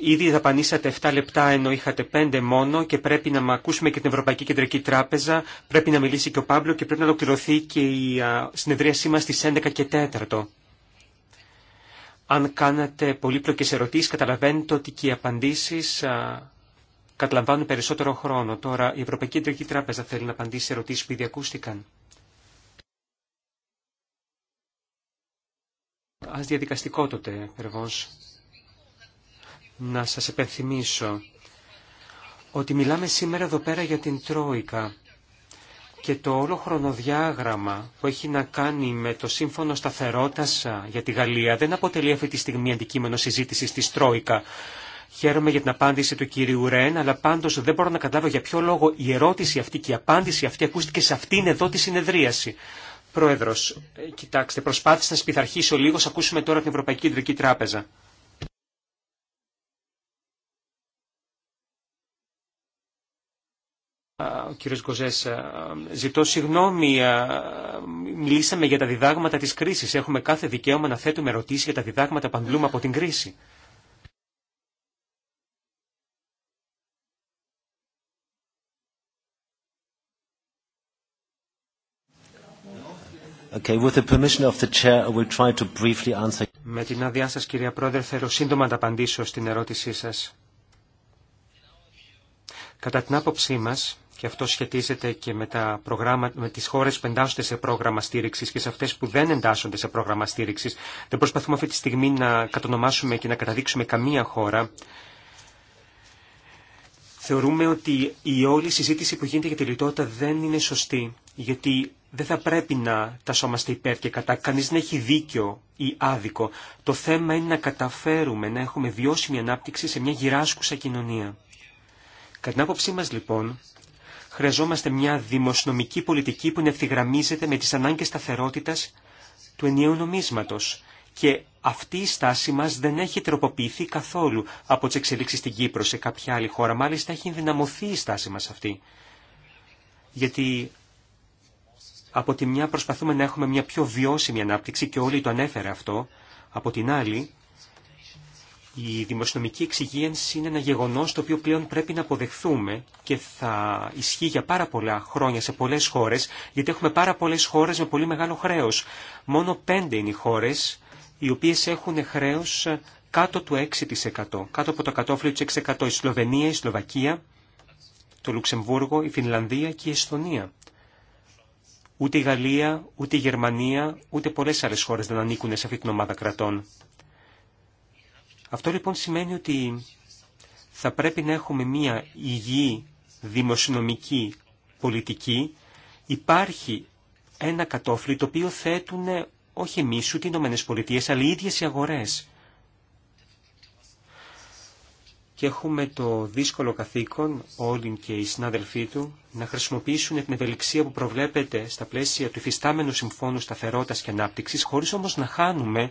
ήδη δαπανίσατε 7 λεπτά ενώ είχατε 5 μόνο και πρέπει να ακούσουμε και την Ευρωπαϊκή Κεντρική Τράπεζα, πρέπει να μιλήσει και ο Πάμπλο και πρέπει να ολοκληρωθεί και η συνεδρίασή μας στις 11 και 4. Αν κάνατε πολύπλοκες ερωτήσεις, καταλαβαίνετε ότι και οι απαντήσεις καταλαμβάνουν περισσότερο χρόνο. Τώρα η Ευρωπαϊκή Κεντρική Τράπεζα θέλει να απαντήσει σε ερωτήσει που ήδη ακούστηκαν. Ας διαδικαστικό τότε, να σας επενθυμίσω ότι μιλάμε σήμερα εδώ πέρα για την Τρόικα και το όλο χρονοδιάγραμμα που έχει να κάνει με το σύμφωνο σταθερότητας για τη Γαλλία δεν αποτελεί αυτή τη στιγμή αντικείμενο συζήτηση τη Τρόικα. Χαίρομαι για την απάντηση του κυρίου Ρεν, αλλά πάντω δεν μπορώ να καταλάβω για ποιο λόγο η ερώτηση αυτή και η απάντηση αυτή ακούστηκε σε αυτήν εδώ τη συνεδρίαση. Πρόεδρο, ε, κοιτάξτε, προσπάθησα να σπιθαρχήσω λίγο, ακούσουμε τώρα την Ευρωπαϊκή Κεντρική Τράπεζα. ο κύριος Γκοζές, ζητώ συγγνώμη, μιλήσαμε για τα διδάγματα της κρίσης. Έχουμε κάθε δικαίωμα να θέτουμε ερωτήσεις για τα διδάγματα που αντλούμε από την κρίση. Με την άδειά σας, κυρία Πρόεδρε, θέλω σύντομα να απαντήσω στην ερώτησή σας. Κατά την άποψή μας, και αυτό σχετίζεται και με, τα προγράμμα, με τις χώρες που εντάσσονται σε πρόγραμμα στήριξης και σε αυτές που δεν εντάσσονται σε πρόγραμμα στήριξης, δεν προσπαθούμε αυτή τη στιγμή να κατονομάσουμε και να καταδείξουμε καμία χώρα. Θεωρούμε ότι η όλη συζήτηση που γίνεται για τη λιτότητα δεν είναι σωστή, γιατί δεν θα πρέπει να τασόμαστε υπέρ και κατά. Κανείς δεν έχει δίκιο ή άδικο. Το θέμα είναι να καταφέρουμε να έχουμε βιώσιμη ανάπτυξη σε μια γυράσκουσα κοινωνία. Κατά την άποψή μας λοιπόν, χρειαζόμαστε μια δημοσιονομική πολιτική που ευθυγραμμίζεται με τις ανάγκες σταθερότητας του ενιαίου νομίσματος. Και αυτή η στάση μας δεν έχει τροποποιηθεί καθόλου από τις εξελίξεις στην Κύπρο σε κάποια άλλη χώρα. Μάλιστα έχει ενδυναμωθεί η στάση μας αυτή. Γιατί από τη μια προσπαθούμε να έχουμε μια πιο βιώσιμη ανάπτυξη και όλοι το ανέφερε αυτό. Από την άλλη, η δημοσιονομική εξυγίανση είναι ένα γεγονός το οποίο πλέον πρέπει να αποδεχθούμε και θα ισχύει για πάρα πολλά χρόνια σε πολλές χώρες, γιατί έχουμε πάρα πολλές χώρες με πολύ μεγάλο χρέος. Μόνο πέντε είναι οι χώρες οι οποίες έχουν χρέος κάτω του 6%, κάτω από το κατόφλι του 6%. Η Σλοβενία, η Σλοβακία, το Λουξεμβούργο, η Φινλανδία και η Εσθονία. Ούτε η Γαλλία, ούτε η Γερμανία, ούτε πολλές άλλες χώρες δεν ανήκουν σε αυτή την ομάδα κρατών. Αυτό λοιπόν σημαίνει ότι θα πρέπει να έχουμε μία υγιή δημοσιονομική πολιτική. Υπάρχει ένα κατόφλι το οποίο θέτουν ε, όχι εμείς ούτε οι Ηνωμένες Πολιτείες, αλλά οι ίδιες οι αγορές. και έχουμε το δύσκολο καθήκον, όλοι και οι συνάδελφοί του, να χρησιμοποιήσουν την ευελιξία που προβλέπεται στα πλαίσια του υφιστάμενου Συμφώνου Σταθερότητας και Ανάπτυξης, χωρίς όμως να χάνουμε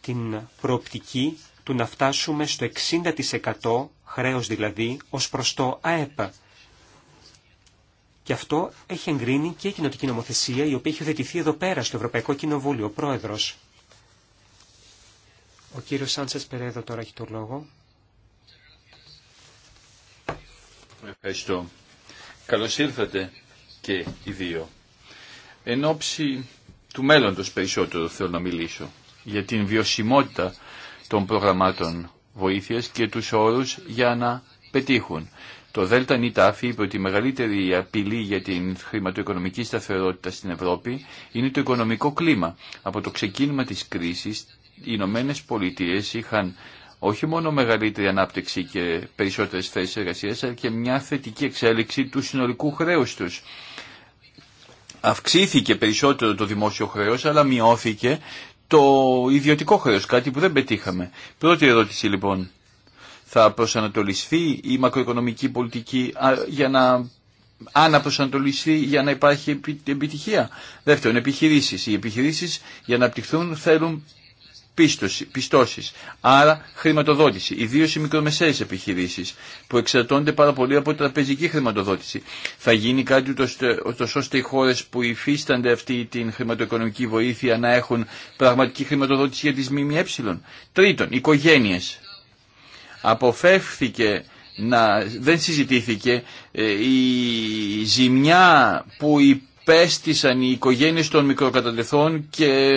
την προοπτική του να φτάσουμε στο 60% χρέος δηλαδή ως προς το ΑΕΠ. Και αυτό έχει εγκρίνει και η κοινοτική νομοθεσία η οποία έχει οθετηθεί εδώ πέρα στο Ευρωπαϊκό Κοινοβούλιο. Ο Πρόεδρος ο κύριος Σάντσες Περέδο τώρα έχει το λόγο. Ευχαριστώ. Καλώς ήρθατε και οι δύο. Εν όψη του μέλλοντος περισσότερο θέλω να μιλήσω για την βιωσιμότητα των προγραμμάτων βοήθειας και τους όρους για να πετύχουν. Το Δέλτα Νιτάφη είπε ότι η μεγαλύτερη απειλή για την χρηματοοικονομική σταθερότητα στην Ευρώπη είναι το οικονομικό κλίμα. Από το ξεκίνημα της κρίσης οι Ηνωμένε Πολιτείε είχαν όχι μόνο μεγαλύτερη ανάπτυξη και περισσότερε θέσει εργασία, αλλά και μια θετική εξέλιξη του συνολικού χρέου του. Αυξήθηκε περισσότερο το δημόσιο χρέο, αλλά μειώθηκε το ιδιωτικό χρέο, κάτι που δεν πετύχαμε. Πρώτη ερώτηση λοιπόν, θα προσανατολιστεί η μακροοικονομική πολιτική για να αναπροσανατολιστεί για να υπάρχει επιτυχία. Δεύτερον, επιχειρήσεις. Οι επιχειρήσεις για να απτυχθούν θέλουν πιστώσεις, άρα χρηματοδότηση, ιδίως οι μικρομεσαίες επιχειρήσεις που εξαρτώνται πάρα πολύ από τραπεζική χρηματοδότηση. Θα γίνει κάτι ούτω ώστε οι χώρε που υφίστανται αυτή την χρηματοοικονομική βοήθεια να έχουν πραγματική χρηματοδότηση για τις ΜΜΕ. Τρίτον, οικογένειε. Αποφεύθηκε να δεν συζητήθηκε ε, η ζημιά που η πέστησαν οι οικογένειες των μικροκατατεθών και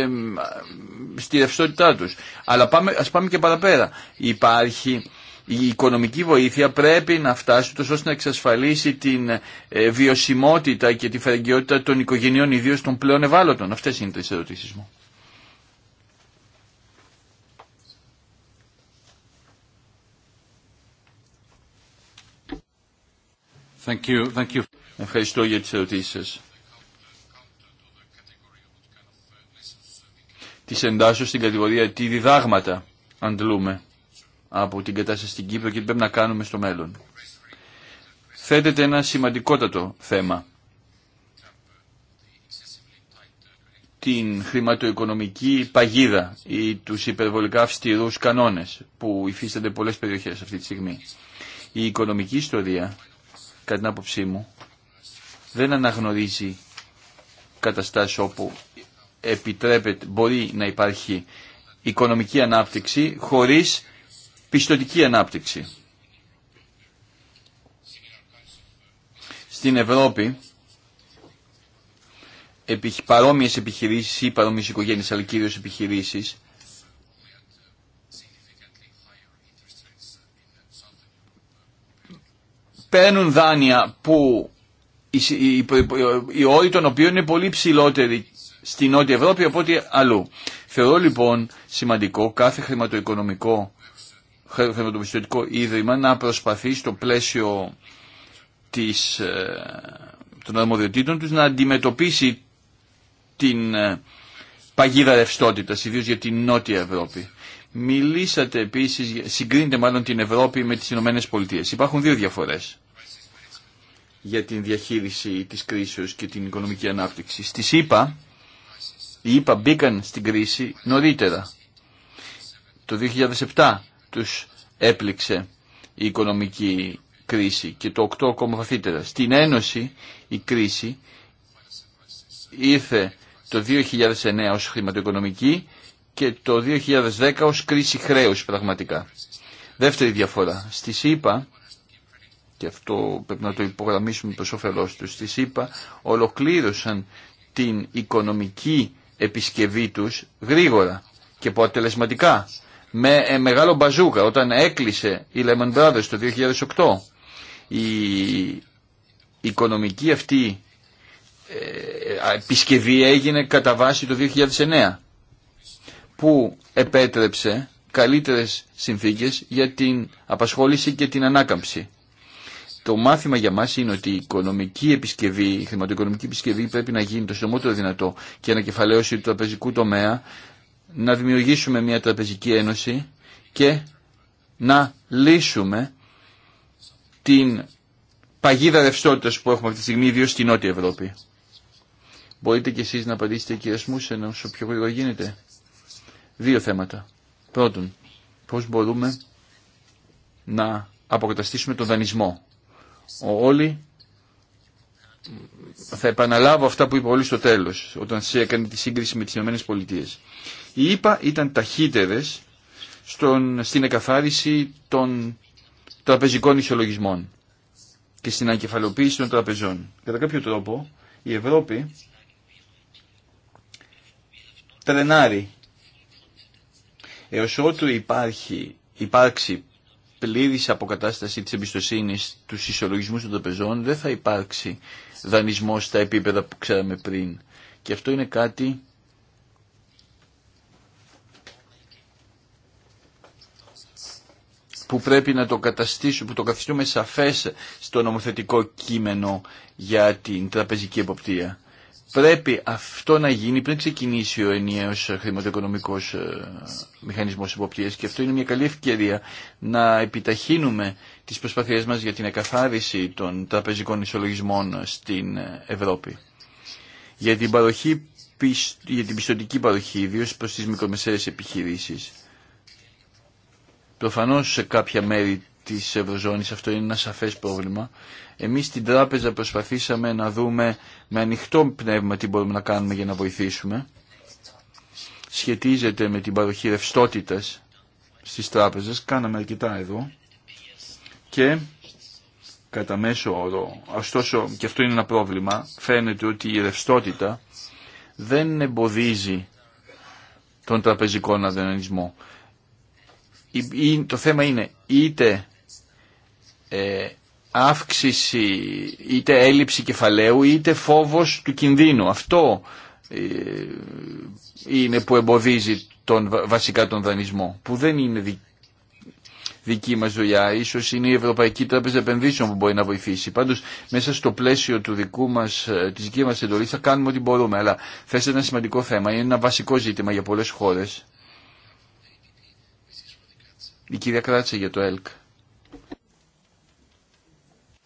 στη ρευστότητά τους. Αλλά πάμε, ας πάμε και παραπέρα. Υπάρχει η οικονομική βοήθεια πρέπει να φτάσει τόσο ώστε να εξασφαλίσει την ε, βιωσιμότητα και τη φαραγγιότητα των οικογενειών, ιδίω των πλέον ευάλωτων. Αυτές είναι τις ερωτήσεις μου. Thank you. Thank you. Ευχαριστώ για τις ερωτήσεις σας. τις εντάσσεω στην κατηγορία τι διδάγματα αντλούμε από την κατάσταση στην Κύπρο και τι πρέπει να κάνουμε στο μέλλον. Θέτεται ένα σημαντικότατο θέμα. την χρηματοοικονομική παγίδα ή τους υπερβολικά αυστηρούς κανόνες που υφίστανται πολλές περιοχές αυτή τη στιγμή. Η οικονομική ιστορία, κατά την άποψή μου, δεν αναγνωρίζει καταστάσεις όπου επιτρέπεται, μπορεί να υπάρχει οικονομική ανάπτυξη χωρίς πιστοτική ανάπτυξη. Στην Ευρώπη παρόμοιες επιχειρήσεις ή παρόμοιες οικογένειες αλλά κυρίως επιχειρήσεις παίρνουν δάνεια που οι όροι των οποίων είναι πολύ ψηλότεροι στη Νότια Ευρώπη από ό,τι αλλού. Θεωρώ λοιπόν σημαντικό κάθε χρηματοοικονομικό χρηματοπιστωτικό ίδρυμα να προσπαθεί στο πλαίσιο της, ε, των αρμοδιοτήτων τους να αντιμετωπίσει την ε, παγίδα ρευστότητα, ιδίω για την Νότια Ευρώπη. Μιλήσατε επίσης, συγκρίνετε μάλλον την Ευρώπη με τι Ηνωμένε Πολιτείε. Υπάρχουν δύο διαφορέ για την διαχείριση τη κρίσεω και την οικονομική ανάπτυξη. Στη ΣΥΠΑ οι ΙΠΑ μπήκαν στην κρίση νωρίτερα. Το 2007 τους έπληξε η οικονομική κρίση και το 8 ακόμα βαθύτερα. Στην Ένωση η κρίση ήρθε το 2009 ως χρηματοοικονομική και το 2010 ως κρίση χρέους πραγματικά. Δεύτερη διαφορά. Στη ΣΥΠΑ, και αυτό πρέπει να το υπογραμμίσουμε προς όφελός τους, στη ΣΥΠΑ ολοκλήρωσαν την οικονομική επισκευή τους γρήγορα και αποτελεσματικά με ε, μεγάλο μπαζούκα όταν έκλεισε η Lehman Brothers το 2008. Η οικονομική αυτή ε, επισκευή έγινε κατά βάση το 2009 που επέτρεψε καλύτερες συνθήκες για την απασχόληση και την ανάκαμψη το μάθημα για μας είναι ότι η οικονομική επισκευή, η χρηματοοικονομική επισκευή πρέπει να γίνει το συντομότερο δυνατό και ανακεφαλαίωση του τραπεζικού τομέα, να δημιουργήσουμε μια τραπεζική ένωση και να λύσουμε την παγίδα ρευστότητας που έχουμε αυτή τη στιγμή, ιδίως στην Νότια Ευρώπη. Μπορείτε κι εσείς να απαντήσετε κύριε Σμούσεν όσο πιο γρήγορα γίνεται. Δύο θέματα. Πρώτον, πώς μπορούμε να αποκαταστήσουμε τον δανεισμό όλοι θα επαναλάβω αυτά που είπα όλοι στο τέλος όταν σε έκανε τη σύγκριση με τις ΗΠΑ. Οι ΗΠΑ ήταν ταχύτερε στην εκαθάριση των τραπεζικών ισολογισμών και στην ακεφαλοποίηση των τραπεζών. Κατά κάποιο τρόπο η Ευρώπη τρενάρει έως ότου υπάρχει, υπάρξει πλήρης αποκατάσταση της εμπιστοσύνης του ισολογισμούς των τραπεζών δεν θα υπάρξει δανεισμός στα επίπεδα που ξέραμε πριν. Και αυτό είναι κάτι που πρέπει να το καταστήσουμε, που το καθιστούμε σαφές στο νομοθετικό κείμενο για την τραπεζική εποπτεία πρέπει αυτό να γίνει πριν ξεκινήσει ο ενιαίο χρηματοοικονομικός ε, μηχανισμός εποπτείας και αυτό είναι μια καλή ευκαιρία να επιταχύνουμε τις προσπάθειές μας για την εκαθάριση των τραπεζικών ισολογισμών στην Ευρώπη. Για την, παροχή, για την πιστοτική παροχή, ιδίω προ τι μικρομεσαίες επιχείρησει. Προφανώ σε κάποια μέρη της Ευρωζώνης, αυτό είναι ένα σαφές πρόβλημα. Εμείς στην τράπεζα προσπαθήσαμε να δούμε με ανοιχτό πνεύμα τι μπορούμε να κάνουμε για να βοηθήσουμε. Σχετίζεται με την παροχή ρευστότητα στις τράπεζες, κάναμε αρκετά εδώ και κατά μέσο όρο, ωστόσο και αυτό είναι ένα πρόβλημα, φαίνεται ότι η ρευστότητα δεν εμποδίζει τον τραπεζικό αδενανισμό. Το θέμα είναι είτε ε, αύξηση είτε έλλειψη κεφαλαίου είτε φόβος του κινδύνου. Αυτό ε, είναι που εμποδίζει τον, βασικά τον δανεισμό, που δεν είναι δική δική μας δουλειά. Ίσως είναι η Ευρωπαϊκή Τράπεζα Επενδύσεων που μπορεί να βοηθήσει. Πάντως μέσα στο πλαίσιο του δικού μας, ε, της δικής μας εντολής θα κάνουμε ό,τι μπορούμε. Αλλά θέσετε ένα σημαντικό θέμα. Είναι ένα βασικό ζήτημα για πολλές χώρες. Η κυρία Κράτσε για το ΕΛΚ.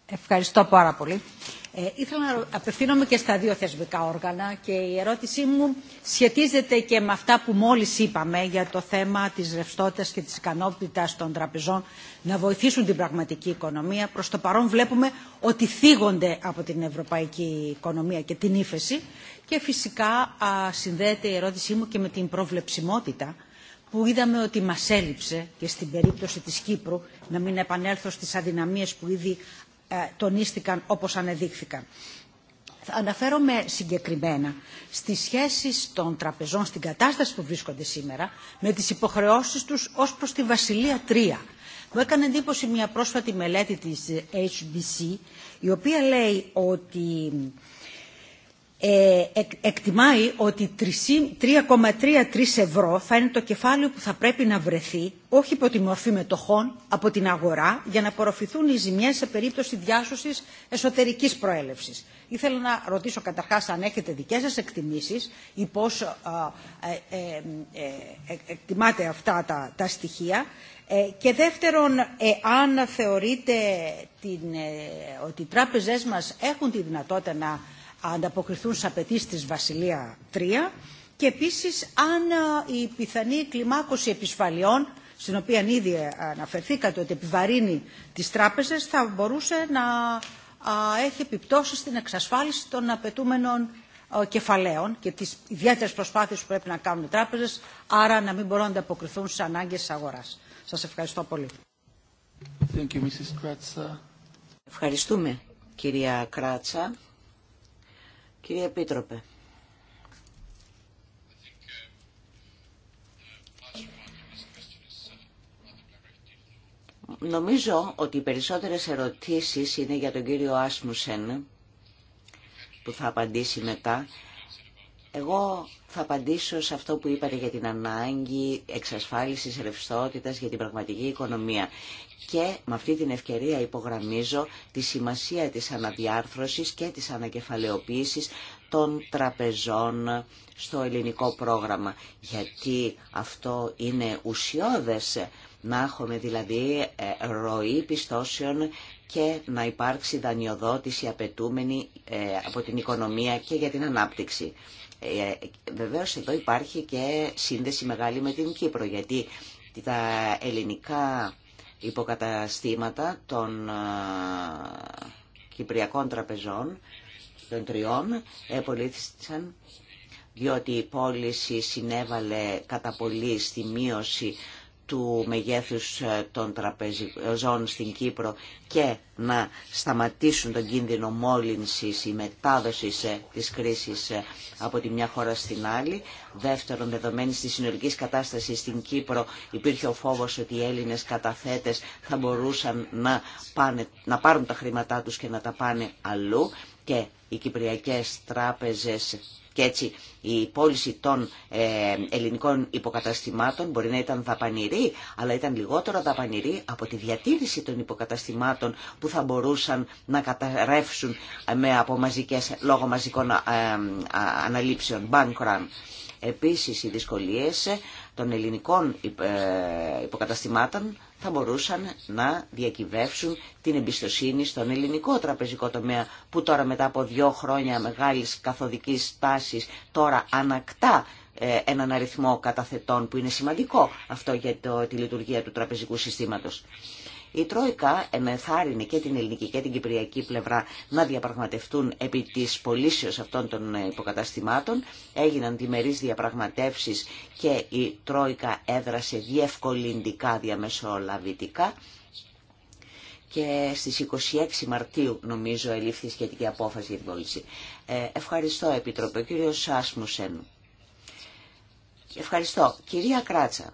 Ευχαριστώ πάρα πολύ. Ε, ήθελα να απευθύνομαι και στα δύο θεσμικά όργανα και η ερώτησή μου σχετίζεται και με αυτά που μόλις είπαμε για το θέμα της ρευστότητας και της ικανότητας των τραπεζών να βοηθήσουν την πραγματική οικονομία. Προς το παρόν βλέπουμε ότι θίγονται από την ευρωπαϊκή οικονομία και την ύφεση και φυσικά συνδέεται η ερώτησή μου και με την προβλεψιμότητα που είδαμε ότι μας έλειψε και στην περίπτωση της Κύπρου, να μην επανέλθω στις αδυναμίες που ήδη ε, τονίστηκαν όπως ανεδείχθηκαν. Αναφέρομαι συγκεκριμένα στις σχέσεις των τραπεζών στην κατάσταση που βρίσκονται σήμερα με τις υποχρεώσεις τους ως προς τη Βασιλεία 3. Μου έκανε εντύπωση μια πρόσφατη μελέτη της HBC η οποία λέει ότι ε, εκτιμάει ότι 3,33 ευρώ θα είναι το κεφάλαιο που θα πρέπει να βρεθεί όχι υπό τη μορφή μετοχών από την αγορά για να απορροφηθούν οι ζημιές σε περίπτωση διάσωσης εσωτερικής προέλευσης. Ήθελα να ρωτήσω καταρχάς αν έχετε δικές σας εκτιμήσεις ή πώς ε, ε, εκτιμάτε αυτά τα, τα στοιχεία και δεύτερον, εάν θεωρείτε την, ότι οι τράπεζές μας έχουν τη δυνατότητα να ανταποκριθούν σε απαιτήσει τη Βασιλεία 3 και επίση, αν ε, η πιθανή κλιμάκωση επισφαλιών στην οποία ήδη ε, αναφερθήκατε ότι επιβαρύνει τι τράπεζε, θα μπορούσε να έχει επιπτώσει στην εξασφάλιση των απαιτούμενων ε, κεφαλαίων και τι ιδιαίτερε προσπάθειε που πρέπει να κάνουν οι τράπεζε, άρα να μην μπορούν να ανταποκριθούν στι ανάγκε τη αγορά. Σα ευχαριστώ πολύ. Thank you, Mrs. Ευχαριστούμε, κυρία Κράτσα. Κύριε Επίτροπε. Νομίζω ότι οι περισσότερες ερωτήσεις είναι για τον κύριο Άσμουσεν που θα απαντήσει μετά εγώ θα απαντήσω σε αυτό που είπατε για την ανάγκη εξασφάλισης ρευστότητας για την πραγματική οικονομία. Και με αυτή την ευκαιρία υπογραμμίζω τη σημασία της αναδιάρθρωσης και της ανακεφαλαιοποίησης των τραπεζών στο ελληνικό πρόγραμμα. Γιατί αυτό είναι ουσιώδες να έχουμε δηλαδή ε, ροή πιστώσεων και να υπάρξει δανειοδότηση απαιτούμενη ε, από την οικονομία και για την ανάπτυξη. Ε, βεβαίως εδώ υπάρχει και σύνδεση μεγάλη με την Κύπρο, γιατί τα ελληνικά υποκαταστήματα των κυπριακών τραπεζών, των τριών, επολύθησαν διότι η πώληση συνέβαλε κατά πολύ στη μείωση του μεγέθους ε, των τραπεζών στην Κύπρο και να σταματήσουν τον κίνδυνο μόλυνσης ή μετάδοσης ε, της κρίσης ε, από τη μια χώρα στην άλλη. Δεύτερον, δεδομένη της συνολική κατάστασης στην Κύπρο υπήρχε ο φόβος ότι οι Έλληνες καταθέτες θα μπορούσαν να, πάνε, να πάρουν τα χρήματά τους και να τα πάνε αλλού και οι κυπριακές τράπεζες και έτσι η πώληση των ε, ελληνικών υποκαταστημάτων μπορεί να ήταν δαπανηρή, αλλά ήταν λιγότερο δαπανηρή από τη διατήρηση των υποκαταστημάτων που θα μπορούσαν να καταρρεύσουν με, λόγω μαζικών ε, ε, αναλήψεων, bank run. Επίσης οι δυσκολίες των ελληνικών ε, υποκαταστημάτων θα μπορούσαν να διακυβεύσουν την εμπιστοσύνη στον ελληνικό τραπεζικό τομέα που τώρα μετά από δύο χρόνια μεγάλης καθοδικής τάσης τώρα ανακτά ε, έναν αριθμό καταθετών που είναι σημαντικό αυτό για το, τη λειτουργία του τραπεζικού συστήματος. Η Τρόικα εμεθάρρυνε και την ελληνική και την κυπριακή πλευρά να διαπραγματευτούν επί της πωλήσεως αυτών των υποκαταστημάτων. Έγιναν διμερείς διαπραγματεύσεις και η Τρόικα έδρασε διευκολυντικά διαμεσολαβητικά και στις 26 Μαρτίου νομίζω ελήφθη σχετική απόφαση για την πώληση. Ε, ευχαριστώ επιτροπε ο κύριος Σάσμουσεν. Ευχαριστώ. Κυρία Κράτσα,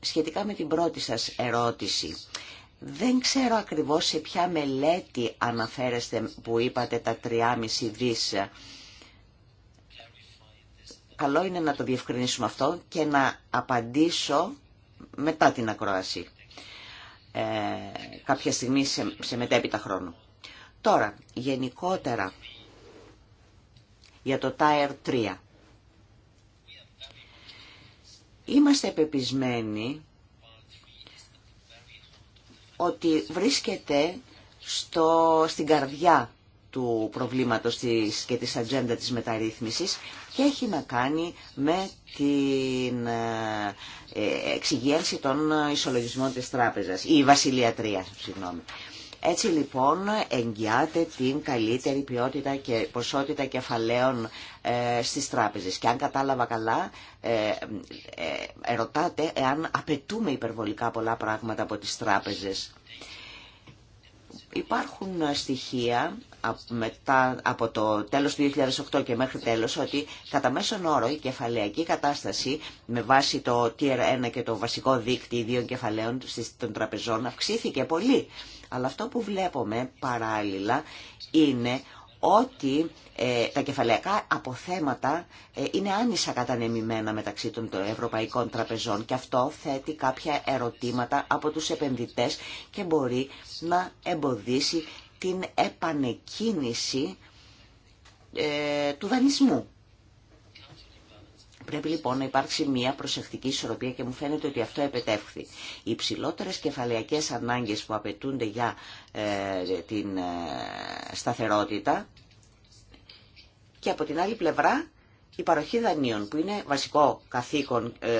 σχετικά με την πρώτη σας ερώτηση δεν ξέρω ακριβώς σε ποια μελέτη αναφέρεστε που είπατε τα 3,5 δις. Καλό είναι να το διευκρινίσουμε αυτό και να απαντήσω μετά την ακρόαση. Ε, κάποια στιγμή σε, μετέπειτα χρόνο. Τώρα, γενικότερα, για το Tier 3. Είμαστε επεπισμένοι ότι βρίσκεται στο, στην καρδιά του προβλήματος της, και της ατζέντα της μεταρρύθμισης και έχει να κάνει με την ε, ε, εξυγίανση των ισολογισμών της τράπεζας, η βασιλιατρία, συγγνώμη. Έτσι λοιπόν εγγυάται την καλύτερη ποιότητα και ποσότητα κεφαλαίων ε, στις τράπεζες. Και αν κατάλαβα καλά, ε, ε, ερωτάτε εάν απαιτούμε υπερβολικά πολλά πράγματα από τις τράπεζες. Υπάρχουν στοιχεία μετά, από το τέλος του 2008 και μέχρι τέλος ότι κατά μέσον όρο η κεφαλαιακή κατάσταση με βάση το Tier 1 και το βασικό δίκτυο ιδίων κεφαλαίων των τραπεζών αυξήθηκε πολύ αλλά αυτό που βλέπουμε παράλληλα είναι ότι ε, τα κεφαλαϊκά αποθέματα ε, είναι άνισα κατανεμημένα μεταξύ των ευρωπαϊκών τραπεζών και αυτό θέτει κάποια ερωτήματα από τους επενδυτές και μπορεί να εμποδίσει την επανεκκίνηση ε, του δανεισμού. Πρέπει λοιπόν να υπάρξει μια προσεκτική ισορροπία και μου φαίνεται ότι αυτό επετεύχθη. Οι υψηλότερε κεφαλαιακές ανάγκε που απαιτούνται για ε, την ε, σταθερότητα και από την άλλη πλευρά η παροχή δανείων που είναι βασικό καθήκον ε,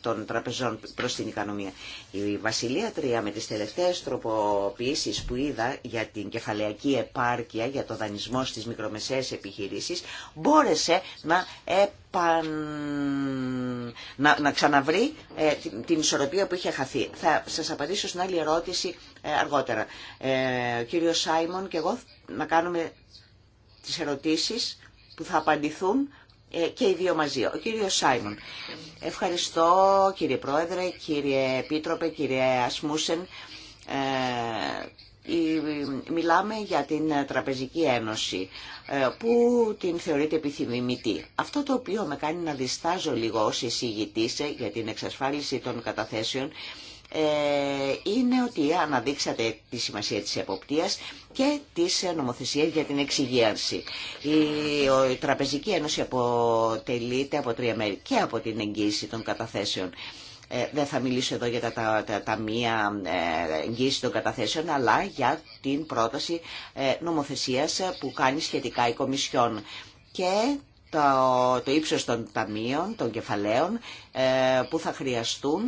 των τραπεζών προς την οικονομία. Η Βασιλεία τρία με τις τελευταίες τροποποιήσεις που είδα για την κεφαλαιακή επάρκεια, για το δανεισμό στις μικρομεσαίες επιχειρήσεις, μπόρεσε να, επαν... να, να ξαναβρει ε, την ισορροπία που είχε χαθεί. Θα σας απαντήσω στην άλλη ερώτηση ε, αργότερα. Ε, ο κύριος Σάιμον και εγώ να κάνουμε τις ερωτήσεις που θα απαντηθούν ε, και οι δύο μαζί. Ο κύριος Σάιμον. Ευχαριστώ κύριε Πρόεδρε, κύριε Επίτροπε, κύριε Ασμούσεν. Ε, μιλάμε για την Τραπεζική Ένωση ε, που την θεωρείται επιθυμητή. Αυτό το οποίο με κάνει να διστάζω λίγο ως εισηγητής για την εξασφάλιση των καταθέσεων ε, είναι ότι αναδείξατε τη σημασία της εποπτείας και της νομοθεσίας για την εξυγίανση. Η, Τραπεζική Ένωση αποτελείται από τρία μέρη και από την εγγύηση των καταθέσεων. Ε, δεν θα μιλήσω εδώ για τα ταμεία ε, εγγύηση των καταθέσεων, αλλά για την πρόταση ε, νομοθεσίας που κάνει σχετικά η Κομισιόν. Και το, το ύψος των ταμείων, των κεφαλαίων, ε, που θα χρειαστούν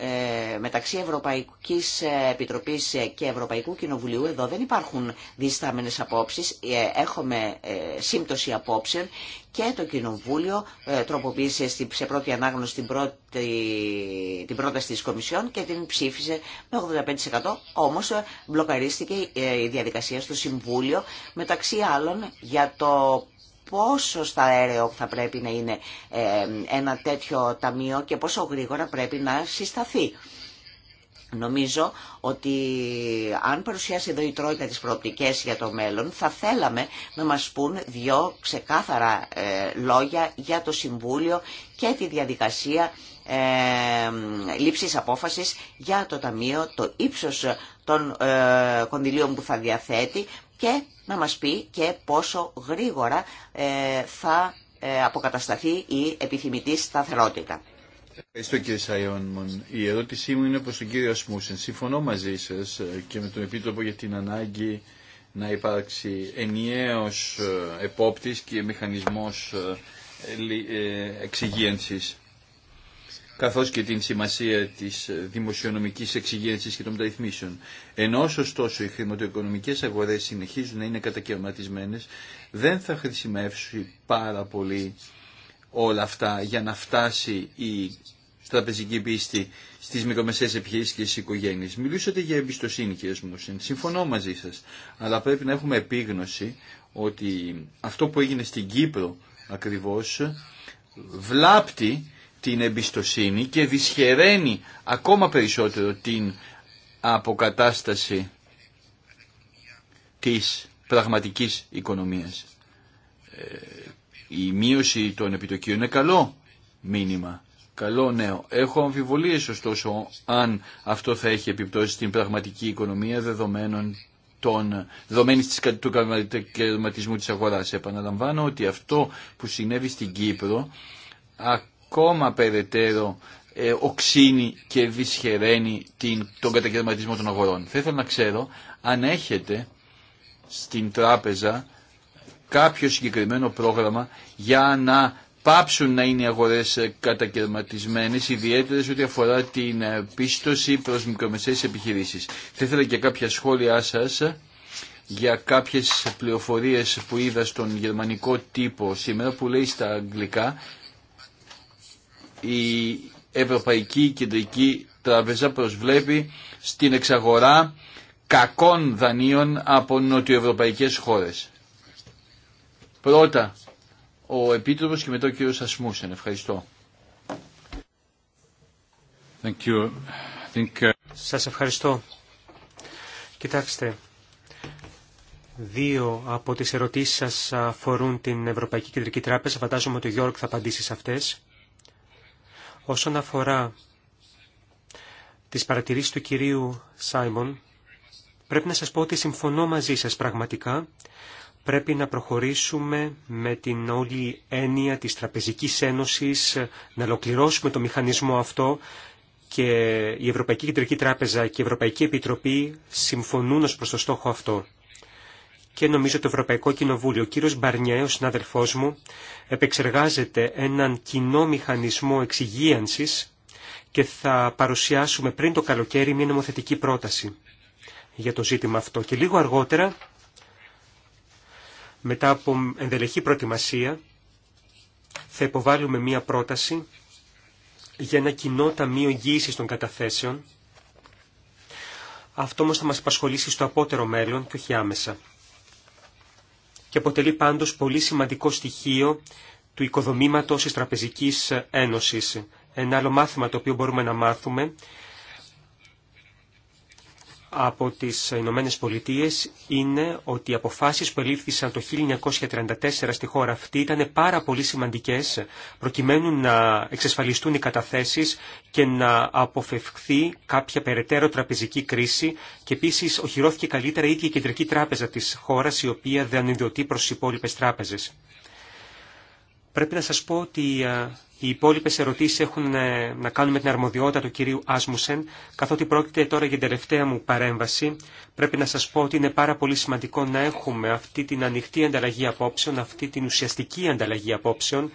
ε, μεταξύ Ευρωπαϊκής Επιτροπής και Ευρωπαϊκού Κοινοβουλίου εδώ δεν υπάρχουν διστάμενες απόψεις, ε, έχουμε ε, σύμπτωση απόψεων και το Κοινοβούλιο τροποποίησε σε πρώτη ανάγνωση την, πρώτη, πρόταση της Κομισιόν και την ψήφισε με 85% όμως μπλοκαρίστηκε η διαδικασία στο Συμβούλιο μεταξύ άλλων για το πόσο στα σταέρεο θα πρέπει να είναι ε, ένα τέτοιο ταμείο και πόσο γρήγορα πρέπει να συσταθεί. Νομίζω ότι αν παρουσιάσει εδώ η Τρόικα τις προοπτικές για το μέλλον θα θέλαμε να μας πούν δυο ξεκάθαρα ε, λόγια για το Συμβούλιο και τη διαδικασία ε, λήψης απόφασης για το Ταμείο, το ύψος των κονδυλίων που θα διαθέτει, και να μας πει και πόσο γρήγορα ε, θα ε, αποκατασταθεί η επιθυμητή σταθερότητα. Ευχαριστώ κύριε Σαϊόνμον. Η ερώτησή μου είναι προς τον κύριο Σμούσεν. Συμφωνώ μαζί σας ε, και με τον Επίτροπο για την ανάγκη να υπάρξει ενιαίος επόπτης και μηχανισμός εξυγίανσης καθώς και την σημασία της δημοσιονομικής εξυγένσης και των μεταρρυθμίσεων. Ενώ ωστόσο οι χρηματοοικονομικές αγορές συνεχίζουν να είναι κατακαιρματισμένες, δεν θα χρησιμεύσει πάρα πολύ όλα αυτά για να φτάσει η τραπεζική πίστη στις μικρομεσαίες επιχειρήσεις και στις οικογένειες. Μιλούσατε για εμπιστοσύνη κύριε Σμούσεν, συμφωνώ μαζί σας, αλλά πρέπει να έχουμε επίγνωση ότι αυτό που έγινε στην Κύπρο ακριβώς βλάπτει την εμπιστοσύνη και δυσχεραίνει ακόμα περισσότερο την αποκατάσταση της πραγματικής οικονομίας. Ε, η μείωση των επιτοκίων είναι καλό μήνυμα, καλό νέο. Έχω αμφιβολίες ωστόσο αν αυτό θα έχει επιπτώσει στην πραγματική οικονομία δεδομένων των, δεδομένης του καρματισμού της αγοράς. Επαναλαμβάνω ότι αυτό που συνέβη στην Κύπρο ακόμα περαιτέρω ε, οξύνει και δυσχεραίνει την, τον κατακαιρματισμό των αγορών. Θα ήθελα να ξέρω αν έχετε στην τράπεζα κάποιο συγκεκριμένο πρόγραμμα για να πάψουν να είναι οι αγορές ε, κατακαιρματισμένες, ιδιαίτερα ό,τι αφορά την ε, πίστοση προς μικρομεσαίες επιχειρήσεις. Θα ήθελα και κάποια σχόλιά σας για κάποιες πληροφορίες που είδα στον γερμανικό τύπο σήμερα που λέει στα αγγλικά η Ευρωπαϊκή Κεντρική Τράπεζα προσβλέπει στην εξαγορά κακών δανείων από νοτιοευρωπαϊκές χώρες. Πρώτα ο Επίτροπος και μετά ο κύριος Ασμούσεν. Ευχαριστώ. Thank you. Think... Uh, σας ευχαριστώ. Κοιτάξτε, δύο από τις ερωτήσεις σας αφορούν την Ευρωπαϊκή Κεντρική Τράπεζα. Φαντάζομαι ότι ο Γιώργος θα απαντήσει σε αυτές. Όσον αφορά τις παρατηρήσεις του κυρίου Σάιμον, πρέπει να σας πω ότι συμφωνώ μαζί σας πραγματικά. Πρέπει να προχωρήσουμε με την όλη έννοια της Τραπεζικής Ένωσης, να ολοκληρώσουμε το μηχανισμό αυτό και η Ευρωπαϊκή Κεντρική Τράπεζα και η Ευρωπαϊκή Επιτροπή συμφωνούν ως προς το στόχο αυτό και νομίζω το Ευρωπαϊκό Κοινοβούλιο. Ο κύριος Μπαρνιέ, ο συνάδελφός μου, επεξεργάζεται έναν κοινό μηχανισμό εξυγίανσης και θα παρουσιάσουμε πριν το καλοκαίρι μια νομοθετική πρόταση για το ζήτημα αυτό. Και λίγο αργότερα, μετά από ενδελεχή προετοιμασία, θα υποβάλουμε μια πρόταση για ένα κοινό ταμείο εγγύησης των καταθέσεων. Αυτό όμως θα μας απασχολήσει στο απότερο μέλλον και όχι άμεσα και αποτελεί πάντως πολύ σημαντικό στοιχείο του οικοδομήματος της Τραπεζικής Ένωσης. Ένα άλλο μάθημα το οποίο μπορούμε να μάθουμε από τις Ηνωμένε Πολιτείε είναι ότι οι αποφάσεις που ελήφθησαν το 1934 στη χώρα αυτή ήταν πάρα πολύ σημαντικές προκειμένου να εξασφαλιστούν οι καταθέσεις και να αποφευχθεί κάποια περαιτέρω τραπεζική κρίση και επίσης οχυρώθηκε καλύτερα η ίδια η Κεντρική Τράπεζα της χώρας η οποία δεν ιδιωτεί προς τις υπόλοιπες τράπεζες. Πρέπει να σας πω ότι ε, οι υπόλοιπες ερωτήσεις έχουν ε, να κάνουν με την αρμοδιότητα του κυρίου Άσμουσεν, καθότι πρόκειται τώρα για την τελευταία μου παρέμβαση. Πρέπει να σας πω ότι είναι πάρα πολύ σημαντικό να έχουμε αυτή την ανοιχτή ανταλλαγή απόψεων, αυτή την ουσιαστική ανταλλαγή απόψεων,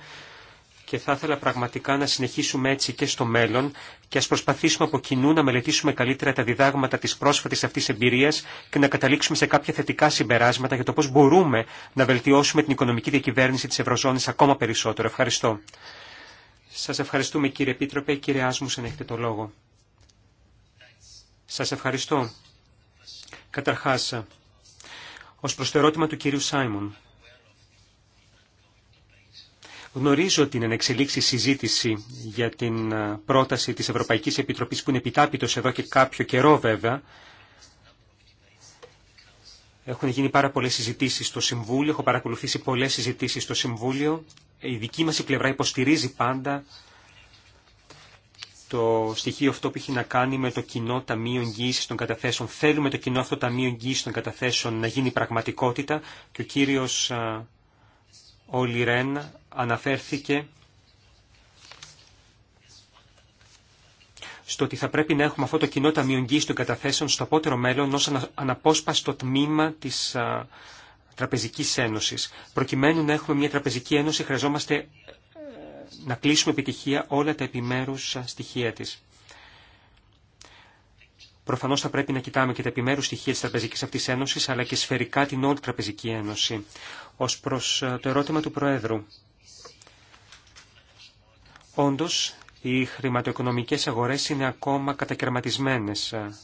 και θα ήθελα πραγματικά να συνεχίσουμε έτσι και στο μέλλον και ας προσπαθήσουμε από κοινού να μελετήσουμε καλύτερα τα διδάγματα της πρόσφατης αυτής εμπειρίας και να καταλήξουμε σε κάποια θετικά συμπεράσματα για το πώς μπορούμε να βελτιώσουμε την οικονομική διακυβέρνηση της Ευρωζώνης ακόμα περισσότερο. Ευχαριστώ. Σας ευχαριστούμε κύριε Επίτροπε. Κύριε αν έχετε το λόγο. Σας ευχαριστώ. Καταρχάς, ως προς το ερώτημα του κυρίου Σάιμον. Γνωρίζω την ενεξελίξη συζήτηση για την ε, πρόταση της Ευρωπαϊκής Επιτροπής που είναι επιτάπητος εδώ και κάποιο καιρό βέβαια. Έχουν γίνει πάρα πολλές συζητήσεις στο Συμβούλιο, έχω παρακολουθήσει πολλέ συζητήσει στο Συμβούλιο. Η δική μα η πλευρά υποστηρίζει πάντα το στοιχείο αυτό που έχει να κάνει με το κοινό Ταμείο Εγγύησης των Καταθέσεων. Θέλουμε το κοινό αυτό Ταμείο Εγγύησης των Καταθέσεων να γίνει πραγματικότητα και ο κύριος ε, Όλι αναφέρθηκε στο ότι θα πρέπει να έχουμε αυτό το κοινό ταμείο των καταθέσεων στο απότερο μέλλον ως αναπόσπαστο τμήμα της α, Τραπεζικής Ένωσης. Προκειμένου να έχουμε μια Τραπεζική Ένωση χρειαζόμαστε ε, να κλείσουμε επιτυχία όλα τα επιμέρους στοιχεία της. Προφανώς θα πρέπει να κοιτάμε και τα επιμέρους στοιχεία της Τραπεζικής αυτής Ένωσης, αλλά και σφαιρικά την όλη Τραπεζική Ένωση. Ως προς ε, το ερώτημα του Προέδρου, Όντως, οι χρηματοοικονομικές αγορές είναι ακόμα κατακαιρματισμένες ε,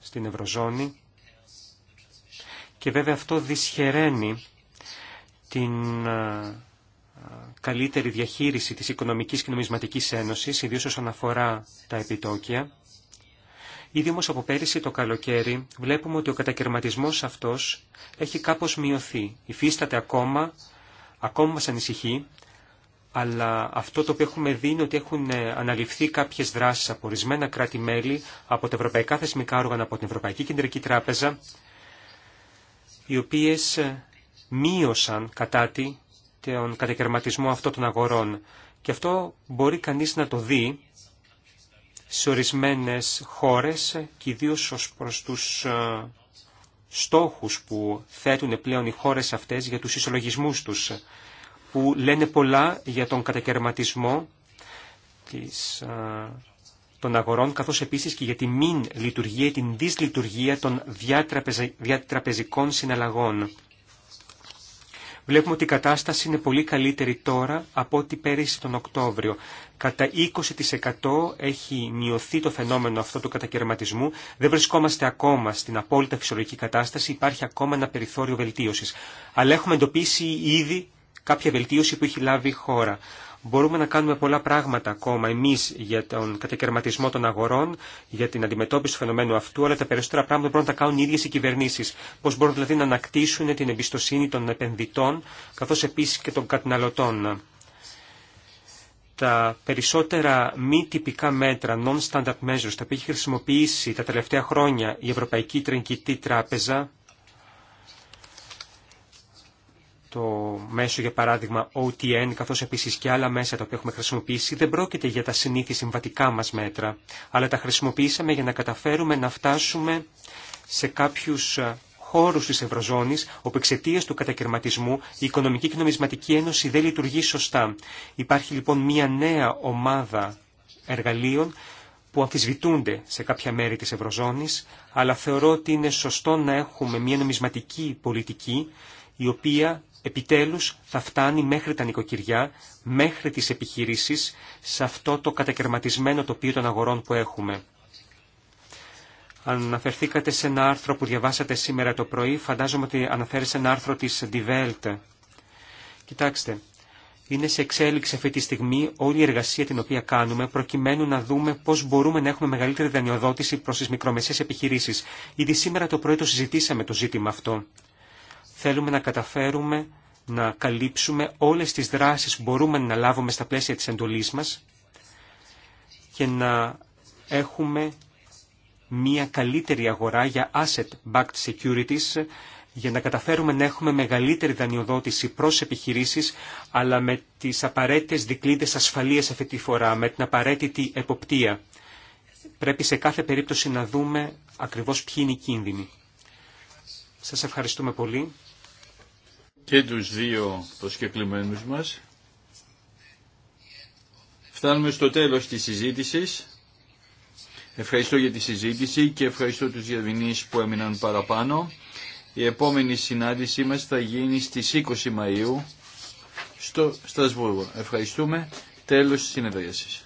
στην Ευρωζώνη και βέβαια αυτό δυσχεραίνει την ε, καλύτερη διαχείριση της Οικονομικής και Νομισματικής Ένωσης, ιδίως όσον αφορά τα επιτόκια. Ήδη όμως από πέρυσι το καλοκαίρι βλέπουμε ότι ο κατακαιρματισμός αυτός έχει κάπως μειωθεί. Υφίσταται ακόμα, ακόμα μας ανησυχεί αλλά αυτό το οποίο έχουμε δει είναι ότι έχουν ε, αναλυφθεί κάποιε δράσει από ορισμένα κράτη-μέλη, από τα ευρωπαϊκά θεσμικά όργανα, από την Ευρωπαϊκή Κεντρική Τράπεζα, οι οποίε ε, μείωσαν κατά τη τον κατακαιρματισμό αυτών των αγορών. Και αυτό μπορεί κανείς να το δει σε ορισμένες χώρες και ιδίω ως προς τους ε, στόχους που θέτουν πλέον οι χώρες αυτές για τους ισολογισμούς τους που λένε πολλά για τον κατακαιρματισμό της, των αγορών, καθώς επίσης και για τη μην λειτουργία ή την δυσλειτουργία των διατραπεζικών συναλλαγών. Βλέπουμε ότι η κατάσταση είναι πολύ καλύτερη τώρα από ό,τι πέρυσι τον Οκτώβριο. Κατά 20% έχει μειωθεί το φαινόμενο αυτό του κατακαιρματισμού. Δεν βρισκόμαστε ακόμα στην απόλυτα φυσιολογική κατάσταση. Υπάρχει ακόμα ένα περιθώριο βελτίωσης. Αλλά έχουμε εντοπίσει ήδη κάποια βελτίωση που έχει λάβει η χώρα. Μπορούμε να κάνουμε πολλά πράγματα ακόμα εμείς για τον κατακαιρματισμό των αγορών, για την αντιμετώπιση του φαινομένου αυτού, αλλά τα περισσότερα πράγματα μπορούν να τα κάνουν οι ίδιες οι κυβερνήσεις. Πώς μπορούν δηλαδή να ανακτήσουν την εμπιστοσύνη των επενδυτών, καθώς επίσης και των καταναλωτών. Τα περισσότερα μη τυπικά μέτρα, non-standard measures, τα οποία έχει χρησιμοποιήσει τα τελευταία χρόνια η Ευρωπαϊκή Τρενκητή Τράπεζα, το μέσο για παράδειγμα OTN καθώς επίσης και άλλα μέσα τα οποία έχουμε χρησιμοποιήσει δεν πρόκειται για τα συνήθι συμβατικά μας μέτρα αλλά τα χρησιμοποιήσαμε για να καταφέρουμε να φτάσουμε σε κάποιους ε, χώρους της Ευρωζώνης όπου εξαιτία του κατακαιρματισμού η Οικονομική και Νομισματική Ένωση δεν λειτουργεί σωστά. Υπάρχει λοιπόν μια νέα ομάδα εργαλείων που αμφισβητούνται σε κάποια μέρη της Ευρωζώνης, αλλά θεωρώ ότι είναι σωστό να έχουμε μια νομισματική πολιτική η οποία επιτέλους θα φτάνει μέχρι τα νοικοκυριά, μέχρι τις επιχειρήσεις, σε αυτό το κατακαιρματισμένο τοπίο των αγορών που έχουμε. Αν αναφερθήκατε σε ένα άρθρο που διαβάσατε σήμερα το πρωί, φαντάζομαι ότι σε ένα άρθρο της Die Welt. Κοιτάξτε, είναι σε εξέλιξη αυτή τη στιγμή όλη η εργασία την οποία κάνουμε προκειμένου να δούμε πώς μπορούμε να έχουμε μεγαλύτερη δανειοδότηση προς τις μικρομεσαίες επιχειρήσεις. Ήδη σήμερα το πρωί το συζητήσαμε το ζήτημα αυτό θέλουμε να καταφέρουμε να καλύψουμε όλες τις δράσεις που μπορούμε να λάβουμε στα πλαίσια της εντολής μας και να έχουμε μια καλύτερη αγορά για asset-backed securities για να καταφέρουμε να έχουμε μεγαλύτερη δανειοδότηση προς επιχειρήσεις αλλά με τις απαραίτητες δικλείδες ασφαλείας αυτή τη φορά, με την απαραίτητη εποπτεία. Πρέπει σε κάθε περίπτωση να δούμε ακριβώς ποιοι είναι οι κίνδυνοι. Σας ευχαριστούμε πολύ και τους δύο προσκεκλημένους μας. Φτάνουμε στο τέλος της συζήτησης. Ευχαριστώ για τη συζήτηση και ευχαριστώ τους διαδυνείς που έμειναν παραπάνω. Η επόμενη συνάντησή μας θα γίνει στις 20 Μαΐου στο Στρασβούργο. Ευχαριστούμε. Τέλος της συνεδρίασης.